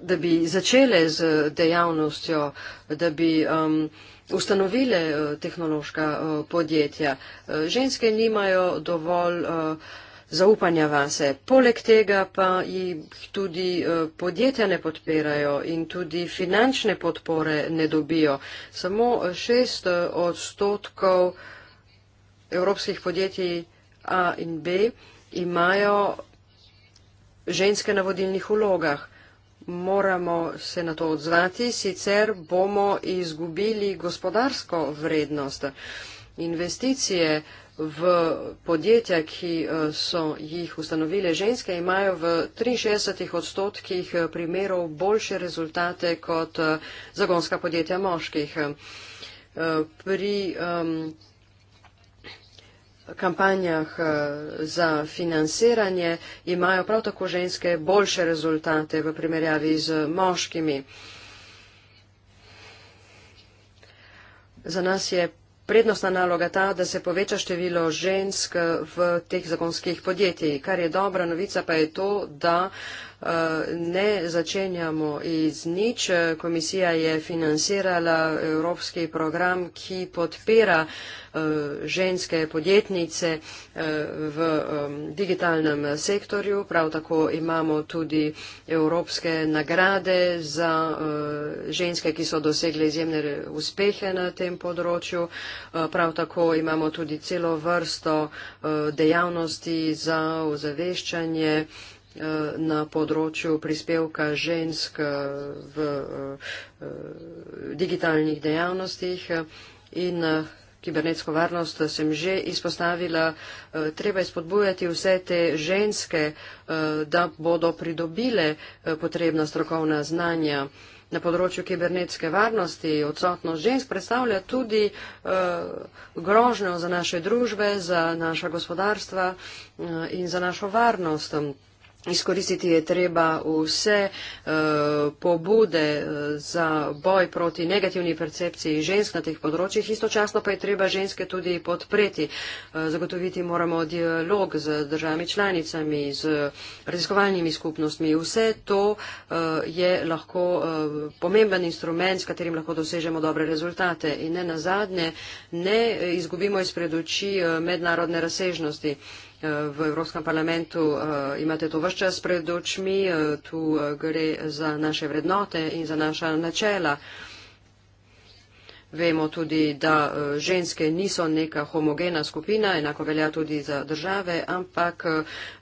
da bi začele z dejavnostjo, da bi um, ustanovile uh, tehnološka uh, podjetja. Uh, ženske nimajo dovolj uh, zaupanja vase. Poleg tega pa jih tudi uh, podjetja ne podpirajo in tudi finančne podpore ne dobijo. Samo šest odstotkov evropskih podjetij A in B uh, imajo ženske na vodilnih vlogah. Moramo se na to odzvati, sicer bomo izgubili gospodarsko vrednost. Investicije v podjetja, ki eh, so jih ustanovile ženske, imajo v 63 odstotkih eh, primerov boljše rezultate kot eh, zagonska podjetja moških. Pri um, kampanjah eh, za financiranje imajo prav tako ženske boljše rezultate v primerjavi z moškimi. Za nas je prednostna naloga ta, da se poveča število žensk v teh zakonskih podjetij. Kar je dobra novica pa je to, da uh, ne začenjamo iz nič. Komisija je financirala evropski program, ki podpira eh, ženske podjetnice eh, v digitalnem sektorju. Prav tako imamo tudi evropske nagrade za eh, ženske, ki so dosegle izjemne uspehe na tem področju. Prav tako imamo tudi celo vrsto dejavnosti za ozaveščanje Eh, na področju prispevka žensk eh, v eh, digitalnih dejavnostih in kibernetsko varnost sem že izpostavila. Treba je spodbujati vse te ženske, da bodo pridobile potrebna strokovna znanja. Na področju kibernetske varnosti odsotnost žensk predstavlja tudi uh, grožnjo za naše družbe, za naša gospodarstva uh, in za našo varnost. Um, Izkoristiti je treba vse e, pobude eh, za boj proti negativni percepciji žensk na teh področjih, istočasno pa je treba ženske tudi podpreti. E, zagotoviti moramo dialog z državami članicami, z raziskovalnimi skupnostmi. Vse to e, je lahko e, pomemben instrument, s katerim lahko dosežemo dobre rezultate. In ne nazadnje, ne izgubimo izpred oči mednarodne razsežnosti v Evropskem parlamentu eh, imate to vse čas pred očmi, eh, tu eh, gre za naše vrednote in za naša načela. Vemo tudi, da ženske niso neka homogena skupina, enako velja tudi za države, ampak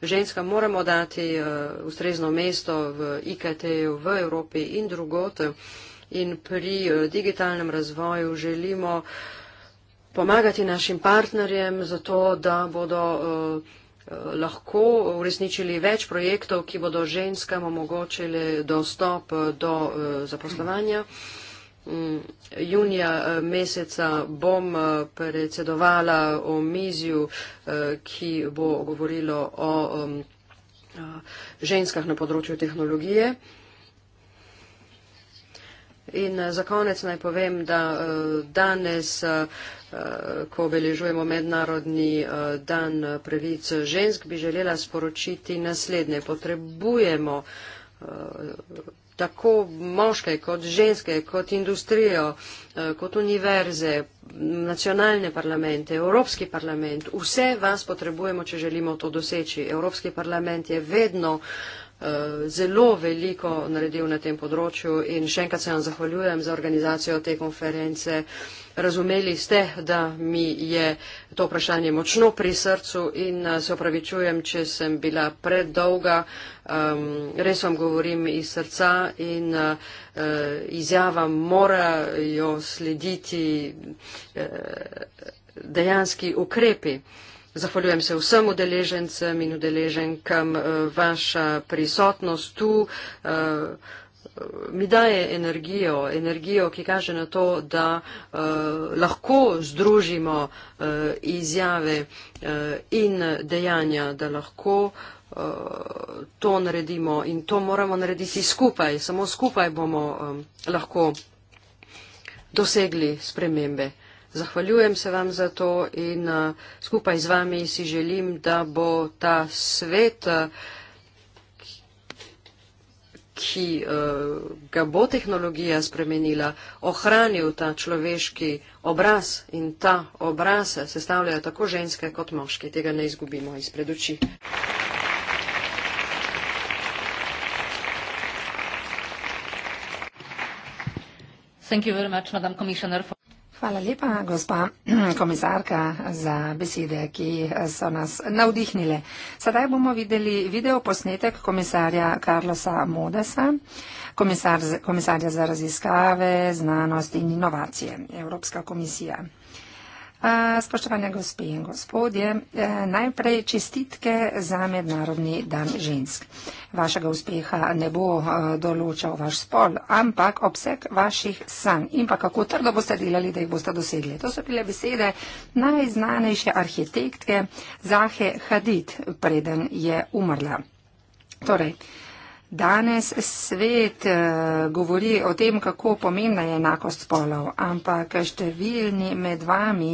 ženska moramo dati ustrezno mesto v IKT-ju v Evropi in drugot. In pri digitalnem razvoju želimo uh, pomagati našim partnerjem, zato da bodo eh, eh, lahko uresničili več projektov, ki bodo ženskam omogočili dostop eh, do zaposlovanja. Mm, junija meseca bom predsedovala o mizju, ki bo govorilo o ženskah na področju tehnologije. In za konec naj povem, da danes Eh, ko obeležujemo mednarodni eh, dan eh, pravic žensk, bi želela sporočiti naslednje. Potrebujemo tako moške kot ženske, kot industrijo, kot univerze, nacionalne parlamente, Evropski parlament. Vse vas potrebujemo, če želimo to doseči. Evropski parlament je vedno uh, Eh, zelo veliko naredil na tem področju in še enkrat se vam zahvaljujem za organizacijo te konference. Razumeli ste, da mi je to vprašanje močno pri srcu in eh, se opravičujem, če sem bila predolga. Um, res vam govorim iz srca in uh, izjava mora jo slediti uh, dejanski ukrepi. Uh, Zahvaljujem se vsem udeležencem in udeleženkam. Eh, vaša prisotnost tu eh, mi daje energijo, energijo, ki kaže na to, da eh, lahko združimo izjave in dejanja, da lahko to naredimo in to moramo narediti skupaj. Samo skupaj bomo lahko dosegli spremembe. Zahvaljujem se vam za to in eh, skupaj z vami si želim, da bo ta svet, eh, ki eh, ga bo tehnologija spremenila, ohranil ta človeški obraz in ta obraz sestavljajo tako ženske kot moški. Tega ne izgubimo izpred oči. Thank you very much, Madam Commissioner. For... Hvala lepa, gospa (clears throat) komisarka, za besede, ki so nas navdihnile. Sedaj bomo videli video posnetek komisarja Carlosa Modesa, komisar, komisarja za raziskave, znanost in inovacije Evropska komisija. Spoštovane gospe in gospodje, e, najprej čestitke za Mednarodni dan žensk. Vašega uspeha ne bo e, določal vaš spol, ampak obseg vaših sanj in pa kako trdo boste delali, da jih boste dosegli. To so bile besede najznanejše arhitektke Zahe Hadid, preden je umrla. Torej, Danes svet eh, govori o tem, kako pomembna je enakost spolov, ampak številni med vami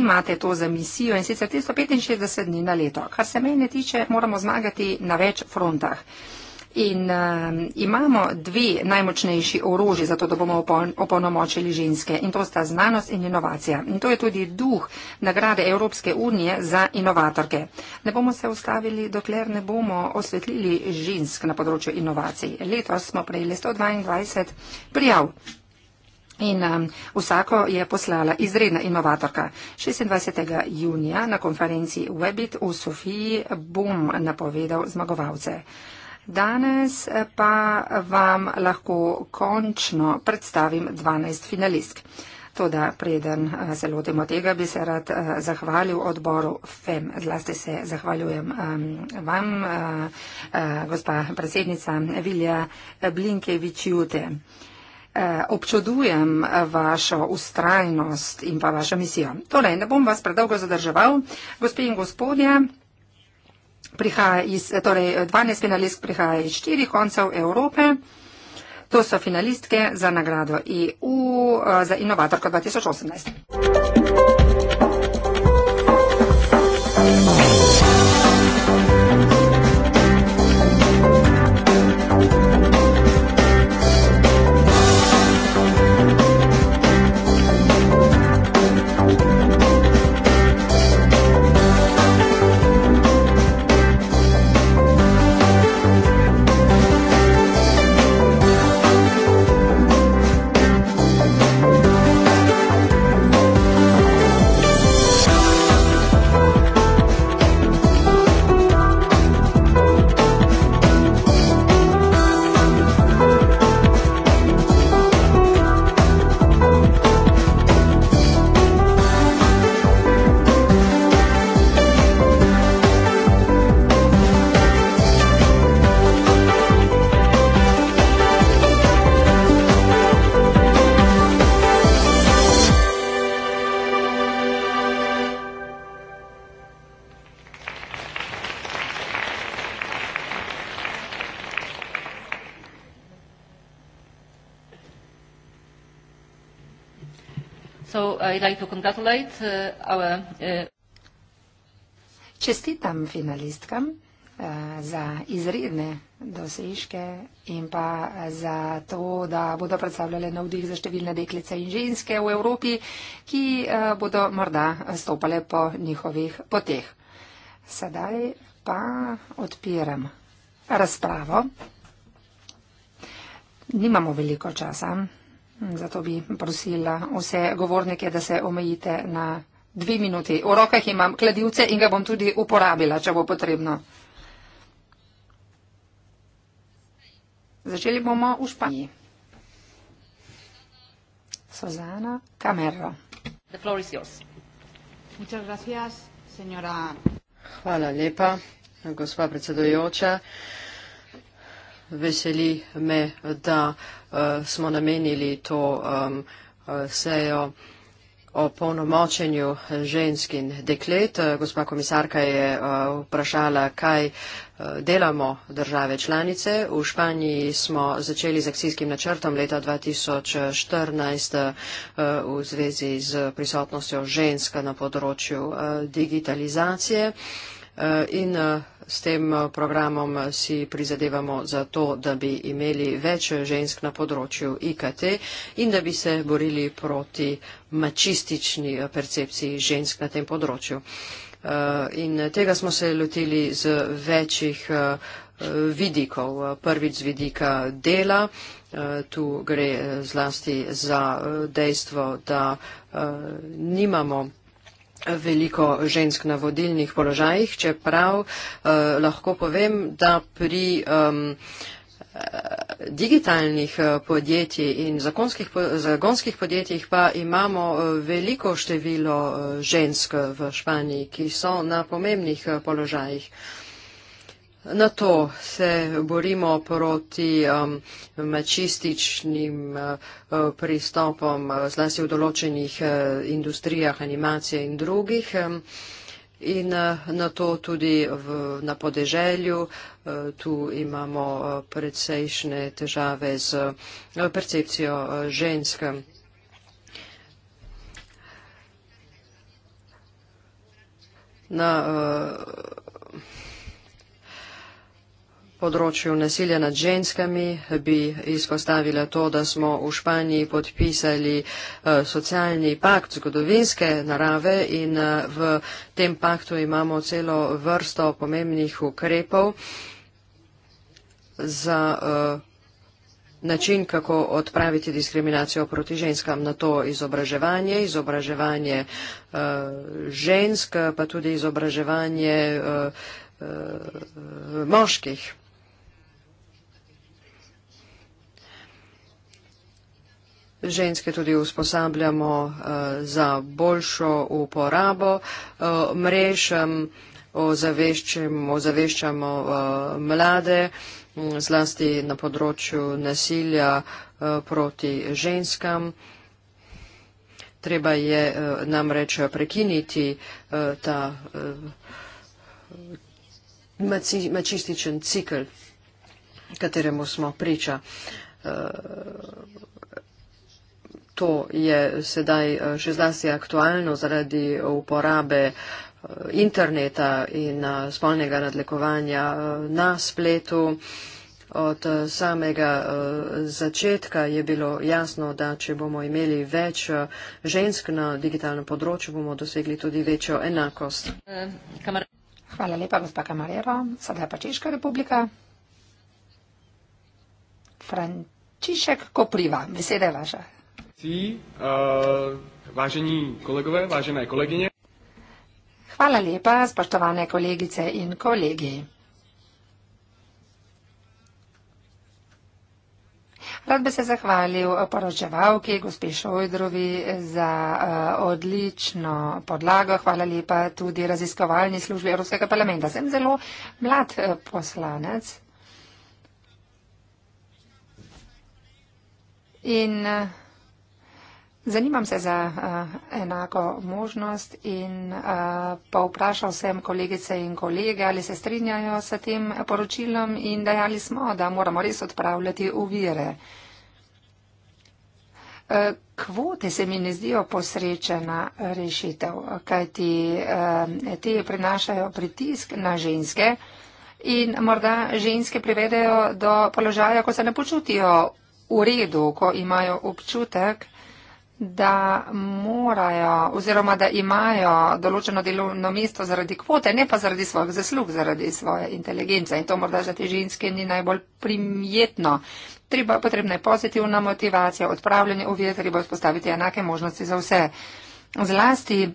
imate to za misijo in sicer 365 dni na leto. Kar se mene tiče, moramo zmagati na več frontah. In uh, imamo dve najmočnejši orožji za to, da bomo opolnomočili ženske. In to sta znanost in inovacija. In to je tudi duh nagrade Evropske unije za inovatorke. Ne bomo se ustavili, dokler ne bomo osvetlili žensk na področju inovacij. Letos smo prejeli 122 prijav. In um, vsako je poslala izredna inovatorka. 26. junija na konferenci Webit v Sofiji bom napovedal zmagovalce. Danes eh, pa vam lahko končno predstavim 12 finalistk. Toda preden eh, se lotimo tega, bi se rad eh, zahvalil odboru FEM. Zlasti se zahvaljujem ehm, vam, gospa predsednica Vilja Blinkevičjute. Občudujem vašo ustrajnost in pa vašo misijo. Torej, ne bom vas predolgo zadrževal, gospe in gospodje prihaja iz, torej 12 finalistk prihaja iz štirih koncev Evrope. To so finalistke za nagrado EU eh, za inovatorko 2018. I'd like to congratulate uh, our... Uh... Čestitam finalistkam eh, za izredne dosežke in pa eh, za to, da bodo predstavljale navdih za številne deklice in ženske v Evropi, ki bodo morda stopale po njihovih poteh. Sedaj pa odpiram razpravo. Nimamo veliko časa. Zato bi prosila vse govornike, da se omejite na dve minuti. V rokah imam kladivce in ga bom tudi uporabila, če bo potrebno. Začeli bomo v Španiji. Sozana Camero. Hvala lepa, gospa predsedojoča. Veseli me, da uh, smo namenili to um, sejo o polnomočenju žensk in deklet. Gospa komisarka je eh, vprašala, kaj delamo države članice. V Španiji smo začeli z akcijskim načrtom leta 2014 v zvezi z prisotnostjo žensk na področju digitalizacije. In S tem eh, programom si prizadevamo za to, da bi imeli več žensk na področju IKT in da bi se borili proti mačistični eh, percepciji žensk na tem področju. Eh, in tega smo se lotili z večjih vidikov. Prvič z vidika dela, tu gre zlasti za dejstvo, da nimamo veliko žensk na vodilnih položajih, čeprav uh, lahko povem, da pri um, digitalnih eh, podjetij in zagonskih podjetjih pa imamo veliko število žensk v Španiji, ki so na pomembnih položajih. Uh, Na to se borimo proti um, mačističnim uh, pristopom, uh, zlasti v določenih uh, industrijah animacije in drugih. Um, in uh, na to tudi v, na podeželju, uh, tu imamo uh, precejšnje težave z uh, percepcijo uh, žensk. Na, uh, področju nasilja nad ženskami bi izpostavila to, da smo v Španiji podpisali eh, socialni pakt zgodovinske narave in eh, v tem paktu imamo celo vrsto pomembnih ukrepov za eh, način, kako odpraviti diskriminacijo proti ženskam na to izobraževanje, izobraževanje žensk, pa tudi izobraževanje moških. ženske tudi usposabljamo eh, za boljšo uporabo eh, mrež, ozaveščamo, ozaveščamo eh, mlade, mm, zlasti na področju nasilja proti ženskam. Treba je namreč prekiniti ta mačističen cikl, kateremu smo priča to je sedaj eh, še zlasti aktualno zaradi uporabe eh, interneta in eh, spolnega nadlekovanja na spletu. Od samega začetka je bilo jasno, da če bomo imeli več žensk na digitalnem področju, bomo dosegli tudi večjo enakost. Hvala lepa, gospa Kamarero. Sedaj pa Češka republika. Frančišek Kopriva, beseda je vaša. Sí, uh, eh, važeni kolegove, važene koleginje. Hvala lepa, spoštovane kolegice in kolegi. Rad bi se zahvalil poročevalki, gospe Šojdrovi, za uh, odlično podlago. Hvala lepa tudi raziskovalni službi Evropskega parlamenta. Sem zelo mlad uh, poslanec. In uh, Zanimam se za uh, enako možnost in uh, eh, pa vprašal sem kolegice in kolege, ali se strinjajo s tem poročilom in dejali smo, da moramo res odpravljati uvire. Eh, kvote se mi ne zdijo posrečena rešitev, kajti te prinašajo pritisk na ženske in morda ženske privedejo do položaja, ko se ne počutijo v redu, ko imajo občutek, da morajo oziroma da imajo določeno delovno mesto zaradi kvote, ne pa zaradi svojih zaslug, zaradi svoje inteligence. In to morda za te ženske ni najbolj primjetno. Treba, potrebna je pozitivna motivacija, odpravljanje ovir, treba vzpostaviti enake možnosti za vse. Zlasti eh,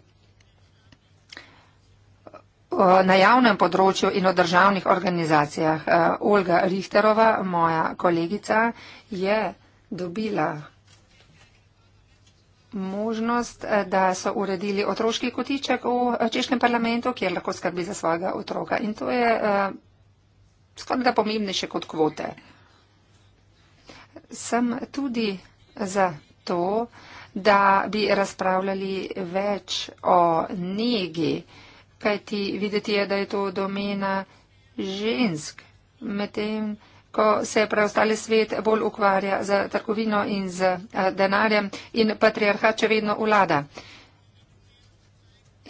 na javnem področju in v državnih organizacijah. Eh, Olga Richterova, moja kolegica, je dobila možnost, eh, da so uredili otroški kotiček v eh, češkem parlamentu, kjer lahko skrbi za svojega otroka. In to je uh, eh, skoraj da pomembnejše kot kvote. Sem tudi za to, da bi razpravljali več o negi, kajti videti je, da je to domena žensk. Medtem, uh, ko se preostali svet bolj ukvarja z trgovino in z eh, denarjem in patriarhat še vedno vlada.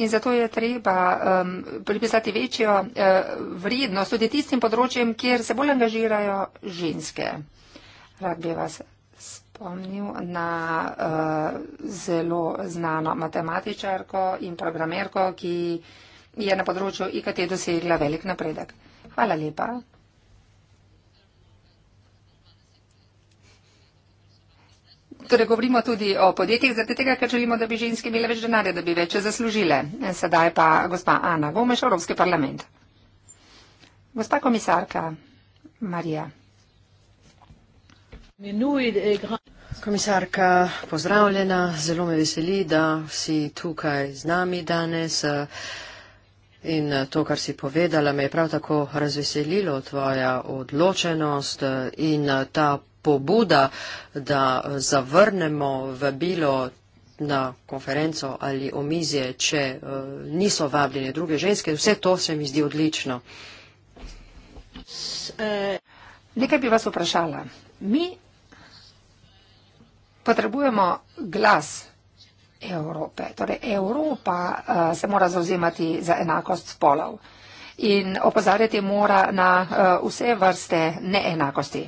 In zato je treba um, pripisati večjo uh, vrednost tudi tistim področjem, kjer se bolj angažirajo ženske. Rad bi vas spomnil na uh, zelo znano matematičarko in programerko, ki je na področju IKT dosegla velik napredek. Hvala lepa. Torej, govorimo tudi o podjetjih, zaradi tega, ker želimo, da bi ženske imele več denarja, da bi več zaslužile. Sedaj pa gospa Ana Gomeš, Evropski parlament. Gospa komisarka Marija. Komisarka, pozdravljena. Zelo me veseli, da si tukaj z nami danes. Eh, in eh, to, kar si povedala, me je prav tako razveselilo, tvoja odločenost eh, in ta pobuda, da zavrnemo vabilo na konferenco ali omizje, če eh, niso vabljene druge ženske. Vse to se mi zdi odlično. Eh, nekaj bi vas vprašala. Mi potrebujemo glas Evrope. Torej Evropa eh, se mora zauzimati za enakost spolov in opozarjati mora na vse vrste neenakosti.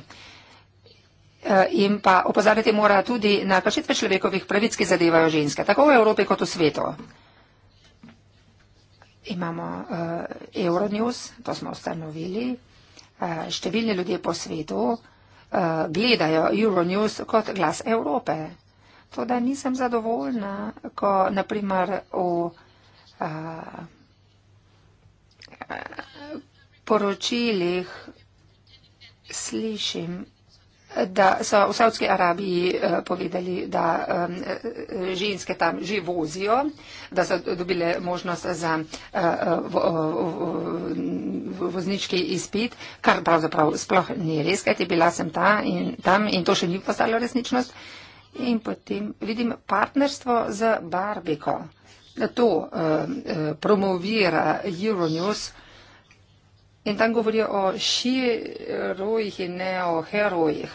Eh, in pa opozarjati mora tudi na kršitve človekovih pravic, ki zadevajo ženske, tako v Evropi kot v svetu. Imamo uh, Euronews, to smo ustanovili. Uh, številni ljudje po svetu uh, gledajo Euronews kot glas Evrope. To, da nisem zadovoljna, ko naprimer v uh, poročilih slišim, da so v Saudski Arabiji eh, povedali, da eh, ženske tam že vozijo, da so dobile možnost za eh, voznički izpit, kar pravzaprav sploh ni res, kajti bila sem ta in tam in to še ni postalo resničnost. In potem vidim partnerstvo z Barbiko, da to promovira Euronews. In tam govori o širojih in ne o herojih.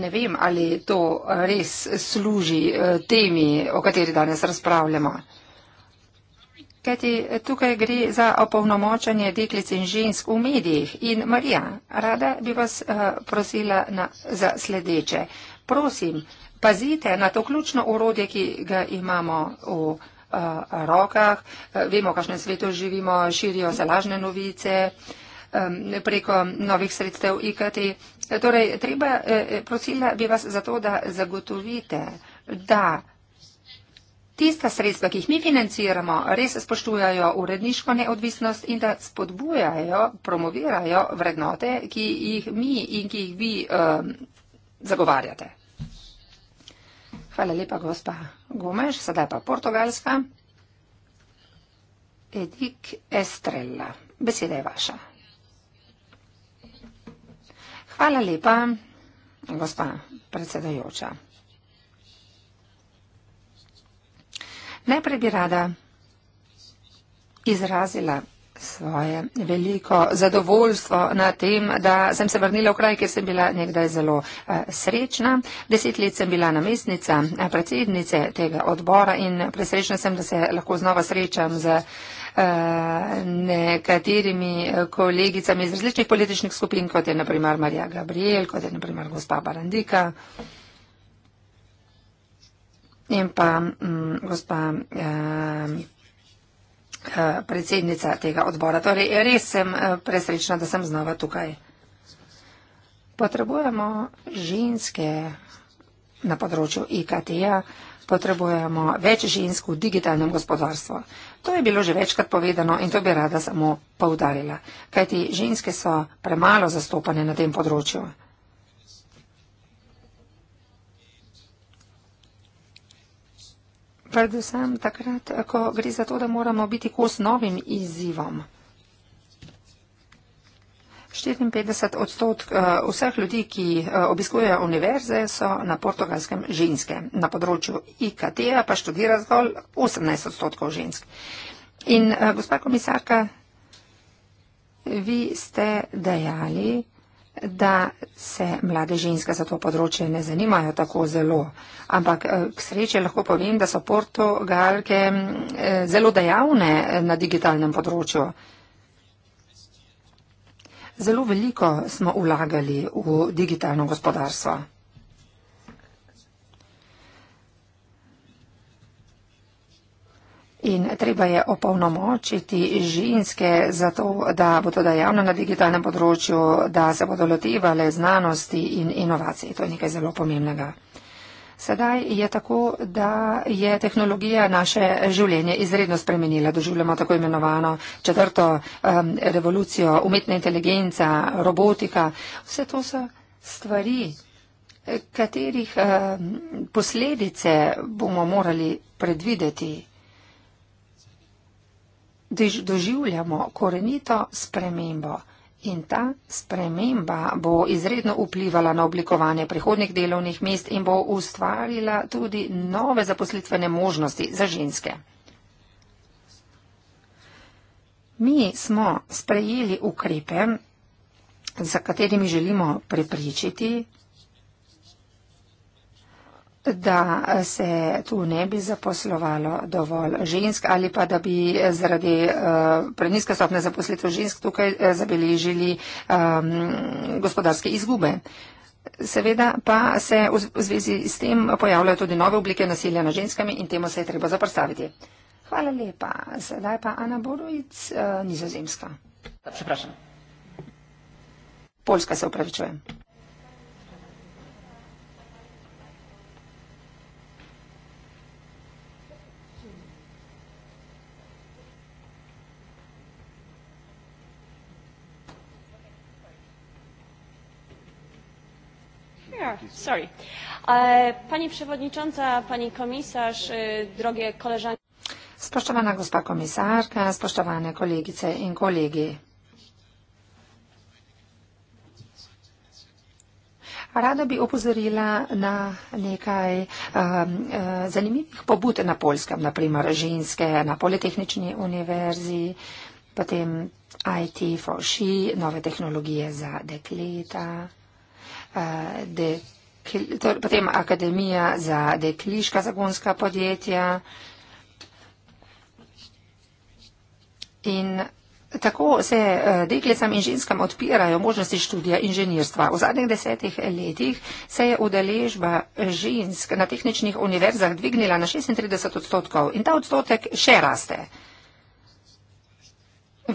Ne vem, ali to res služi eh, temi, o kateri danes razpravljamo. Kajti eh, tukaj gre za opolnomočanje deklic in žensk v medijih. In Marija, rada bi vas eh, prosila na, za sledeče. Prosim, pazite na to ključno urodje, ki ga imamo v medijih. Eh, rokah. Eh, vemo, kakšnem svetu živimo, širijo se lažne novice preko novih sredstev IKT. Torej, treba, eh, prosila bi vas za to, da zagotovite, da tista sredstva, ki jih mi financiramo, res spoštujajo uredniško neodvisnost in da spodbujajo, promovirajo vrednote, ki jih mi in ki jih vi um, zagovarjate. Hvala lepa, gospa Gomeš. Sedaj pa portugalska. Edik Estrella. Beseda je vaša. Hvala lepa, gospa predsedajoča. Najprej bi rada izrazila svoje veliko zadovoljstvo na tem, da sem se vrnila v kraj, kjer sem bila nekdaj zelo eh, srečna. Deset let sem bila namestnica eh, predsednice tega odbora in presrečna sem, da se lahko znova srečam z eh, nekaterimi kolegicami iz različnih političnih skupin, kot je naprimer Marija Gabriel, kot je naprimer gospa Barandika in pa mm, gospa eh, Eh, predsednica tega odbora. Torej, res sem eh, presrečna, da sem znova tukaj. Potrebujemo ženske na področju IKT-ja, potrebujemo več žensk v digitalnem gospodarstvu. To je bilo že večkrat povedano in to bi rada samo poudarila, kajti ženske so premalo zastopane na tem področju. predvsem takrat, ko gre za to, da moramo biti kos novim izzivom. 54 odstotk eh, vseh ljudi, ki eh, obiskujejo univerze, so na portugalskem ženske. Na področju IKT pa študira zgolj 18 odstotkov žensk. In eh, gospa komisarka, vi ste dejali, da se mlade ženske za to področje ne zanimajo tako zelo. Ampak eh, k sreče lahko povem, da so Portugalke mm, eh, zelo dejavne eh, na digitalnem področju. Zelo veliko smo vlagali v digitalno gospodarstvo. In treba je opolnomočiti ženske za to, da bodo dejavne na digitalnem področju, da se bodo lotevale znanosti in inovacij. To je nekaj zelo pomembnega. Sedaj je tako, da je tehnologija naše življenje izredno spremenila. Doživljamo tako imenovano četrto um, revolucijo, umetna inteligenca, robotika. Vse to so stvari, katerih um, posledice bomo morali predvideti doživljamo korenito spremembo. In ta sprememba bo izredno vplivala na oblikovanje prihodnih delovnih mest in bo ustvarila tudi nove zaposlitvene možnosti za ženske. Mi smo sprejeli ukrepe, za katerimi želimo prepričiti da eh, se tu ne bi zaposlovalo dovolj žensk ali pa da bi eh, zaradi uh, eh, preniske stopne zaposlitev žensk tukaj zabeležili um, gospodarske izgube. Seveda pa se v zvezi s tem pojavljajo tudi nove oblike nasilja nad ženskami in temu se je treba zaprstaviti. Hvala lepa. Sedaj pa Ana Borovic, uh, Nizozemska. Poljska se upravičujem. Sorry. E, pani przewodnicząca, pani komisarz, e, drogie koleżanki. Spoštovana gospa komisarka, spoštovane kolegice in kolegi. Rada bi opozorila na nekaj um, uh, zanimivih pobud na Poljskem, naprimer ženske na Politehnični univerzi, potem IT for She, nove tehnologije za dekleta. Eh, de, torej potem Akademija za dekliška zagonska podjetja in Tako se eh, deklicam in ženskam odpirajo možnosti študija inženirstva. V zadnjih desetih letih se je udeležba žensk na tehničnih univerzah dvignila na 36 odstotkov in ta odstotek še raste.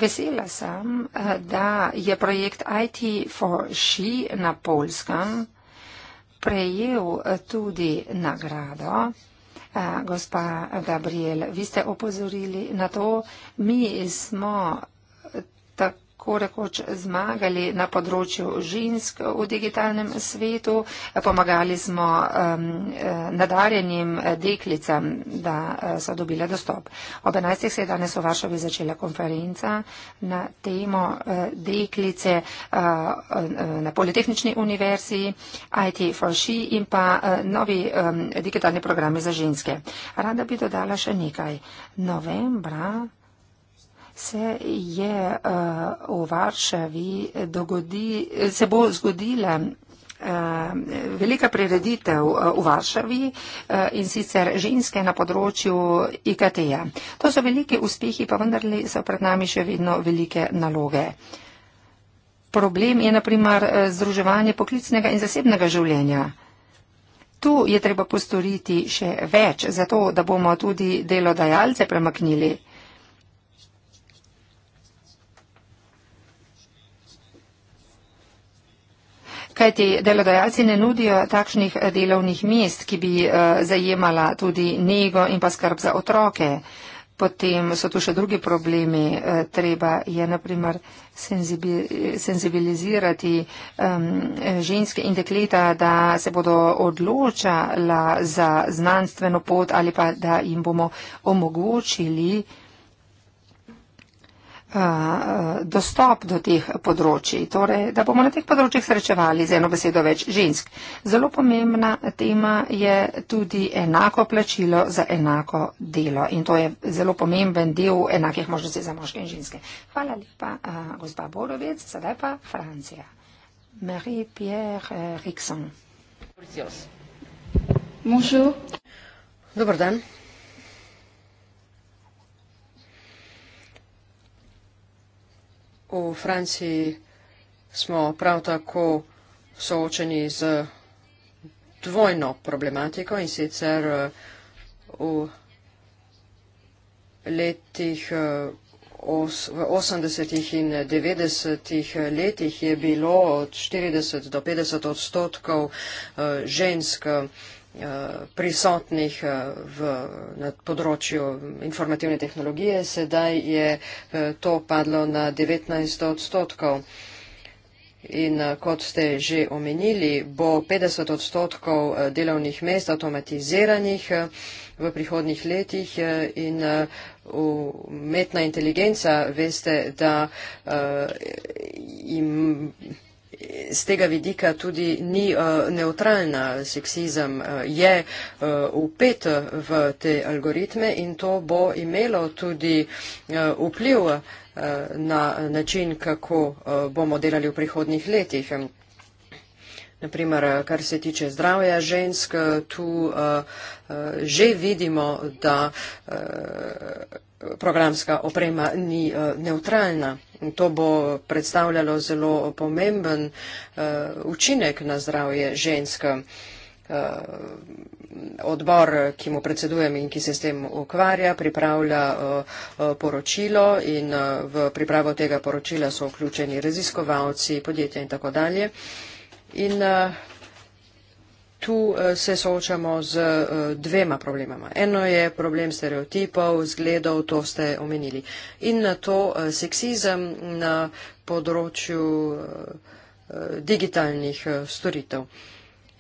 Vesela sem, eh, da je projekt IT for She na polskem prejel eh, tudi nagrado. Eh, gospa Gabriel, vi ste opozorili na to, mi smo tako rekoč zmagali na področju žensk v digitalnem svetu. Pomagali smo um, eh, nadarjenim eh, deklicam, da eh, so dobile dostop. Ob 11. se je danes v Varšavi začela konferenca na temo deklice na Politehnični univerzi, IT for She in pa novi um, digitalni programi za ženske. Rada bi dodala še nekaj. Novembra se je uh, v Varšavi dogodi, se bo zgodila eh, Velika prireditev eh, v Varšavi in sicer ženske na področju IKT-ja. To so veliki uspehi, pa vendarle so pred nami še vedno velike naloge. Problem je naprimer združevanje poklicnega in zasebnega življenja. Tu je treba postoriti še več, zato da bomo tudi delodajalce premaknili. kajti delodajalci ne nudijo takšnih eh, delovnih mest, ki bi eh, zajemala tudi nego in pa skrb za otroke. Potem so tu še drugi problemi. Eh, treba je naprimer senzibilizirati ženske in dekleta, da se bodo odločala za znanstveno pot ali pa da jim bomo omogočili Eh, dostop do teh področji, torej, da bomo na teh področjih srečevali z eno besedo več žensk. Zelo pomembna tema je tudi enako plačilo za enako delo in to je zelo pomemben del enakih možnosti za moške in ženske. Hvala lepa, uh, gospa Borovec, sedaj pa Francija. Marie-Pierre eh, Rikson. Dobro dan. V Franciji smo prav tako soočeni z dvojno problematiko in sicer eh, v letih eh, v 80. in 90. letih je bilo od 40 do 50 odstotkov eh, žensk Eh, prisotnih eh, v, na področju informativne tehnologije, sedaj je eh, to padlo na 19 odstotkov. In kot ste že omenili, bo 50 odstotkov delovnih mest avtomatiziranih v prihodnih letih in umetna inteligenca, veste, da im, z tega vidika tudi ni uh, eh, neutralna. Seksizem uh, je uh, eh, upet v te algoritme in to bo imelo tudi uh, vpliv uh, na način, kako uh, bomo delali v prihodnih letih. Naprimer, kar se tiče zdravja žensk, tu uh, uh, že vidimo, da. Uh, programska oprema ni eh, neutralna. To bo predstavljalo zelo pomemben eh, učinek na zdravje žensk. Eh, odbor, ki mu predsedujem in ki se s tem ukvarja, pripravlja poročilo in v pripravo tega poročila so vključeni raziskovalci, podjetja in tako dalje. In tu eh, se soočamo z eh, dvema problemama. Eno je problem stereotipov, zgledov, to ste omenili. In na to eh, seksizem na področju digitalnih storitev.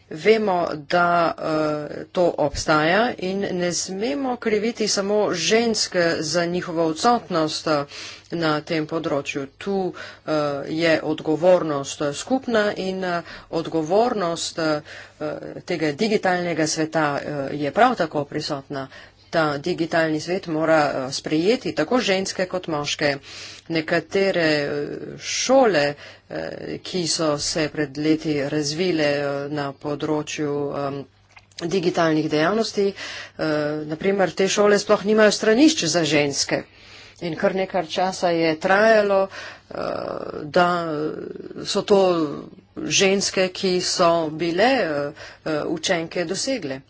Vemo, da uh, to obstaja in ne smemo kriviti samo ženske za njihovo odsotnost eh, na tem področju. Tu uh, je odgovornost skupna in uh, odgovornost uh, tega digitalnega sveta uh, je prav tako prisotna ta digitalni svet mora eh, sprejeti tako ženske kot moške. Nekatere eh, šole, eh, ki so se pred leti razvile na področju digitalnih dejavnosti, naprimer te šole sploh nimajo stranišč za ženske. In kar nekaj časa je trajalo, da so to ženske, ki so bile učenke, dosegle.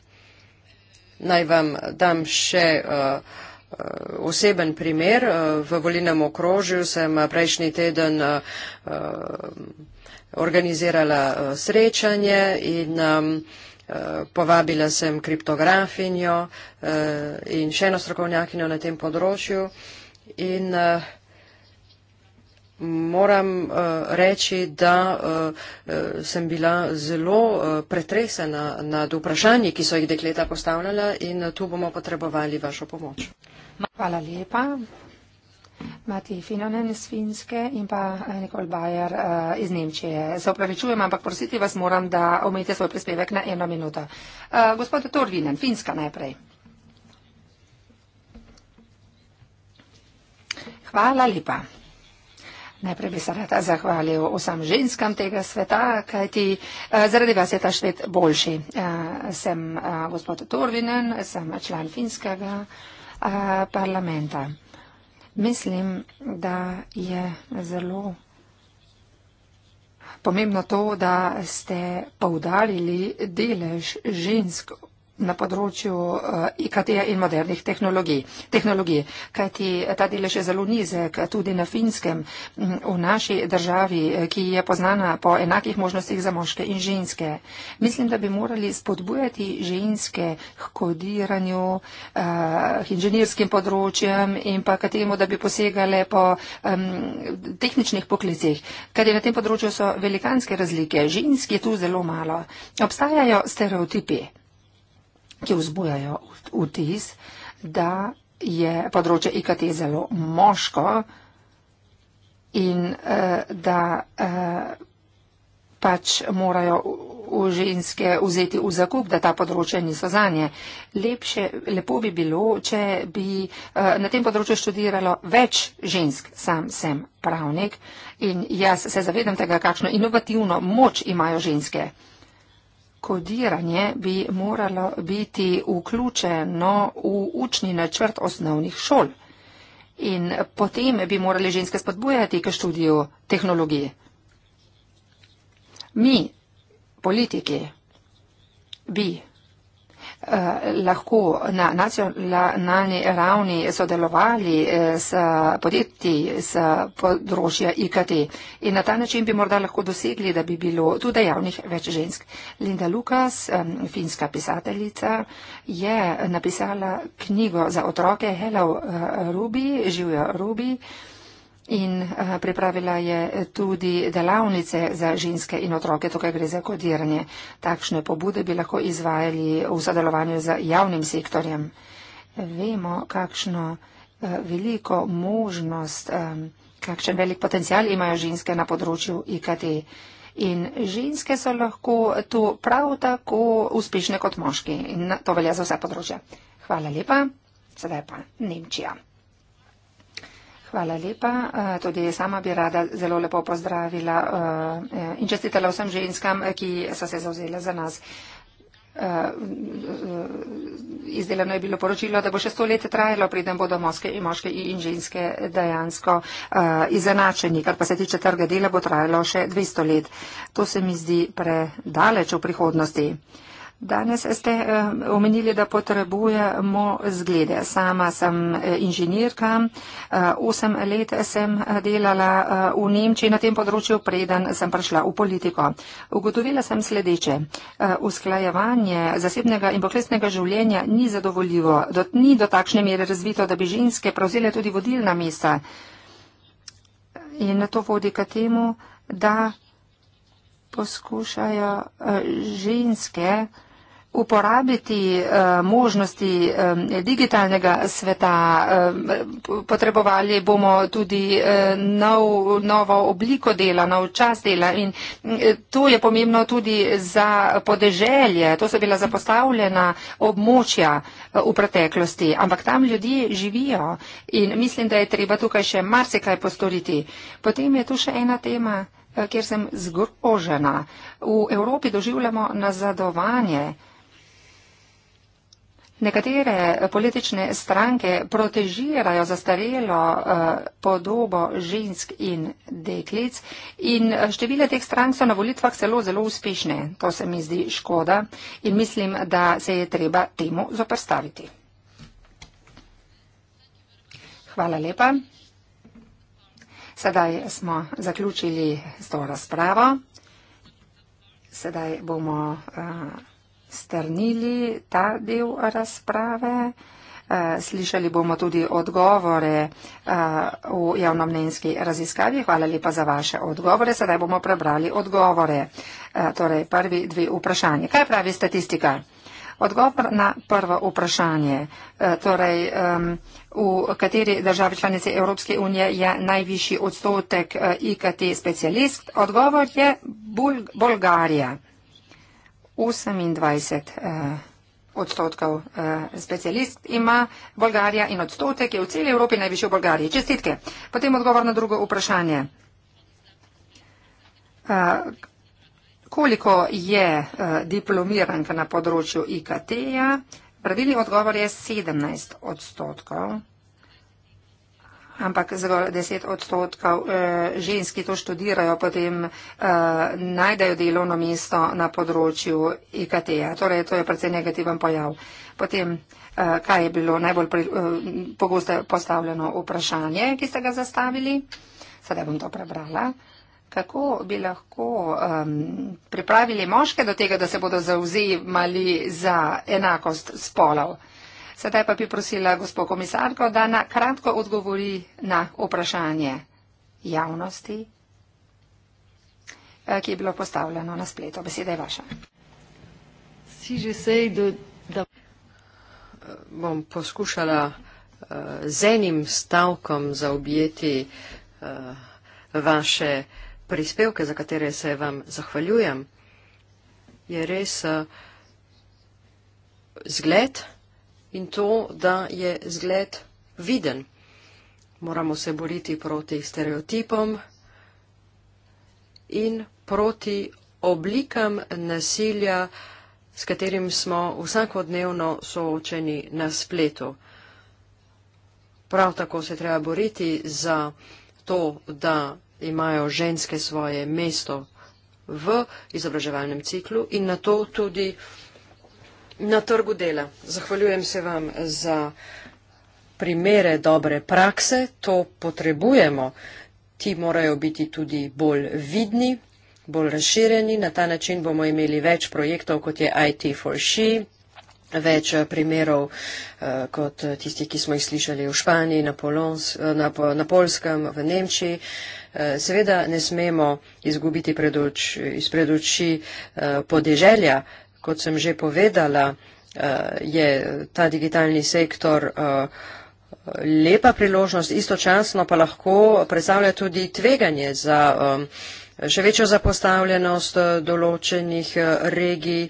Naj vam dam še uh, uh, oseben primer. Uh, v volinem okrožju sem prejšnji teden organizirala srečanje in um, povabila sem kriptografinjo in še eno strokovnjakinjo na tem področju. In uh, Moram uh, reči, da uh, sem bila zelo uh, pretresena nad vprašanji, ki so jih dekleta postavljala in tu bomo potrebovali vašo pomoč. Hvala lepa. Mati Finanen iz Finske in pa Nikol Bajer uh, iz Nemčije. Se opravičujem, ampak prositi vas moram, da omejite svoj prispevek na eno minuto. Uh, gospod Torvinen, Finska najprej. Hvala lepa. Najprej bi se rada zahvalil vsem ženskam tega sveta, kajti eh, zaradi vas je ta svet boljši. Eh, sem eh, gospod Torvinen, sem član finskega parlamenta. Mislim, da je zelo pomembno to, da ste povdarili delež žensko na področju eh, IKT in modernih tehnologij. tehnologij. Kajti ta delež je zelo nizek, tudi na finskem, v naši državi, eh, ki je poznana po enakih možnostih za moške in ženske. Mislim, da bi morali spodbujati ženske k kodiranju, k eh, inženirskim področjem in pa k temu, da bi posegale po um, tehničnih poklicih. Kajti na tem področju so velikanske razlike, žensk je tu zelo malo. Obstajajo stereotipi ki vzbujajo vtis, da je področje IKT zelo moško in uh, da uh, pač morajo v ženske vzeti v zakup, da ta področje niso zanje. Lepše, lepo bi bilo, če bi eh, na tem področju študiralo več žensk. Sam sem pravnik in jaz se zavedam tega, kakšno inovativno moč imajo ženske kodiranje bi moralo biti vključeno v učni načrt osnovnih šol in potem bi morali ženske spodbujati k študiju tehnologije. Mi, politiki, bi Eh, lahko na nacionalni ravni sodelovali eh, s podjetji z področja IKT in na ta način bi morda lahko dosegli, da bi bilo tudi javnih več žensk. Linda Lukas, finska pisateljica, je napisala knjigo za otroke Hello eh, Ruby, živijo Ruby in eh, pripravila je eh, tudi delavnice za ženske in otroke, tukaj gre za kodiranje. Takšne pobude bi lahko izvajali v sodelovanju z javnim sektorjem. Vemo, kakšno eh, veliko možnost, kakšen velik potencial imajo ženske na področju IKT. In ženske so lahko tu prav tako uspešne kot moški. In to velja za vsa področja. Hvala lepa. Sedaj pa Nemčija. Hvala lepa. E, tudi sama bi rada zelo lepo pozdravila e, in čestitela vsem ženskam, ki so se zauzele za nas. E, izdelano je bilo poročilo, da bo še sto let trajalo, preden bodo moske in moške in ženske dejansko izenačeni. Kar pa se tiče trga dela, bo trajalo še 200 let. To se mi zdi predaleč v prihodnosti. Danes ste eh, omenili, da potrebujemo zglede. Sama sem eh, inženirka, eh, osem let sem delala v Nemčiji na tem področju, preden sem prišla v politiko. Ugotovila sem sledeče. Usklajevanje zasebnega in poklesnega življenja ni zadovoljivo, ni do takšne mere razvito, da bi ženske prevzele tudi vodilna mesta. In to vodi k temu, da poskušajo ženske uporabiti uh, možnosti um, digitalnega sveta. Um, potrebovali bomo tudi uh, nov, novo obliko dela, nov čas dela in uh, to je pomembno tudi za podeželje. To so bila zapostavljena območja uh, v preteklosti, ampak tam ljudje živijo in mislim, da je treba tukaj še marsikaj postoriti. Potem je tu še ena tema kjer sem zgrožena. V Evropi doživljamo nazadovanje. Nekatere politične stranke protežirajo zastarelo eh, podobo žensk in deklic in eh, številne teh strank so na volitvah zelo, zelo uspešne. To se mi zdi škoda in mislim, da se je treba temu zoprstaviti. Hvala lepa. Sedaj smo zaključili s to razpravo. Sedaj bomo... Uh, strnili ta del razprave. Eh, slišali bomo tudi odgovore eh, v javnomnenjski raziskavi. Hvala lepa za vaše odgovore. Sedaj bomo prebrali odgovore. Eh, torej, prvi dve vprašanje. Kaj pravi statistika? Odgovor na prvo vprašanje. Torej, v kateri državi članice Evropske unije je najvišji odstotek IKT specialist? Odgovor je Bulgarija. Bul 28 eh, odstotkov eh, specialist ima Bolgarija in odstotek je v celi Evropi najvišji v Bolgariji. Čestitke. Potem odgovor na drugo vprašanje. Eh, koliko je eh, diplomiranka na področju IKT-ja? Pravilni odgovor je 17 odstotkov ampak zgolj 10 odstotkov eh, ženski to študirajo, potem eh, najdejo delovno mesto na področju IKT-ja. Torej, to je predvsej negativen pojav. Potem, eh, kaj je bilo najbolj pri, eh, pogosto postavljeno vprašanje, ki ste ga zastavili? Sedaj bom to prebrala. Kako bi lahko um, pripravili moške do tega, da se bodo zauzemali za enakost spolov? Sedaj pa bi prosila gospod komisarko, da na kratko odgovori na vprašanje javnosti, eh, ki je bilo postavljeno na spletu. Beseda je vaša. Si že sej, da eh, bom poskušala eh, z enim stavkom zaobjeti vaše prispevke, za katere se vam zahvaljujem. Je res zgled in to, da je zgled viden. Moramo se boriti proti stereotipom in proti oblikam nasilja, s katerim smo vsakodnevno soočeni na spletu. Prav tako se treba boriti za to, da imajo ženske svoje mesto v izobraževalnem ciklu in na to tudi Na trgu dela. Zahvaljujem se vam za primere dobre prakse. To potrebujemo. Ti morajo biti tudi bolj vidni, bolj razširjeni. Na ta način bomo imeli več projektov, kot je IT4She, več primerov, eh, kot tisti, ki smo jih slišali v Španiji, na, Polons, eh, na, na Polskem, v Nemčiji. Eh, seveda ne smemo izgubiti pred oči, izpred oči podeželja kot sem že povedala, eh, je ta digitalni sektor eh, lepa priložnost, istočasno pa lahko predstavlja tudi tveganje za eh, še večjo zapostavljenost določenih regij.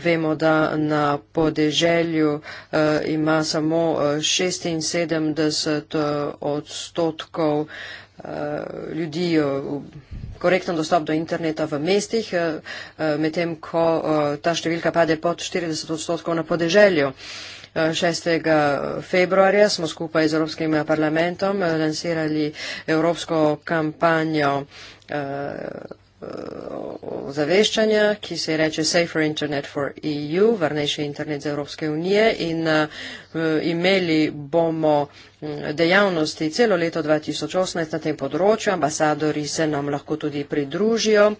Vemo, da na podeželju ima samo 76 odstotkov ljudi korekten dostop do interneta v mestih, eh, eh, medtem ko eh, ta številka pade pod 40 odstotkov na podeželju. 6. februarja smo skupaj z Evropskim parlamentom lansirali evropsko kampanjo zaveščanja, ki se reče Safer Internet for EU, varnejši internet za Evropske unije in uh, imeli bomo uh, dejavnosti celo leto 2018 na tem področju. Ambasadori se nam lahko tudi pridružijo.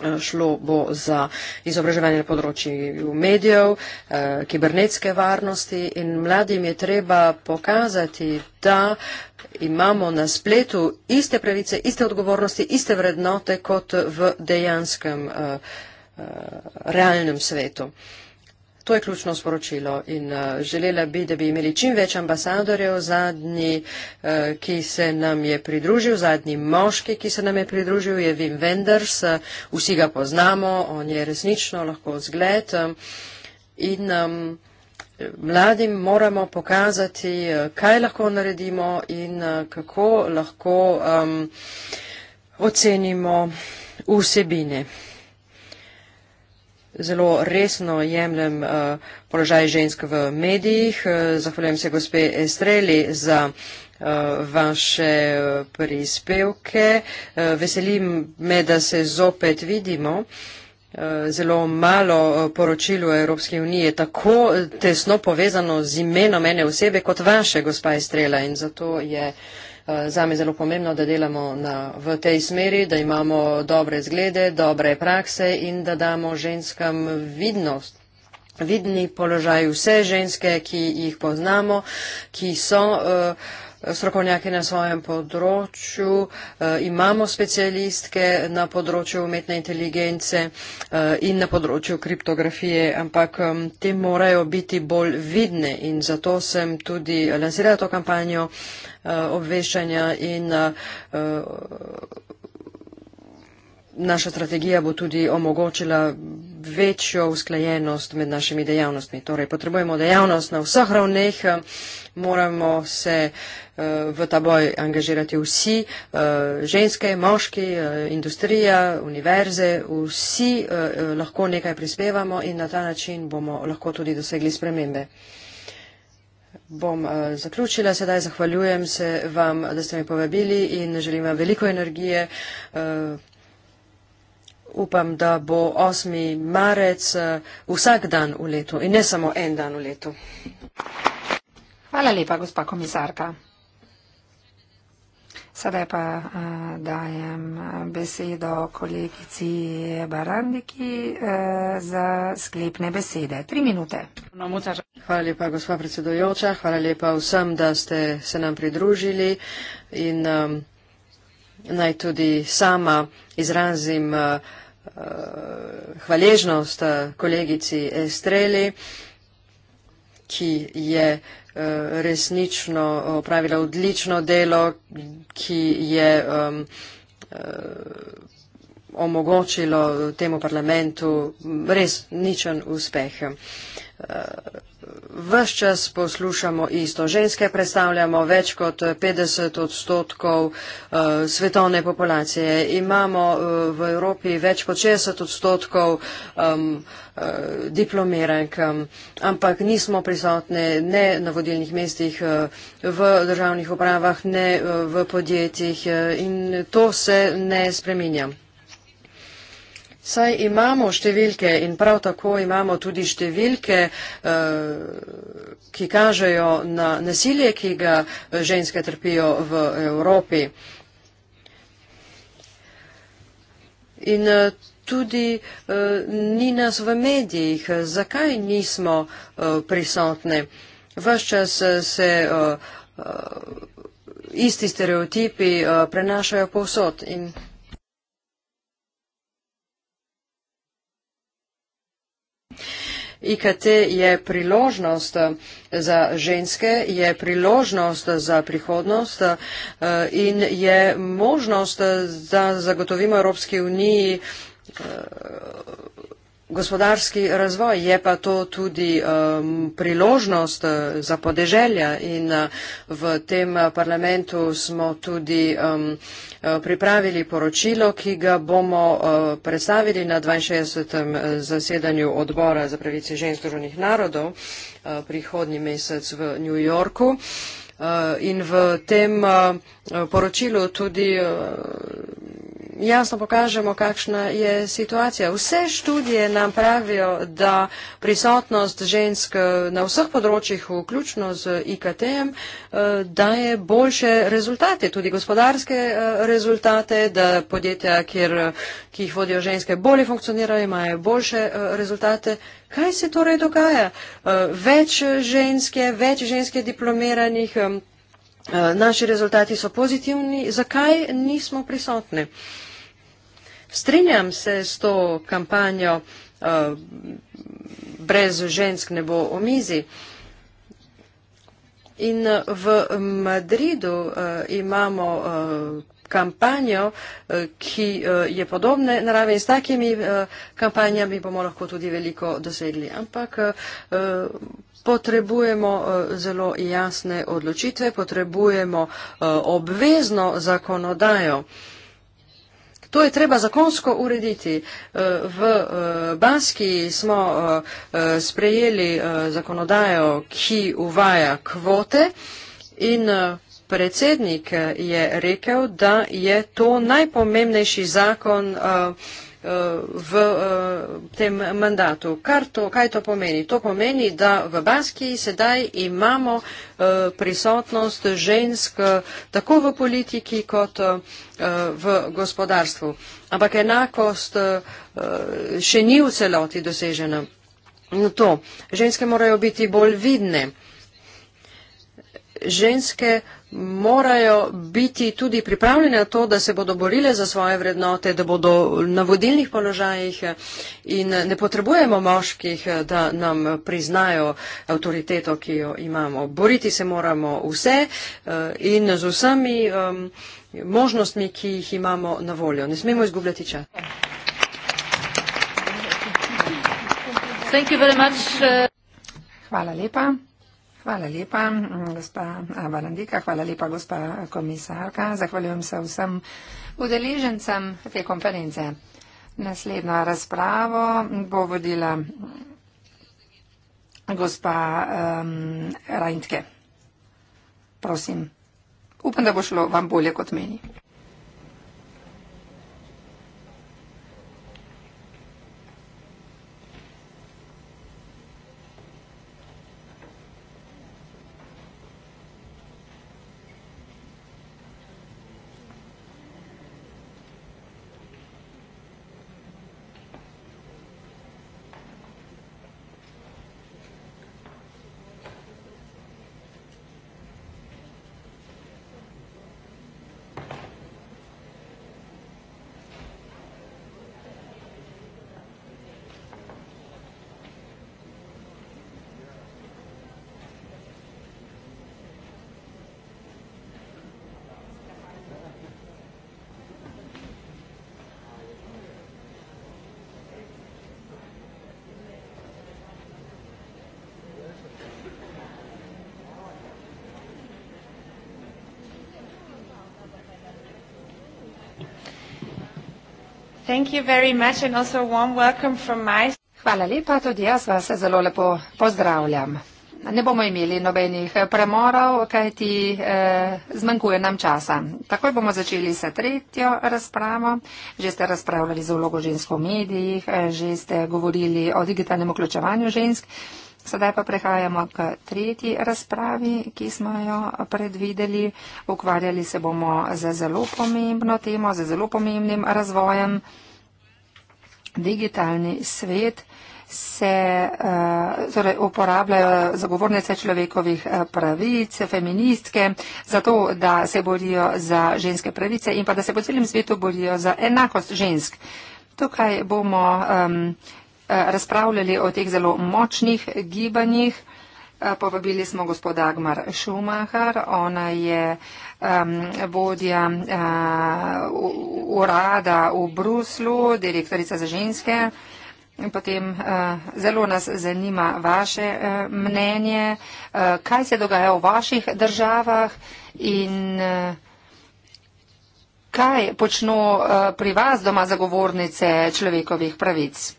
Eh, šlo bo za izobraževanje na področju medijev, eh, kibernetske varnosti in mladim je treba pokazati, da imamo na spletu iste pravice, iste odgovornosti, iste vrednote kot v dejanskem eh, realnem svetu. To je ključno sporočilo in uh, želela bi, da bi imeli čim več ambasadorjev, zadnji, uh, ki se nam je pridružil, zadnji moški, ki se nam je pridružil, je Wim Wenders, uh, vsi ga poznamo, on je resnično lahko zgled uh, in um, mladim moramo pokazati, uh, kaj lahko naredimo in uh, kako lahko um, ocenimo vsebine. Zelo resno jemljem uh, položaj žensk v medijih. Uh, zahvaljujem se gospe Estreli za uh, vaše prispevke. Uh, veselim me, da se zopet vidimo. Zelo malo poročilo Evropske unije je tako tesno povezano z imenom ene osebe kot vaše, gospa Estrela, in zato je uh, Zame je zelo pomembno, da delamo na, v tej smeri, da imamo dobre zglede, dobre prakse in da damo ženskam vidnost. Vidni položaj vse ženske, ki jih poznamo, ki so. Uh, strokovnjaki na svojem področju, eh, imamo specialistke na področju umetne inteligence eh, in na področju kriptografije, ampak te morajo biti bolj vidne in zato sem tudi lansirala to kampanjo eh, obveščanja in naša strategija bo tudi omogočila večjo usklajenost med našimi dejavnostmi. Torej, potrebujemo dejavnost na vseh ravneh, moramo se eh, v ta boj angažirati vsi, eh, ženske, moški, eh, industrija, univerze, vsi lahko nekaj prispevamo in na ta način bomo lahko tudi dosegli spremembe. Bom zaključila, sedaj zahvaljujem se vam, da ste me povabili in želim vam veliko energije upam, da bo 8. marec eh, vsak dan v letu in ne samo en dan v letu. Hvala lepa, gospa komisarka. Sedaj pa uh, dajem eh, besedo kolegici Barandiki uh, za sklepne besede. Tri minute. Hvala lepa, gospa predsedojoča. Hvala lepa vsem, da ste se nam pridružili. In, um, naj tudi sama izrazim eh, eh, hvaležnost eh, kolegici Estreli, ki je resnično opravila odlično delo, ki je omogočilo temu parlamentu res ničen uspeh. Ves čas poslušamo isto. Ženske predstavljamo več kot 50 odstotkov eh, svetovne populacije. Imamo eh, v Evropi več kot 60 odstotkov eh, diplomiranj, ampak nismo prisotne ne na vodilnih mestih, v državnih upravah, ne v podjetjih in to se ne spreminja. Saj imamo številke in prav tako imamo tudi številke, eh, ki kažejo na nasilje, ki ga ženske trpijo v Evropi. In eh, tudi eh, ni nas v medijih, zakaj nismo prisotne. Vaš čas se isti stereotipi prenašajo povsod. In IKT je priložnost eh, za ženske, je priložnost za prihodnost eh, in je možnost, eh, da zagotovimo Evropski uniji gospodarski razvoj, je pa to tudi um, priložnost uh, za podeželja in uh, v tem uh, parlamentu smo tudi um, pripravili poročilo, ki ga bomo uh, predstavili na 62. zasedanju odbora za pravice žensk družbenih narodov uh, prihodnji mesec v New Yorku. Uh, in v tem uh, poročilu tudi uh, jasno pokažemo, kakšna je situacija. Vse študije nam pravijo, da prisotnost žensk eh, na vseh področjih, vključno z IKT-em, eh, daje boljše rezultate, tudi gospodarske eh, rezultate, da podjetja, kjer, ki jih vodijo ženske, bolje funkcionirajo, imajo boljše rezultate. Kaj se torej dogaja? Več ženske, več ženske diplomiranih. Naši rezultati so pozitivni. Zakaj nismo prisotni? Uh, Strinjam se s to kampanjo uh, brez žensk ne bo o mizi. In eh, v Madridu uh, imamo uh, kampanjo, uh, ki uh, je podobne narave in s takimi uh, kampanjami bomo lahko tudi veliko dosegli. Ampak uh, potrebujemo uh, zelo jasne odločitve, potrebujemo uh, obvezno zakonodajo. Uh, To je treba zakonsko urediti. Eh, v eh, Banski smo eh, sprejeli zakonodajo, ki uvaja kvote in predsednik je rekel, da je to najpomembnejši zakon, Eh, v eh, tem mandatu. To, kaj to pomeni? To pomeni, da v Baskiji sedaj imamo eh, prisotnost žensk tako v politiki kot v gospodarstvu. Ampak enakost še ni v celoti dosežena. To. Ženske morajo biti bolj vidne. Ženske morajo biti tudi pripravljene na to, da se bodo borile za svoje vrednote, da bodo na vodilnih položajih in ne potrebujemo moških, da nam priznajo avtoriteto, ki jo imamo. Boriti se moramo vse eh, in z vsemi možnostmi, ki jih imamo na voljo. Ne smemo izgubljati čas. Eh. Hvala lepa. Hvala lepa, gospa Balandika, hvala lepa, gospa komisarka. Zahvaljujem se vsem udeležencem te konference. Naslednjo razpravo bo vodila gospa um, Rajntke. Prosim, upam, da bo šlo vam bolje kot meni. Hvala lepa, tudi jaz vas zelo lepo pozdravljam. Ne bomo imeli nobenih eh, premorov, kajti eh, zmanjkuje nam časa. Takoj bomo začeli s tretjo razpravo. Že ste razpravljali za vlogo žensk v medijih, eh, že ste govorili o digitalnem vključevanju žensk. Sedaj pa prehajamo k tretji razpravi, ki smo jo predvideli. Ukvarjali se bomo z zelo pomembno temo, z zelo pomembnim razvojem. Digitalni svet se eh, torej, uporabljajo zagovornice človekovih eh, pravic, feministke, zato, da se borijo za ženske pravice in pa da se po celem svetu borijo za enakost žensk. Tukaj bomo. Um, Eh, razpravljali o teh zelo močnih gibanjih. Eh, povabili smo gospoda Agmar Šumahar, ona je um, vodja uh, urada v Bruslu, direktorica za ženske. Potem uh, zelo nas zanima vaše uh, mnenje, uh, kaj se dogaja v vaših državah in uh, kaj počno uh, pri vas doma zagovornice človekovih pravic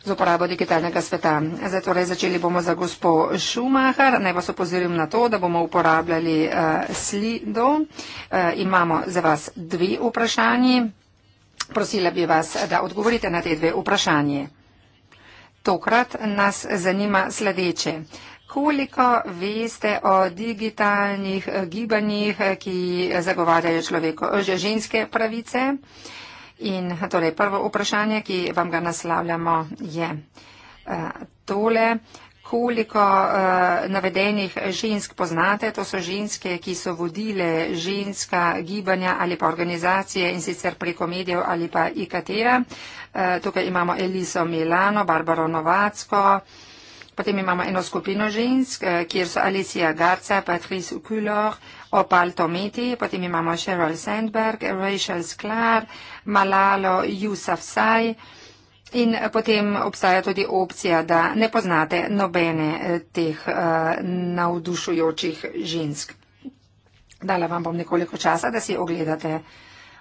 z uporabo digitalnega sveta. Zdaj torej začeli bomo za gospo Šumahar. Naj vas opozorim na to, da bomo uporabljali uh, slido. Uh, imamo za vas dve vprašanji. Prosila bi vas, da odgovorite na te dve vprašanje. Tokrat nas zanima sledeče. Koliko veste o digitalnih eh, gibanjih, ki zagovarjajo človeko, ženske pravice? Uh, In torej, prvo vprašanje, ki vam ga naslavljamo, je eh, tole. Koliko uh, navedenih žensk poznate? To so ženske, ki so vodile ženska gibanja ali pa organizacije in sicer preko medijev ali pa IKT-ja. Uh, eh, tukaj imamo Eliso Milano, Barbaro Novacko, potem imamo eno skupino žensk, uh, kjer so Alicija Garca, Patrice Kulor, uh, Opal Tomiti, potem imamo Sheryl Sandberg, Rachel Sklar, Malalo Yousafzai. In potem obstaja tudi opcija, da ne poznate nobene eh, teh uh, navdušujočih žensk. Dala vam bom nekoliko časa, da si ogledate uh,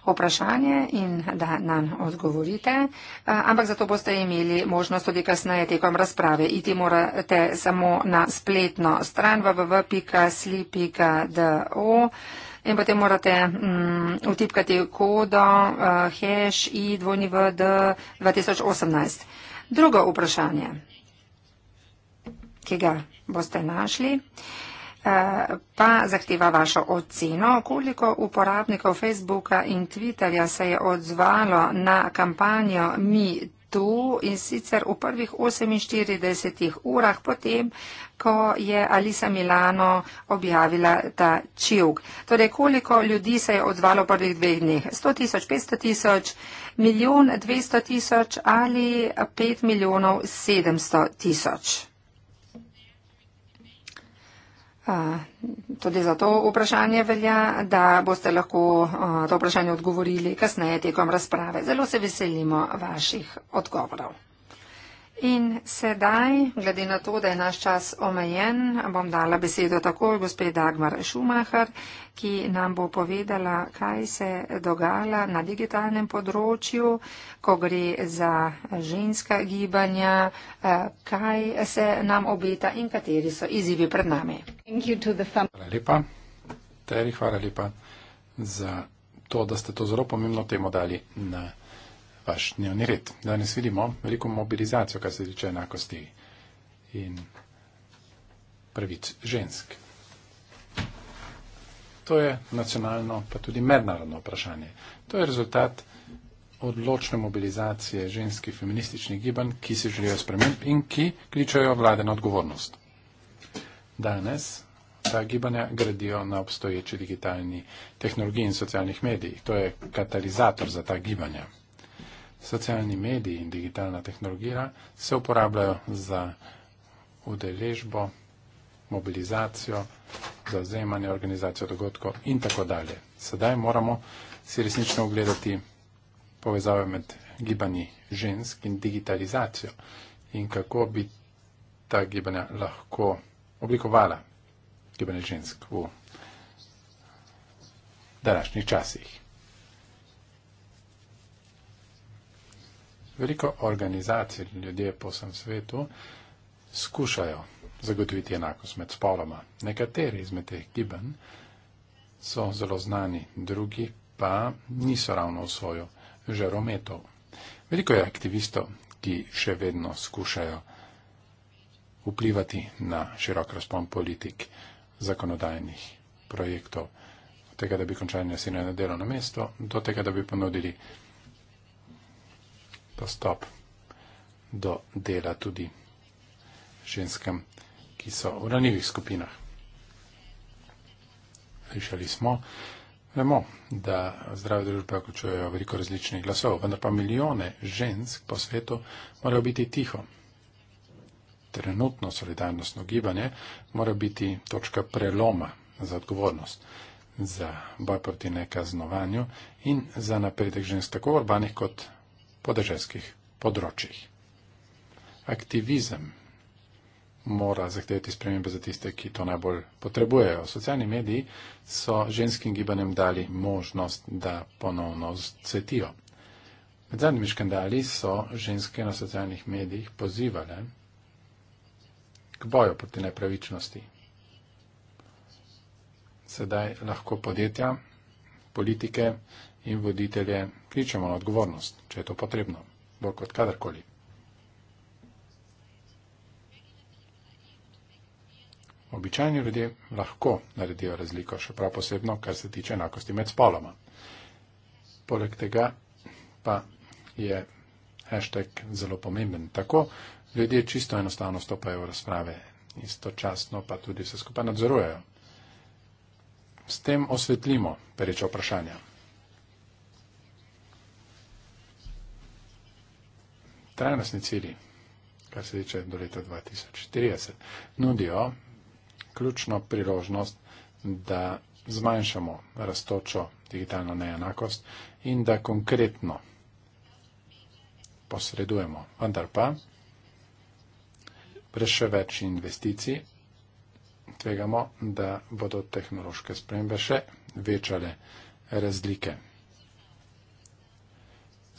vprašanje in da nam odgovorite, eh, ampak zato boste imeli možnost tudi kasneje tekom razprave. Iti morate samo na spletno stran www.sli.do in potem morate mm, vtipkati kodo uh, hash i2vd 2018. Drugo vprašanje, ki ga boste našli. Uh, Eh, pa zahteva vašo oceno, koliko uporabnikov Facebooka in Twitterja se je odzvalo na kampanjo Mi tu in sicer v prvih 48 urah potem, ko je Alisa Milano objavila ta čivk. Torej, koliko ljudi se je odzvalo v prvih dveh dneh? 100 tisoč, 500 tisoč, milijon, 200 tisoč ali 5 milijonov, 700 tisoč? Tudi za to vprašanje velja, da boste lahko to vprašanje odgovorili kasneje tekom razprave. Zelo se veselimo vaših odgovorov. In sedaj, glede na to, da je naš čas omejen, bom dala besedo takoj gospe Dagmar Šumahar, ki nam bo povedala, kaj se dogaja na digitalnem področju, ko gre za ženska gibanja, eh, kaj se nam obeta in kateri so izzivi pred nami. Hvala lepa. Teri, hvala lepa za to, da ste to zelo pomembno temo dali na pač dnevni red. Danes vidimo veliko mobilizacijo, kar se tiče enakosti in pravic žensk. To je nacionalno, pa tudi mednarodno vprašanje. To je rezultat odločne mobilizacije ženskih feminističnih gibanj, ki si želijo sprememb in ki kličajo vlade na odgovornost. Danes ta gibanja gradijo na obstoječi digitalni tehnologiji in socialnih medijih. To je katalizator za ta gibanja socialni mediji in digitalna tehnologija se uporabljajo za udeležbo, mobilizacijo, zauzemanje, organizacijo dogodkov in tako dalje. Sedaj moramo si resnično ogledati povezave med gibanji žensk in digitalizacijo in kako bi ta gibanja lahko oblikovala gibanje žensk v današnjih časih. veliko organizacij in ljudje po vsem svetu skušajo zagotoviti enakost med spoloma. Nekateri izmed teh giben so zelo znani, drugi pa niso ravno v svoju žarometov. Veliko je aktivistov, ki še vedno skušajo vplivati na širok razpon politik zakonodajnih projektov, od tega, da bi končali nasilje na delovno mesto, do tega, da bi ponudili dostop do dela tudi ženskam, ki so v ranljivih skupinah. Slišali smo, vemo, da zdrave družbe vključujejo veliko različnih glasov, vendar pa milijone žensk po svetu morajo biti tiho. Trenutno solidarnostno gibanje mora biti točka preloma za odgovornost, za boj proti nekaznovanju in za napredek žensk tako v urbanih kot podeželskih področjih. Aktivizem mora zahtevati spremembe za tiste, ki to najbolj potrebujejo. Socialni mediji so ženskim gibanjem dali možnost, da ponovno cvetijo. Med zadnjimi škandali so ženske na socialnih medijih pozivale k boju proti nepravičnosti. Sedaj lahko podjetja, politike in voditelje kličemo na odgovornost, če je to potrebno, bolj kot kadarkoli. Običajni ljudje lahko naredijo razliko, še prav posebno, kar se tiče enakosti med spoloma. Poleg tega pa je hashtag zelo pomemben. Tako ljudje čisto enostavno stopajo v razprave, istočasno pa tudi se skupaj nadzorujejo. S tem osvetlimo pereče vprašanja. trajnostni cilji, kar se tiče do leta 2030, nudijo ključno priložnost, da zmanjšamo rastočo digitalno neenakost in da konkretno posredujemo. Vendar pa, brez še več investicij, tvegamo, da bodo tehnološke spremembe še večale razlike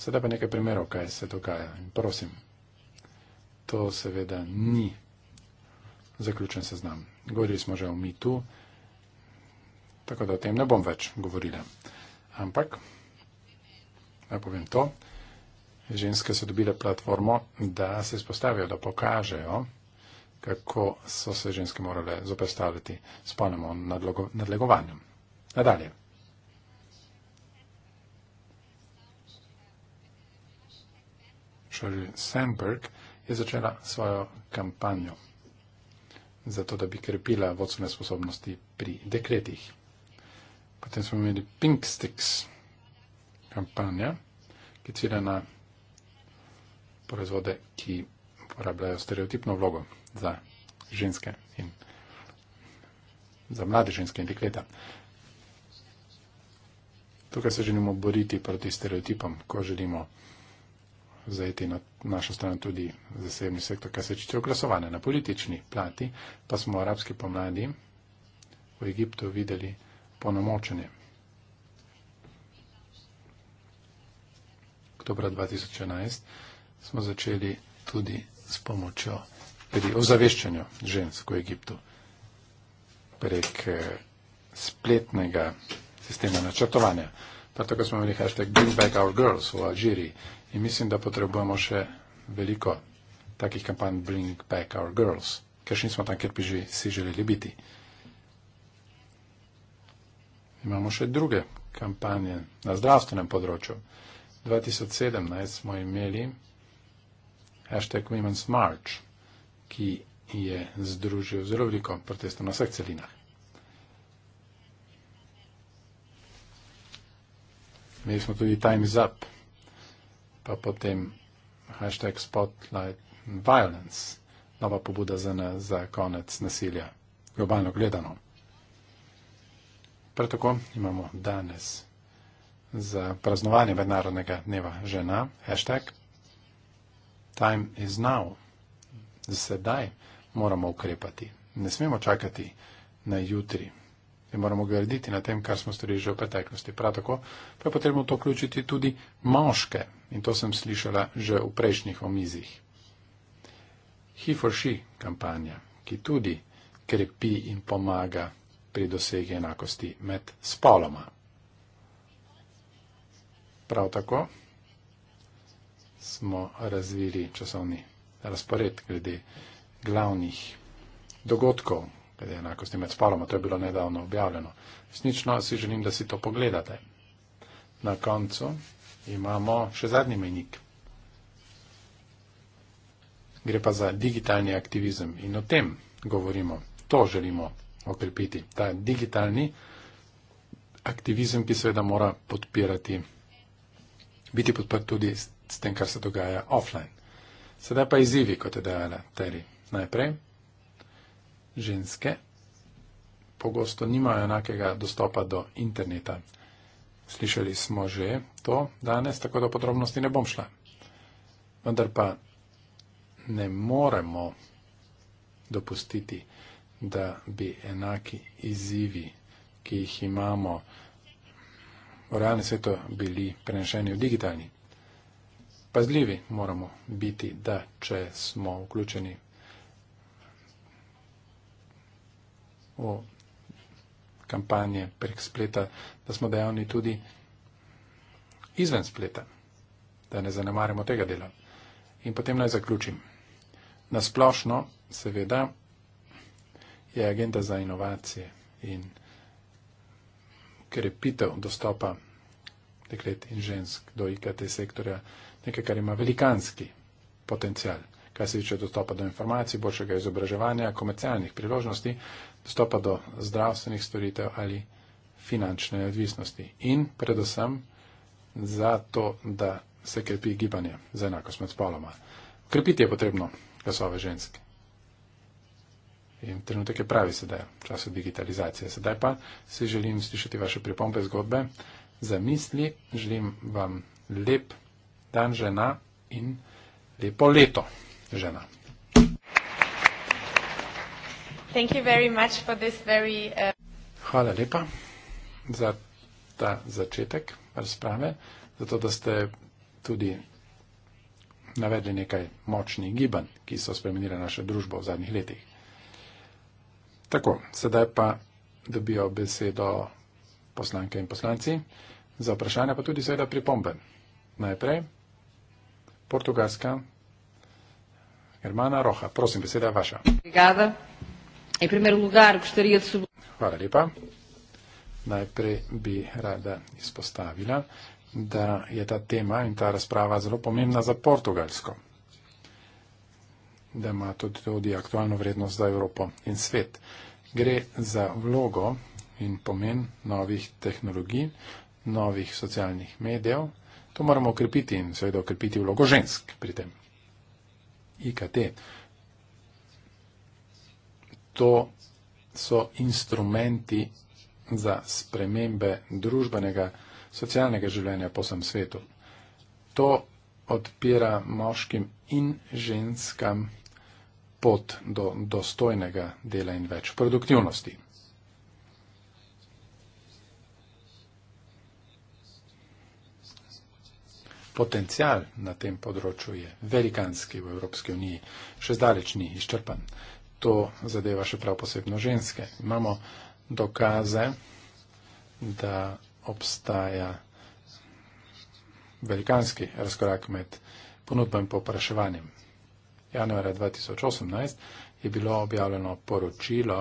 Sedaj pa nekaj primerov, kaj se dogaja. In prosim, to seveda ni zaključen seznam. Govorili smo že o mitu, tako da o tem ne bom več govorila. Ampak, da povem to, ženske so dobile platformo, da se izpostavijo, da pokažejo, kako so se ženske morale zoprstaviti spolnemu nadlegovanju. Nadalje. Sheryl Sandberg je začela svojo kampanjo za to, da bi krepila vodstvene sposobnosti pri dekretih. Potem smo imeli Pink Sticks kampanja, ki cilja na proizvode, ki uporabljajo stereotipno vlogo za ženske in za mlade ženske in dekleta. Tukaj se želimo boriti proti stereotipom, ko želimo zajeti na našo stran tudi zasebni sektor, kar se tiče oglasovanja na politični plati, pa smo arabski pomladi v Egiptu videli ponomočenje. Oktobra 2011 smo začeli tudi s pomočjo pri ozaveščanju žensk v Egiptu prek eh, spletnega sistema načrtovanja. Pa tako smo imeli hashtag Bring Back Our Girls v Alžiriji In mislim, da potrebujemo še veliko takih kampanj Bring Back Our Girls, ker še nismo tam, kjer bi že si želeli biti. Imamo še druge kampanje na zdravstvenem področju. 2017 smo imeli hashtag Women's March, ki je združil zelo veliko protestov na vseh celinah. Imeli smo tudi Time's Up, pa potem hashtag spotlight violence, nova pobuda za, ne, za konec nasilja, globalno gledano. Prav tako imamo danes za praznovanje mednarodnega dneva žena hashtag time is now. Zdaj moramo ukrepati. Ne smemo čakati na jutri in moramo graditi na tem, kar smo storili že v preteklosti. Prav tako pa je potrebno to vključiti tudi moške in to sem slišala že v prejšnjih omizih. He for she kampanja, ki tudi krepi in pomaga pri dosegi enakosti med spoloma. Prav tako smo razvili časovni razpored glede glavnih dogodkov, glede enakosti med spoloma. To je bilo nedavno objavljeno. Resnično si želim, da si to pogledate. Na koncu imamo še zadnji menik. Gre pa za digitalni aktivizem in o tem govorimo. To želimo okrepiti. Ta digitalni aktivizem, ki seveda mora podpirati, biti podprt tudi s tem, kar se dogaja offline. Sedaj pa izzivi, kot je dejala Terry. Najprej ženske pogosto nimajo enakega dostopa do interneta. Slišali smo že to danes, tako da podrobnosti ne bom šla. Vendar pa ne moremo dopustiti, da bi enaki izzivi, ki jih imamo v realnem svetu, bili prenešeni v digitalni. Pazljivi moramo biti, da če smo vključeni v kampanje prek spleta, da smo dejavni tudi izven spleta, da ne zanemarimo tega dela. In potem naj zaključim. Nasplošno, seveda, je agenda za inovacije in krepitev dostopa deklet in žensk do IKT sektorja nekaj, kar ima velikanski potencial, kar se tiče dostopa do informacij, boljšega izobraževanja, komercialnih priložnosti, dostopa do zdravstvenih storitev ali finančne odvisnosti. In predvsem zato, da se krepi gibanje za enakost med spoloma. Krepiti je potrebno glasove ženske. In trenutek je pravi sedaj, v času digitalizacije. Sedaj pa si želim slišati vaše pripombe, zgodbe, zamisli. Želim vam lep dan žena in lepo leto žena. Thank you very much for this very, uh... Hvala lepa za ta začetek razprave, za to, da ste tudi navedli nekaj močnih gibanj, ki so spremenili našo družbo v zadnjih letih. Tako, sedaj pa dobijo besedo poslanke in poslanci za vprašanja, pa tudi seveda pripombe. Najprej Portugalska, Germana Roha, prosim, beseda je vaša. Obrigada. Em primeiro lugar, gostaria de Hvala lepa. Najprej bi rada izpostavila, da je ta tema in ta razprava zelo pomembna za Portugalsko, da ima tudi, tudi aktualno vrednost za Evropo in svet. Gre za vlogo in pomen novih tehnologij, novih socialnih medijev. To moramo okrepiti in seveda okrepiti vlogo žensk pri tem. IKT to so instrumenti za spremembe družbenega, socialnega življenja po vsem svetu. To odpira moškim in ženskam pot do dostojnega dela in več produktivnosti. Potencijal na tem področju je velikanski v Evropski uniji, še zdaleč ni izčrpan to zadeva še prav posebno ženske. Imamo dokaze, da obstaja velikanski razkorak med ponudbo in popraševanjem. Januarja 2018 je bilo objavljeno poročilo,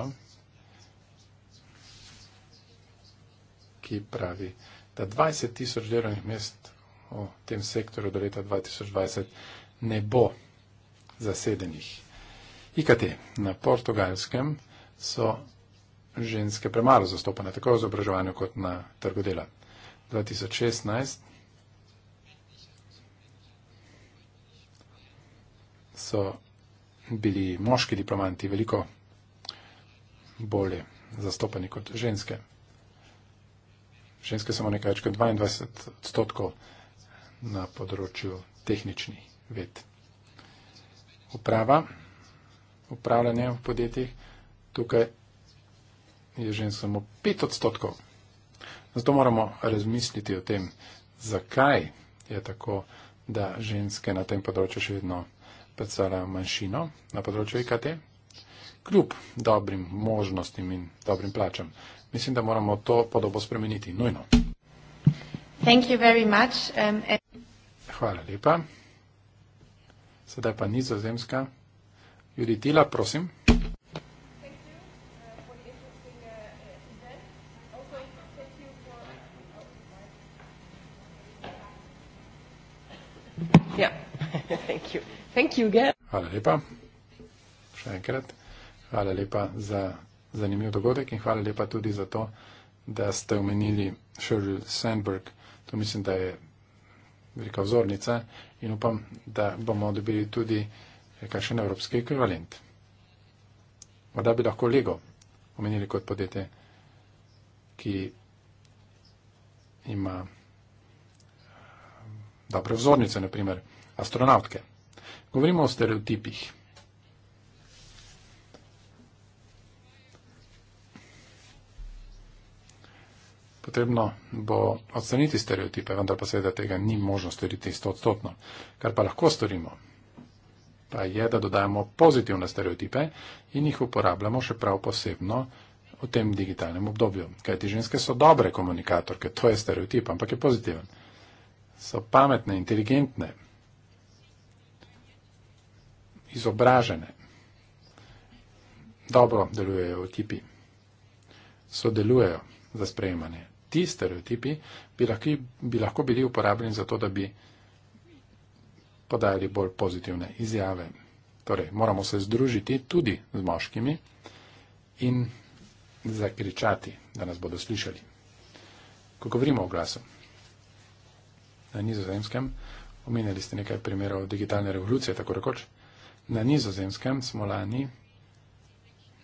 ki pravi, da 20 tisoč delovnih mest v tem sektorju do leta 2020 ne bo zasedenih. IKT na portugalskem so ženske premalo zastopane, tako v izobraževanju kot na trgu dela. 2016 so bili moški diplomanti veliko bolje zastopani kot ženske. Ženske samo nekaj več kot 22 odstotkov na področju tehničnih ved. Uprava upravljanje v podjetjih, tukaj je že samo 5 odstotkov. Zato moramo razmisliti o tem, zakaj je tako, da ženske na tem področju še vedno predstavljajo manjšino na področju IKT, e kljub dobrim možnostim in dobrim plačam. Mislim, da moramo to podobo spremeniti nujno. Um, Hvala lepa. Sedaj pa nizozemska. Judy Tila, prosim. Ja. (laughs) Hvala lepa. Še enkrat. Hvala lepa za zanimiv dogodek in hvala lepa tudi za to, da ste omenili Sheryl Sandberg. To mislim, da je velika vzornica in upam, da bomo dobili tudi je kakšen evropski ekvivalent. Morda bi lahko Lego omenili kot podjetje, ki ima eh, dobre vzornice, naprimer astronautke. Govorimo o stereotipih. Potrebno bo odstraniti stereotipe, vendar pa seveda tega ni možno storiti stotstotno. Kar pa lahko storimo, pa je, da dodajamo pozitivne stereotipe in jih uporabljamo še prav posebno v tem digitalnem obdobju. Kaj ti ženske so dobre komunikatorke, to je stereotip, ampak je pozitiven. So pametne, inteligentne, izobražene, dobro delujejo v ekipi, sodelujejo za sprejemanje. Ti stereotipi bi lahko, bi lahko bili uporabljeni za to, da bi podajali bolj pozitivne izjave. Torej, moramo se združiti tudi z moškimi in zakričati, da nas bodo slišali. Ko govorimo o glasu na nizozemskem, omenjali ste nekaj primerov digitalne revolucije, tako rekoč, na nizozemskem smo lani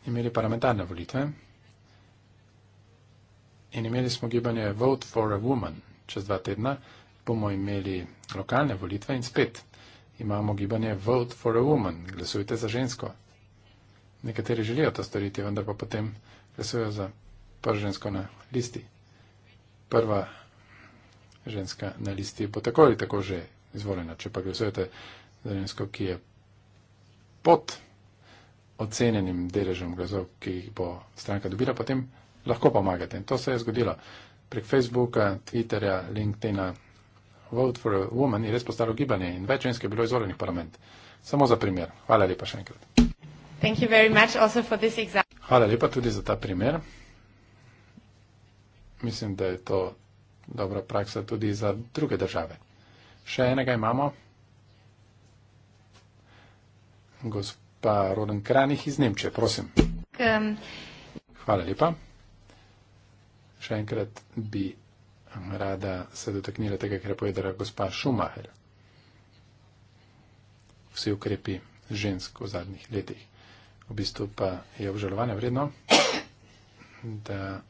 imeli parlamentarne volitve in imeli smo gibanje Vote for a Woman čez dva tedna bomo imeli lokalne volitve in spet imamo gibanje Vote for a Woman, glasujte za žensko. Nekateri želijo to storiti, vendar pa potem glasujejo za prvo žensko na listi. Prva ženska na listi bo tako ali tako že izvoljena. Če pa glasujete za žensko, ki je pod ocenjenim deležem glasov, ki jih bo stranka dobila, potem lahko pomagate. In to se je zgodilo prek Facebooka, Twitterja, LinkedIna, vote for a woman je res postalo gibanje in več žensk je bilo izvoljenih v parlament. Samo za primer. Hvala lepa še enkrat. Hvala lepa tudi za ta primer. Mislim, da je to dobra praksa tudi za druge države. Še enega imamo. Gospa Roden Kranih iz Nemčije, prosim. Um, Hvala lepa. Še enkrat bi rada se dotaknila tega, kar je povedala gospa Schumacher. Vsi ukrepi žensk v zadnjih letih. V bistvu pa je obžalovanje vredno, da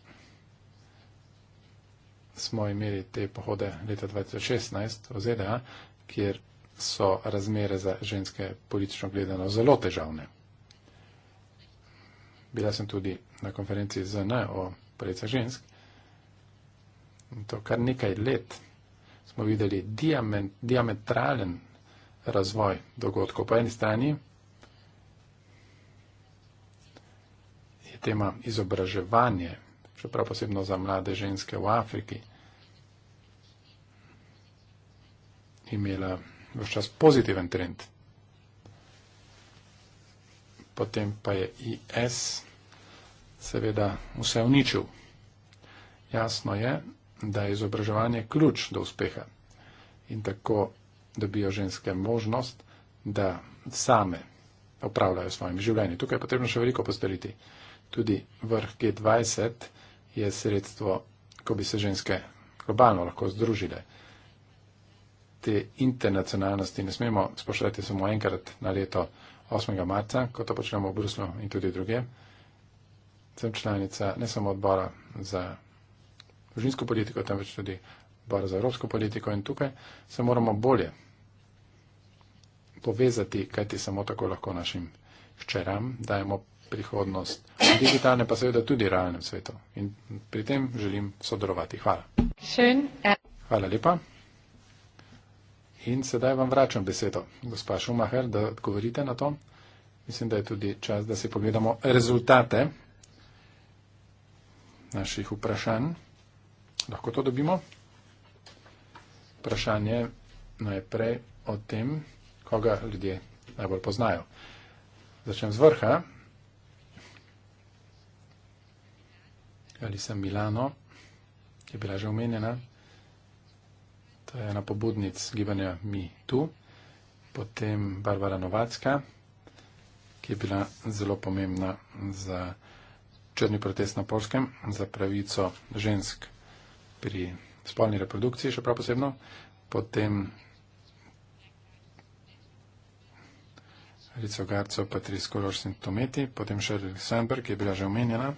smo imeli te pohode leta 2016 v ZDA, kjer so razmere za ženske politično gledano zelo težavne. Bila sem tudi na konferenci ZN o pravicah žensk in to kar nekaj let, smo videli diamet, diametralen razvoj dogodkov. Po eni strani je tema izobraževanje, še prav posebno za mlade ženske v Afriki, imela vse čas pozitiven trend. Potem pa je IS seveda vse uničil. Jasno je, da je izobraževanje ključ do uspeha in tako dobijo ženske možnost, da same opravljajo svojim življenjem. Tukaj je potrebno še veliko postoriti. Tudi vrh G20 je sredstvo, ko bi se ženske globalno lahko združile. Te internacionalnosti ne smemo spoštovati samo enkrat na leto 8. marca, ko to počnemo v Bruslu in tudi druge. Sem članica ne samo odbora za družinsko politiko, temveč tudi bar za evropsko politiko in tukaj se moramo bolje povezati, kajti samo tako lahko našim hčeram dajemo prihodnost v digitalnem, pa seveda tudi realnem svetu. In pri tem želim sodelovati. Hvala. Äh, Hvala lepa. In sedaj vam vračam besedo, gospa Šumacher, da odgovorite na to. Mislim, da je tudi čas, da si pogledamo rezultate naših vprašanj lahko to dobimo? Vprašanje najprej o tem, koga ljudje najbolj poznajo. Začnem z vrha. Ali sem Milano, je bila že omenjena. To je ena pobudnic gibanja Mi tu. Potem Barbara Novacka, ki je bila zelo pomembna za črni protest na Polskem, za pravico žensk pri spolni reprodukciji še prav posebno, potem ricogarco pa tri skolorsni tometi, potem še Sandberg, ki je bila že omenjena,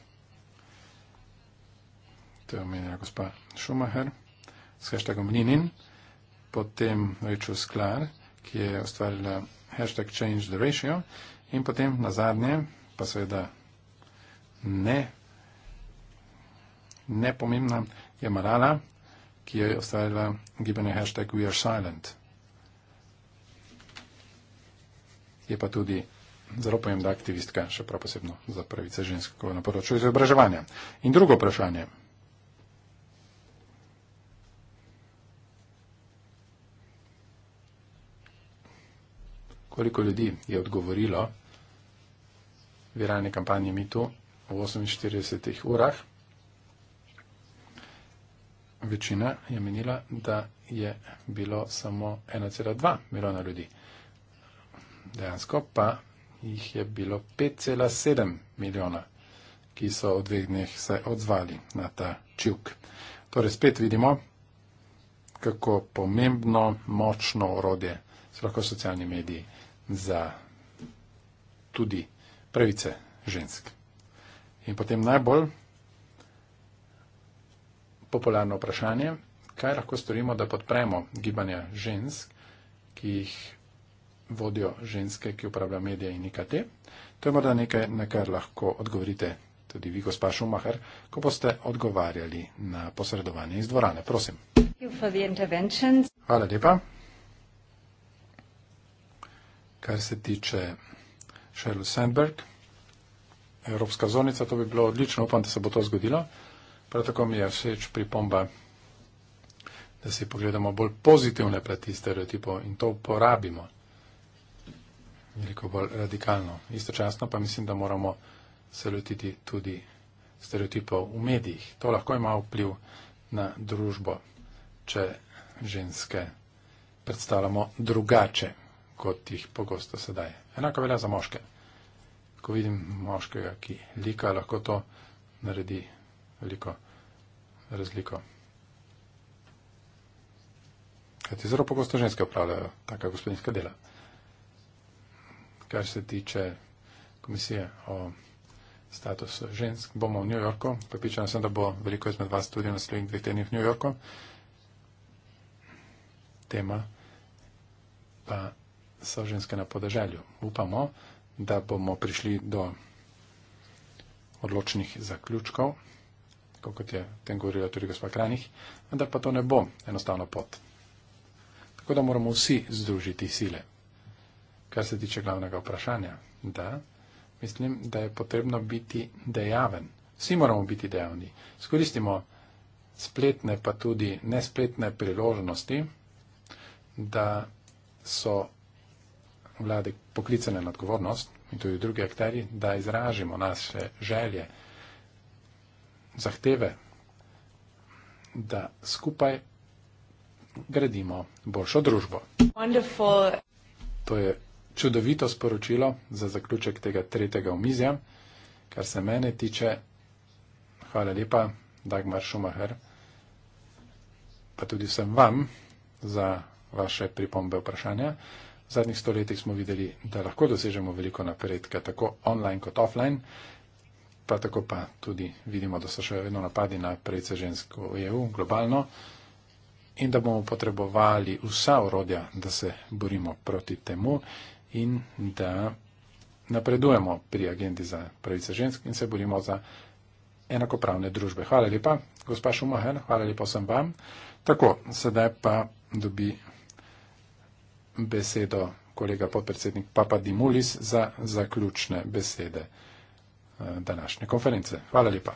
to je omenjena gospa Schumacher, s hashtagom Linin, potem Rachel Sklar, ki je ustvarila hashtag Change the Ratio in potem na zadnje, pa seveda ne, nepomembna, je Malala, ki je ustvarila gibanje hashtag We are silent. Je pa tudi zelo pomembna aktivistka, še prav posebno za pravice žensk, ko na področju izobraževanja. In drugo vprašanje. Koliko ljudi je odgovorilo viralne kampanje MITU v 48 urah? večina je menila, da je bilo samo 1,2 milijona ljudi. Dejansko pa jih je bilo 5,7 milijona, ki so v dveh dneh se odzvali na ta čivk. Torej spet vidimo, kako pomembno, močno orodje so lahko socialni mediji za tudi pravice žensk. In potem najbolj popularno vprašanje, kaj lahko storimo, da podpremo gibanja žensk, ki jih vodijo ženske, ki upravlja medije in IKT. To je morda nekaj, na kar lahko odgovorite tudi vi, gospa Šumahar, ko boste odgovarjali na posredovanje iz dvorane. Prosim. Hvala lepa. Kar se tiče Sheryl Sandberg, Evropska zornica, to bi bilo odlično, upam, da se bo to zgodilo. Prav tako mi je všeč pripomba, da si pogledamo bolj pozitivne plati stereotipov in to uporabimo veliko bolj radikalno. Istočasno pa mislim, da moramo se lotiti tudi stereotipov v medijih. To lahko ima vpliv na družbo, če ženske predstavljamo drugače, kot jih pogosto sedaj. Enako velja za moške. Ko vidim moškega, ki lika, lahko to naredi veliko razliko. Kajti zelo pogosto ženske upravljajo taka gospodinska dela. Kar se tiče komisije o statusu žensk, bomo v New Yorku, pripričan sem, da bo veliko izmed vas tudi na slednjih dveh tednih v New Yorku. Tema pa so ženske na podeželju. Upamo, da bomo prišli do odločnih zaključkov kot je tem govorila tudi gospod Kranjih, vendar pa to ne bo enostavno pot. Tako da moramo vsi združiti sile. Kar se tiče glavnega vprašanja, da, mislim, da je potrebno biti dejaven. Vsi moramo biti dejavni. Skoristimo spletne pa tudi nespletne priložnosti, da so vlade poklicane na odgovornost in tudi drugi akteri, da izražimo naše želje, zahteve, da skupaj gradimo boljšo družbo. Wonderful. To je čudovito sporočilo za zaključek tega tretjega omizja, kar se mene tiče. Hvala lepa, Dagmar Šumaher, pa tudi sem vam za vaše pripombe vprašanja. V zadnjih stoletjih smo videli, da lahko dosežemo veliko napredka, tako online kot offline pa tako pa tudi vidimo, da so še vedno napadi na predvse žensko v EU globalno in da bomo potrebovali vsa urodja, da se borimo proti temu in da napredujemo pri agendi za pravice žensk in se borimo za enakopravne družbe. Hvala lepa, gospa Šumahen, hvala lepa sem vam. Tako, sedaj pa dobi besedo kolega podpredsednik Papa Dimulis za zaključne besede. Eh, današnje konference. Hvala lepa.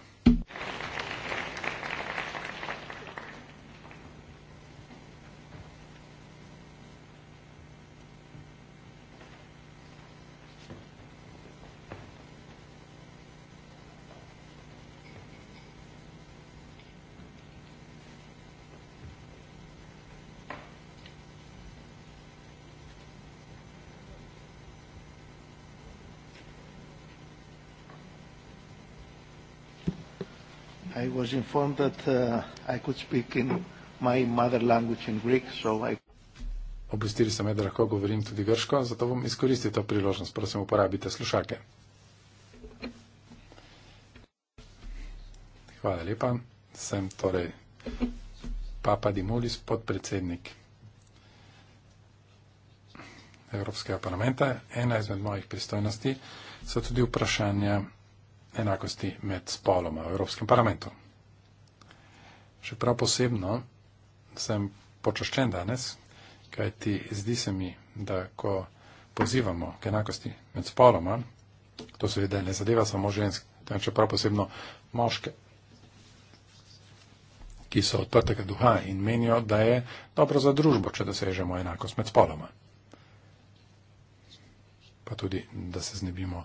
I was informed that uh, I could speak in my mother language in Greek, so I... Obvestili so me, da lahko govorim tudi grško, zato bom izkoristil to priložnost. Prosim, uporabite slušake. Hvala lepa. Sem torej Papa Dimulis, podpredsednik Evropskega parlamenta. Ena izmed mojih pristojnosti so tudi vprašanja enakosti med spoloma v Evropskem parlamentu. Še prav posebno sem počaščen danes, kajti zdi se mi, da ko pozivamo k enakosti med spoloma, to seveda ne zadeva samo žensk, temveč prav posebno moške, ki so odprtega duha in menijo, da je dobro za družbo, če dosežemo enakost med spoloma. Pa tudi, da se znebimo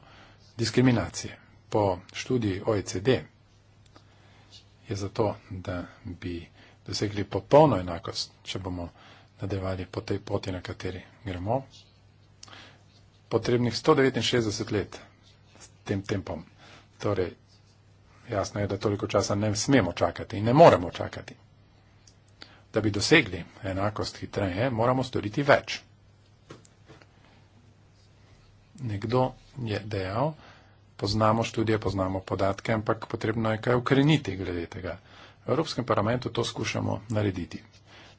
diskriminacije po študiji OECD je zato, da bi dosegli popolno enakost, če bomo nadevali po tej poti, na kateri gremo, potrebnih 169 let s tem tempom. Torej, jasno je, da toliko časa ne smemo čakati in ne moremo čakati. Da bi dosegli enakost hitreje, moramo storiti več. Nekdo je dejal, poznamo študije, poznamo podatke, ampak potrebno je kaj ukreniti glede tega. V Evropskem parlamentu to skušamo narediti.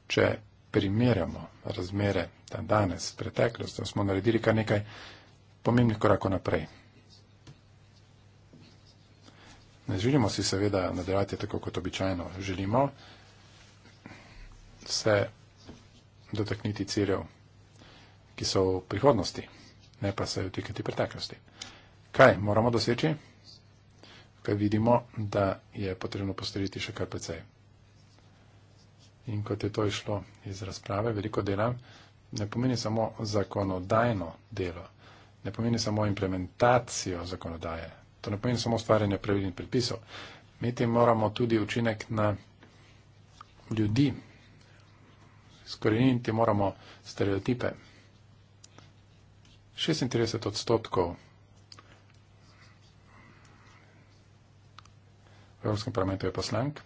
Če primerjamo razmere dan danes, preteklost, da smo naredili kar nekaj pomembnih korakov naprej. Ne želimo si seveda nadaljati tako, kot običajno želimo se dotakniti ciljev, ki so v prihodnosti, ne pa se dotikati preteklosti kaj moramo doseči, kaj vidimo, da je potrebno postoriti še kar precej. In kot je to išlo iz razprave, veliko dela ne pomeni samo zakonodajno delo, ne pomeni samo implementacijo zakonodaje, to ne pomeni samo stvarjanje pravil in predpisov. Mi ti moramo tudi učinek na ljudi, skoreniti moramo stereotipe. 36 odstotkov v Evropskem parlamentu je poslank,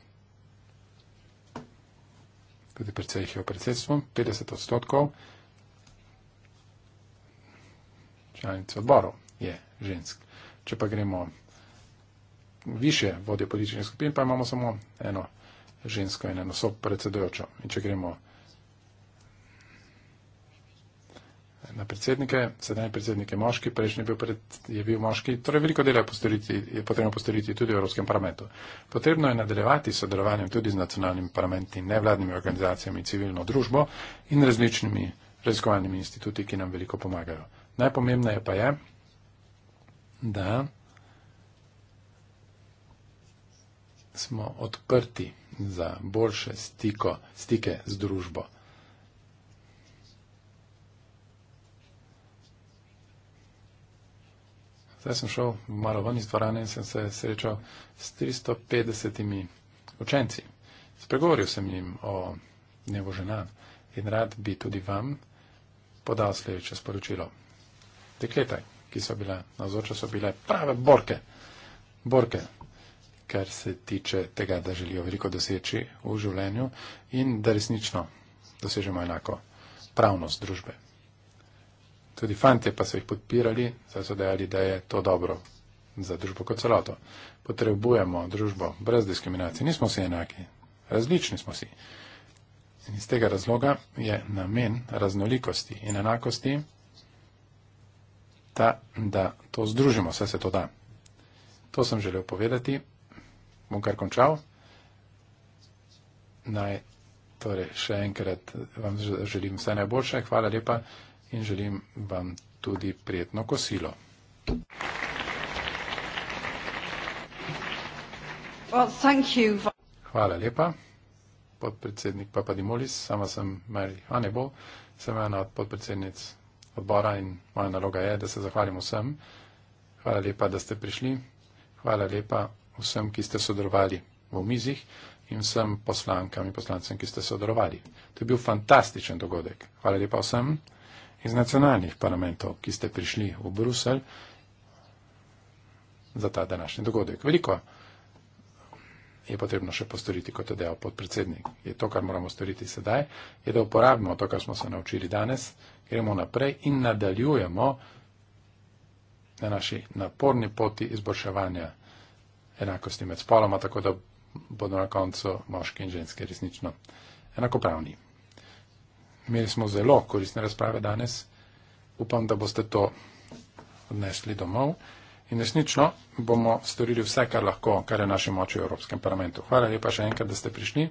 tudi predsej jih je v predsedstvu, 50 odstotkov članic odborov je žensk. Če pa gremo više vodje političnih skupin, pa imamo samo eno žensko in eno sob predsedojočo. In če gremo v na predsednike, sedaj je predsednik je moški, prejšnji je bil, pred, je bil moški, torej veliko dela je, postoriti, je potrebno postoriti tudi v Evropskem parlamentu. Potrebno je nadaljevati s sodelovanjem tudi z nacionalnim parlamentom in nevladnimi organizacijami, civilno družbo in različnimi raziskovalnimi instituti, ki nam veliko pomagajo. Najpomembneje pa je, da smo odprti za boljše stiko, stike z družbo. Zdaj sem šel malo ven iz dvorane in sem se srečal s 350 učenci. Spregovoril sem jim o njevo žena in rad bi tudi vam podal sledeče sporočilo. Dekleta, ki so bile navzoče, so bile prave borke. Borke, kar se tiče tega, da želijo veliko doseči v življenju in da resnično dosežemo enako pravnost družbe tudi fantje pa so jih podpirali, saj so dejali, da je to dobro za družbo kot celoto. Potrebujemo družbo brez diskriminacije, nismo vsi enaki, različni smo vsi. In iz tega razloga je namen raznolikosti in enakosti ta, da to združimo, vse se to da. To sem želel povedati, bom kar končal. Naj torej še enkrat vam želim vse najboljše, hvala lepa in želim vam tudi prijetno kosilo. Hvala lepa. Podpredsednik Papadimolis, sama sem Mary Hannibal, sem ena od podpredsednic odbora in moja naloga je, da se zahvalim vsem. Hvala lepa, da ste prišli. Hvala lepa vsem, ki ste sodelovali v mizih in vsem poslankam in poslancem, ki ste sodelovali. To je bil fantastičen dogodek. Hvala lepa vsem iz nacionalnih parlamentov, ki ste prišli v Bruselj za ta današnji dogodek. Veliko je potrebno še postoriti, kot je dejal podpredsednik. Je to, kar moramo storiti sedaj, je, da uporabimo to, kar smo se naučili danes, gremo naprej in nadaljujemo na naši naporni poti izboljševanja enakosti med spoloma, tako da bodo na koncu moški in ženske resnično enakopravni. Imeli smo zelo koristne razprave danes. Upam, da boste to odnesli domov. In resnično bomo storili vse, kar lahko, kar je naše moči v Evropskem parlamentu. Hvala lepa še enkrat, da ste prišli.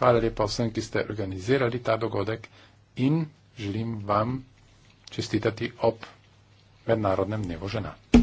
Hvala lepa vsem, ki ste organizirali ta dogodek in želim vam čestitati ob mednarodnem dnevu žena.